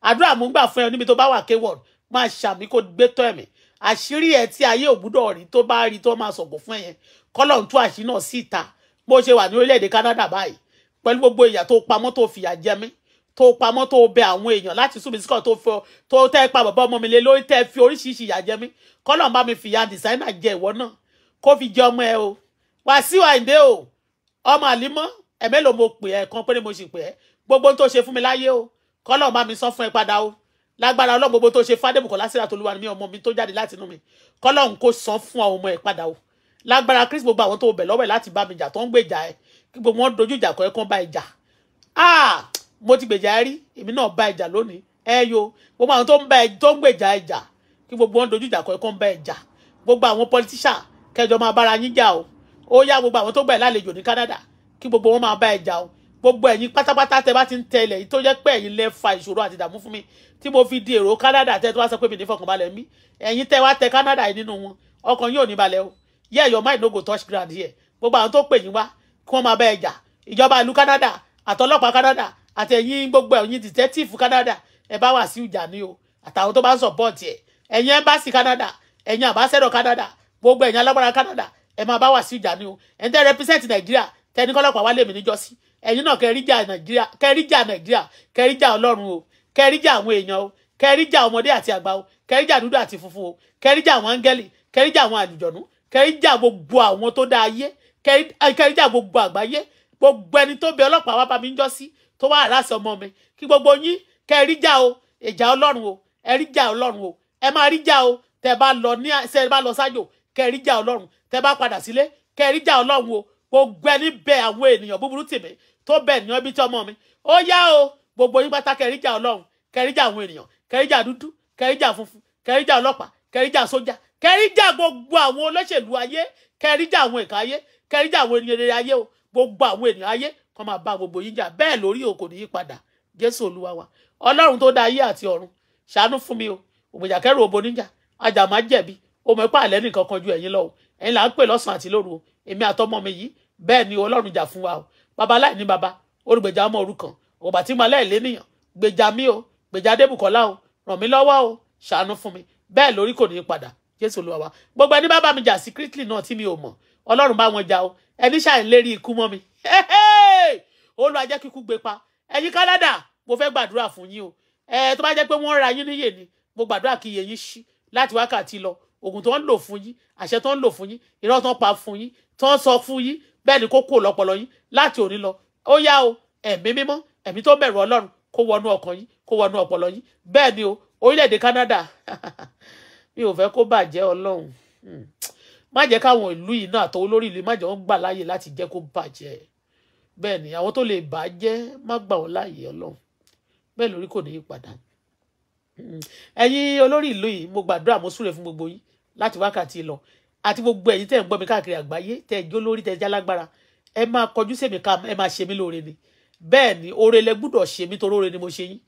àdúrà mú gbà fún ẹ níbi tó bá wà kéwọ̀d máa ṣàmì kó gbé tọ́ ẹ̀mí àṣírí ẹ tí ayé òbúdọ̀ rí tó bá rí tó máa sọ̀gùn fún ẹ̀yẹn kọ́lọ̀ ń tú àṣírí náà sí ìta bó ṣe wà ní orílẹ̀-èdè Canada báyìí pẹ̀lú gbogbo ìyà tó pamọ́ tó fìyà jẹ mí tó pamọ́ tó bẹ àwọn èèyàn láti súnmi síkọ̀ tó fọ tó tẹ́ pa bàbá ọmọ mi lé lórí tẹ́ fi oríṣiríṣi ìyà jẹ mí kọ́lọ̀ ń bá mi fìyà dìsáínà jẹ ìwọ náà kó fi jẹ ọmọ ẹ o Wàsíù Àyìndé o ọmọ àlímọ́ ẹ̀mẹ́lò mo pè ẹ̀ kan pé ni mo sì pè ẹ́ gbogbo tó ṣe fún mi láyé o kọ́lọ̀ bá mi sọ fún ẹ padà o lágbára ọlọ́run gbogbo tó ṣe fádébùkọ́ lásìrà tó lúwa mi ọmọ mi tó jáde láti inú mi kọ́lọ̀ ń kó san fún àwọn ọmọ ẹ padà o lágbára Kristi gbogbo àwọn tó bẹ̀ lọ́wọ́ ẹ̀ láti bá mi jà tó ń gbèjà ẹ kí gbogbo wọn dojú ìjà kọ́ ẹ kán bá ìjà ah mo ti gbèjà ẹ rí èmi náà bá ìjà lónìí ẹ yo gbogbo àwọn tó ń bá ẹ gbèjà ẹ jà kí gbogbo wọn dojú ìjà kọ́ ẹ kán bá ìjà gbogbo àwọn pọlitíṣà kẹjọ máa bára yín jà o ó yá gbogbo àwọn tó gbà ẹ ní Canada kí gbogbo wọn máa bá ẹ jà o gbogbo ẹ̀yin pátápátá tẹ bá ti ń tẹ ilẹ̀ yìí tó jẹ́ pé ẹ̀yin lẹ fa ìṣòro àti ìdààmú fún mi tí mo fi di èrò Canada tẹ tó wá sọ pé mi ní fọkànbalẹ̀ mi ẹ̀yin tẹ wá tẹ Canada yìí nínú wọn ọkàn yóò ní balẹ̀ o yeah your mind no go touch ground here gbogbo àwọn tó pè yín wá kí wọ́n máa bá ẹjà ìjọba ìlú Canada àtọlọ́pàá Canada àti ẹ̀yin gbogbo ẹ̀yin detective Canada ẹ bá wà sí ìjà ni o àtàwọn tó bá ń support ẹ ẹ̀yin embassy Canada ẹ̀yin ambassador Canada gbogbo ẹ̀yin alágbára Canada ẹ máa bá wà sí ìjà ni o ẹ̀ ń tẹ́ represent Nàìjíríà tẹ́ni kọ́lọ́pàá wálé mi níjọ́sí ẹ̀yin náà kẹríjà nàìjíríà kẹríjà nàìjíríà kẹríjà ọlọ́run o kẹríjà àwọn èèyàn o kẹríjà ọmọdé àti àgbà o kẹríjà dúdú àti funfun o kẹríjà àwọn áńgẹ́lì kẹríjà àwọn àlùjọ̀nú kẹríjà gbogbo àwọn tó dá ayé kẹríjà gbogbo àgbáyé gbogbo ẹni tó bẹ ọlọ́pàá wá bá mi ń jọ́ sí tó wá àràsì ọmọ mi kí gbogbo yín kẹríjà o ìjà ọlọ́run o ẹríjà ọlọ́run o ẹ máa ríjà o tẹ bá lọ ní ṣe bá lọ sájò kẹríjà ọlọ́run tẹ bá padà sílé kẹríjà ọlọ́run o kò gbẹ́ni bẹ́ àwọn ènìyàn búburú tèmi tó bẹ́ẹ̀ ní ọbí tí ọmọ mi ó yá o gbogbo yín pátá kẹríjà ọlọ́run kẹríjà àwọn ènìyàn kẹríjà dúdú kẹríjà funfun kẹríjà ọlọ́pàá kẹríjà sójà kẹríjà gbogbo àwọn olóṣèlú ayé kẹríjà àwọn ìka ayé kẹríjà àwọn ènìyàn rere ayé o gbogbo àwọn ènìyàn ayé kó máa bá gbogbo yín jà bẹ́ẹ̀ lórí o kò ní yí padà jésù olúwa wa ọlọ́run tó dá ayé àti ọ̀run ṣàánú fún mi o ògbèjà kẹrù òbò níjà ajá má jẹ̀bi o mọ̀ ipá àlẹ́ nìkan kan ju ẹ̀yin lọ o ẹ̀yin là ń pè lọ́sàn àti lóru o èmi àtọmọ mi yìí bẹ́ẹ̀ ni ọlọ́run jà fún wa o bàbá láì ní bàbá olùgbèjà ọmọ òrukàn ọ̀bà tí mo alẹ́ lẹ́nìyàn gbèjà mi o gbèjà débùkọ́lá o ràn mí lọ́wọ́ o ṣàánú fún mi bẹ́ẹ̀ lórí kò ní í padà jésù olúwa wa gbogbo ẹni bá bá mi jà secretly náà tí mi ò mọ̀ ọlọ́run bá wọn jà o ẹni ṣàì lérí ikú mọ́ mi olúwa jẹ́ kíkú gbé pa ẹ̀yin kánádà mo fẹ́ gbàdúrà fún yín o ẹ tó bá jẹ́ pé wọ́n ra yín níyè ni mo gbàdúrà kí iye yín ṣí láti wákàtí lọ òògùn tó ń lò fún yín àṣẹ tó ń lò fún yín irọ́ tó ń pa fún yín tó ń sọ fún yín bẹ́ẹ̀ ni kó kúrò lọ́pọlọ yín láti òní lọ ó yá o ẹ̀mí mímọ́ ẹ̀mí tó bẹ̀rù ọlọ́run kó wọnú ọkàn yín kó wọnú ọpọlọ yín bẹ́ẹ̀ ni o orílẹ̀-èdè Canada mi ò fẹ́ kó bàjẹ́ ọlọ́run hmm. má jẹ́ káwọn ìlú yìí náà àtọwọ́ lórí ìlú má jẹ́ wọ́n gbà láàyè láti jẹ́ kó bàjẹ́ bẹ́ẹ̀ ni àwọn tó lè bàjẹ́ má gbà wọ́n láàyè ọlọ́run bẹ́ẹ̀ lórí kò ní í padà hmm. ẹ̀yin olórí ìlú yìí mo gbàdúrà mo súre fún gbogbo yín láti wákàtí lọ àti gbogbo ẹ̀yin tẹ̀ ń gbọ́ mi káàkiri àgbáyé tẹ̀ jó lórí tẹ̀ já lágbára ẹ máa kọjú sèmi ká ẹ máa ṣe mí lóore ni bẹ́ẹ̀ ni oore lẹ gbúdọ̀ ṣe mí torí oore ni mo ṣe yín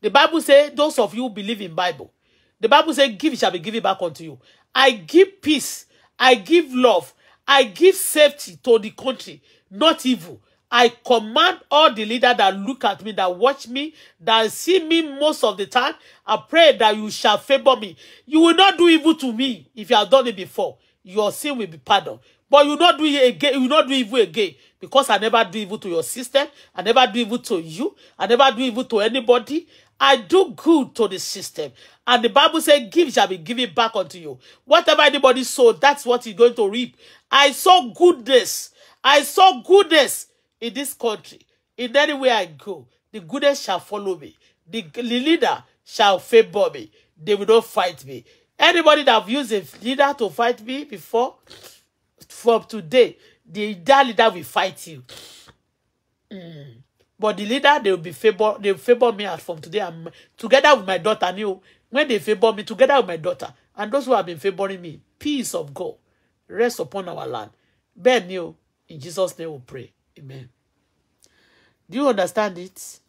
the bible say those of you believe in bible the bible say give shall be given back unto you i give peace i give love i give safety to the country not evil I command all the leaders that look at me, that watch me, that see me most of the time. I pray that you shall favor me. You will not do evil to me if you have done it before your sin will be pardoned. But you not do it again. You not do evil again because I never do evil to your sister. I never do evil to you. I never do evil to anybody. I do good to the system. And the Bible says, give shall be given back unto you. Whatever anybody sow, that's what he's going to reap. I saw goodness. I saw goodness in this country. In any way I go, the goodness shall follow me. The, the leader shall favor me. They will not fight me. Anybody that have used a leader to fight me before, from today, the that leader will fight you. Mm. But the leader, they will be favor, they will favor me as from today. I'm together with my daughter. New when they favor me, together with my daughter, and those who have been favoring me, peace of God rest upon our land. Bẹ́ẹ̀ ni in Jesus' name we pray. Amen. Do you understand it?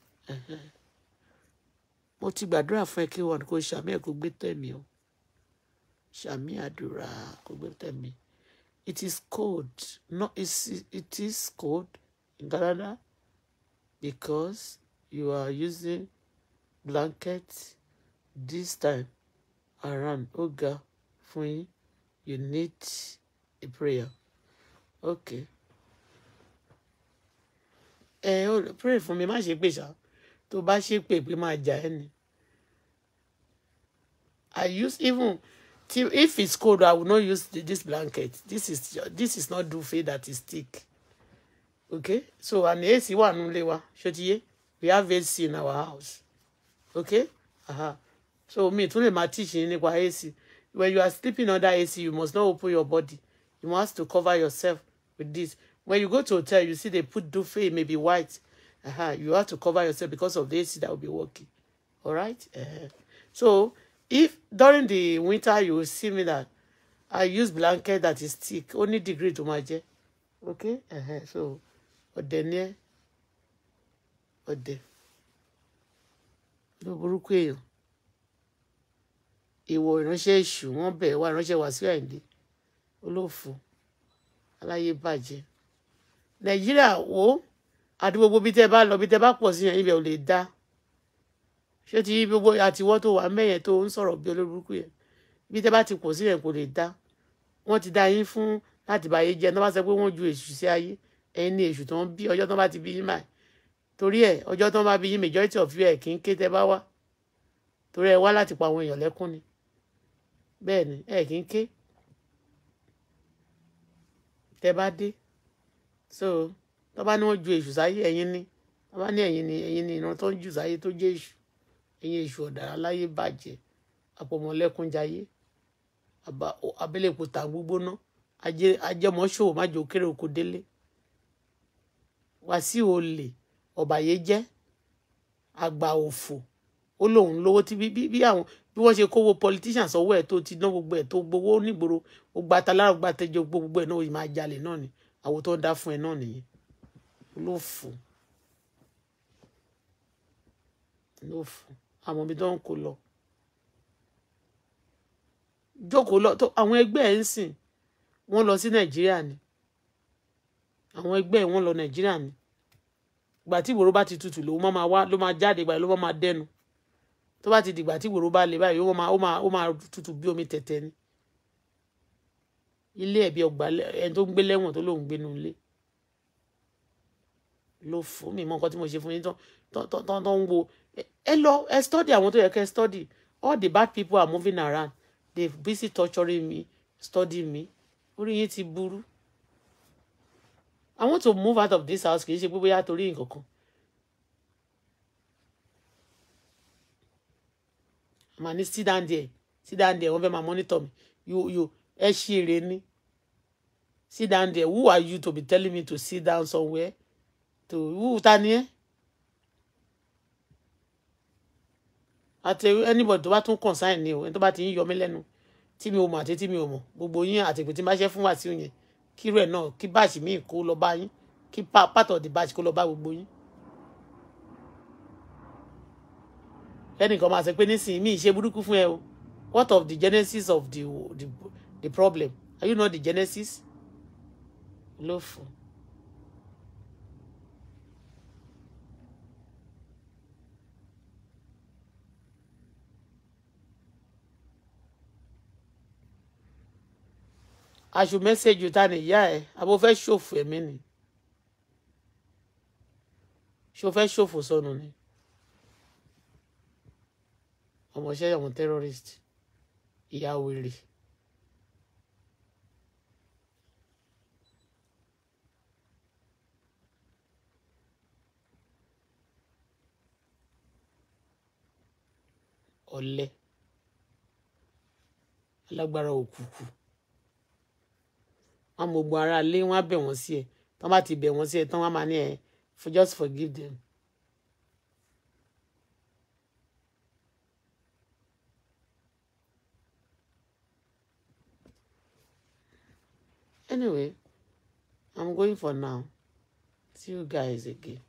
Mo ti gbàdúrà fún ẹ kí wọn kò ṣàmì ẹ kó gbé o. Shami adura, kò gbé tẹ̀mí it is cold no it is, it is cold in Canada because you are using blankets this time around oga fún yín you need a prayer okay Eh, ó pray for me, má ṣe To buy tó bá ṣe pè i use even if it's cold i will not use this blanket this is this is not duvet that is thick okay so an ac wà nílé wa ṣòtíye we have ac in our house okay uh-huh. so me, tún lè máa teach yín ac when you are sleeping under ac you must not open your body you must to cover yourself with this when you go to hotel you see they put duvet maybe white uh-huh. you have to cover yourself because of the ac that will be working all right uh-huh. so if during the winter you will see me that I use blanket that is thick only degree to máa okay uh-huh. so ọ̀dẹ̀ ni ẹ́ ọ̀dẹ̀ ló burúkú èèyàn ìwọ ìránṣẹ́ èṣù wọ́n bẹ̀ wá ìránṣẹ́ Wàsíù Àyìndé olófo aláyé bàjẹ́ Nàìjíríà wo àti gbogbo bí tẹ́ bá lọ bí tẹ́ bá pọ̀ sí yẹn ibẹ̀ ò lè ṣé ti gbogbo àtiwọ́ tó wà mẹ́yẹ tó ń sọ̀rọ̀ bí olórúkú yẹn bí tẹ́ bá ti kò sí yẹn kò lè dá wọ́n ti dá yín fún láti báyé jẹ́ tó bá sọ pé wọ́n ju èṣù sí ayé ẹ̀yin ni èṣù tó ń bí ọjọ́ tó bá ti bí yín máa torí ẹ̀ ọjọ́ tó bá bí yín majority of you ẹ̀ kì í ké tẹ́ bá wá torí ẹ wá láti pa àwọn èèyàn lẹ́kún ni bẹ́ẹ̀ ni ẹ̀ kì í ké tẹ́ bá dé so tó bá ní wọ́n ju èṣù sáyé ẹ̀yin ni tó bá ní ẹ̀yin ni ẹ̀yin ni ìran tó ń jù sáyé tó jẹ́ èṣù ẹ̀yin èṣù ọ̀dàrà láyé bàjẹ́ àpọ̀mọ̀lẹ́kúnjayé abẹ́lẹ̀kúta gbígbóná ajẹmọ́ṣòwò májò kéré oko délé wàsíù olè ọ̀bàyéjẹ́ àgbà òfò ó lóun lówó tí bí àwọn bí wọ́n ṣe kówó politicians ọwọ́ ẹ̀ tó ti ná gbogbo ẹ̀ tó gbowó nígboro ó gba talára gba tẹjọ gbogbo ẹ̀ náà ó máa jalè náà ni àwọn tó ń dá fún ẹ náà nìyẹn ló fò ló fò àmọ́ ibi tó ń kó lọ jókòó lọ tó àwọn ẹgbẹ́ ẹ̀ ń sìn wọ́n lọ sí nàìjíríà ni àwọn ẹgbẹ́ ẹ̀ wọ́n lọ nàìjíríà ni ìgbà tí ìwòrò bá ti tutù lòun máa wá ló máa jáde ìgbà ló máa dẹnu tó bá ti dìgbà tí ìwòrò bá le báyìí ó máa ó máa ó máa tutù bí omi tẹ̀tẹ̀ ni ilé ẹ̀bí ọgbà ẹni tó ń gbé lẹ́wọ̀n tó lóun gbé nu ilé ló fún mi mọ nǹkan tí mo ṣe fún yín tán tán tán tán ń wo Hello, I study I want to kẹ́ study all the bad people are moving around they busy torturing me studying me orí yín ti burú i want to move out of this house kì í ṣe pé bóyá torí nǹkan sit down there sit down there wọ́n my máa monitor you you ẹ ṣe sit down there who are you to be telling me to sit down somewhere to who ta àti anybody tó bá tún concern ni o ẹni tó bá ti ń yọ mí lẹ́nu tí mi ò mọ̀ àti tí mi ò mọ̀ gbogbo yín àti ìpè tí n bá ṣe fún wa sí òyìn kí rẹ̀ náà kí báàṣì míì kó lọ bá yín kí part of the batch kó lọ bá gbogbo yín. ẹnìkan máa sọ pé nísìnyí mi ṣe burúkú fún ẹ o what of the genesis of the the, the problem are you not the genesis? lófo. aṣọ mẹ́sẹ̀jù ta nìyá ẹ̀ àbò fẹ́ ṣòfò ẹ̀mí ni ṣó fẹ́ ṣòfò sọnù ni ọmọọṣẹ́ àwọn terrorist ìyá wèrè. ọ̀lẹ alágbára òkùnkùn wọn gbogbo ara lé wọn á bẹ̀ sí ẹ tí bá ti bẹ̀ wọ́n sí ẹ tán wọ́n máa ní ẹ just forgive them. anyway i'm going for now see you guys again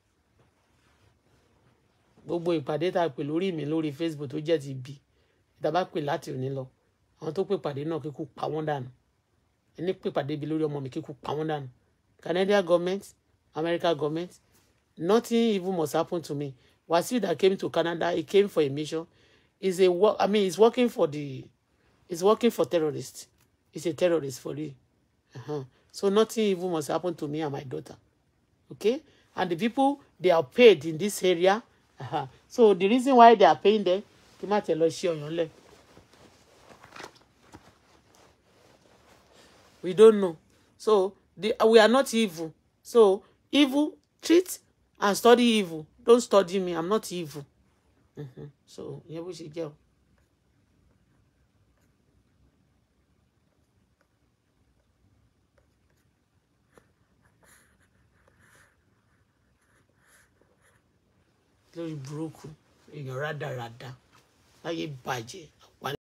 gbogbo ìpàdé tá a pè lórí mi lórí facebook tó jẹ́ ti bí ìtàbá láti òní lọ àwọn tó pè pàdé náà kíkú pa wọ́n dànù ní pípàdé ibi lórí ọmọ mi kíkú pa dànù Canadian government American government nothing even must happen to me Wasiu that came to Canada he came for a mission he's a work I mean he's working for the he's working for terrorists he's a terrorist for real uh-huh. so nothing even must happen to me and my daughter okay and the people they are paid in this area uh-huh. so the reason why they are paying them kí má tẹ̀ lọ ṣe ọ̀yàn lẹ̀ we don't know so the, we are not evil so evil treat and study evil don't study me i'm not evil mm-hmm. so ìyẹn bó ṣe jẹ́ in your burúkú èèyàn rádaràda láyé budget.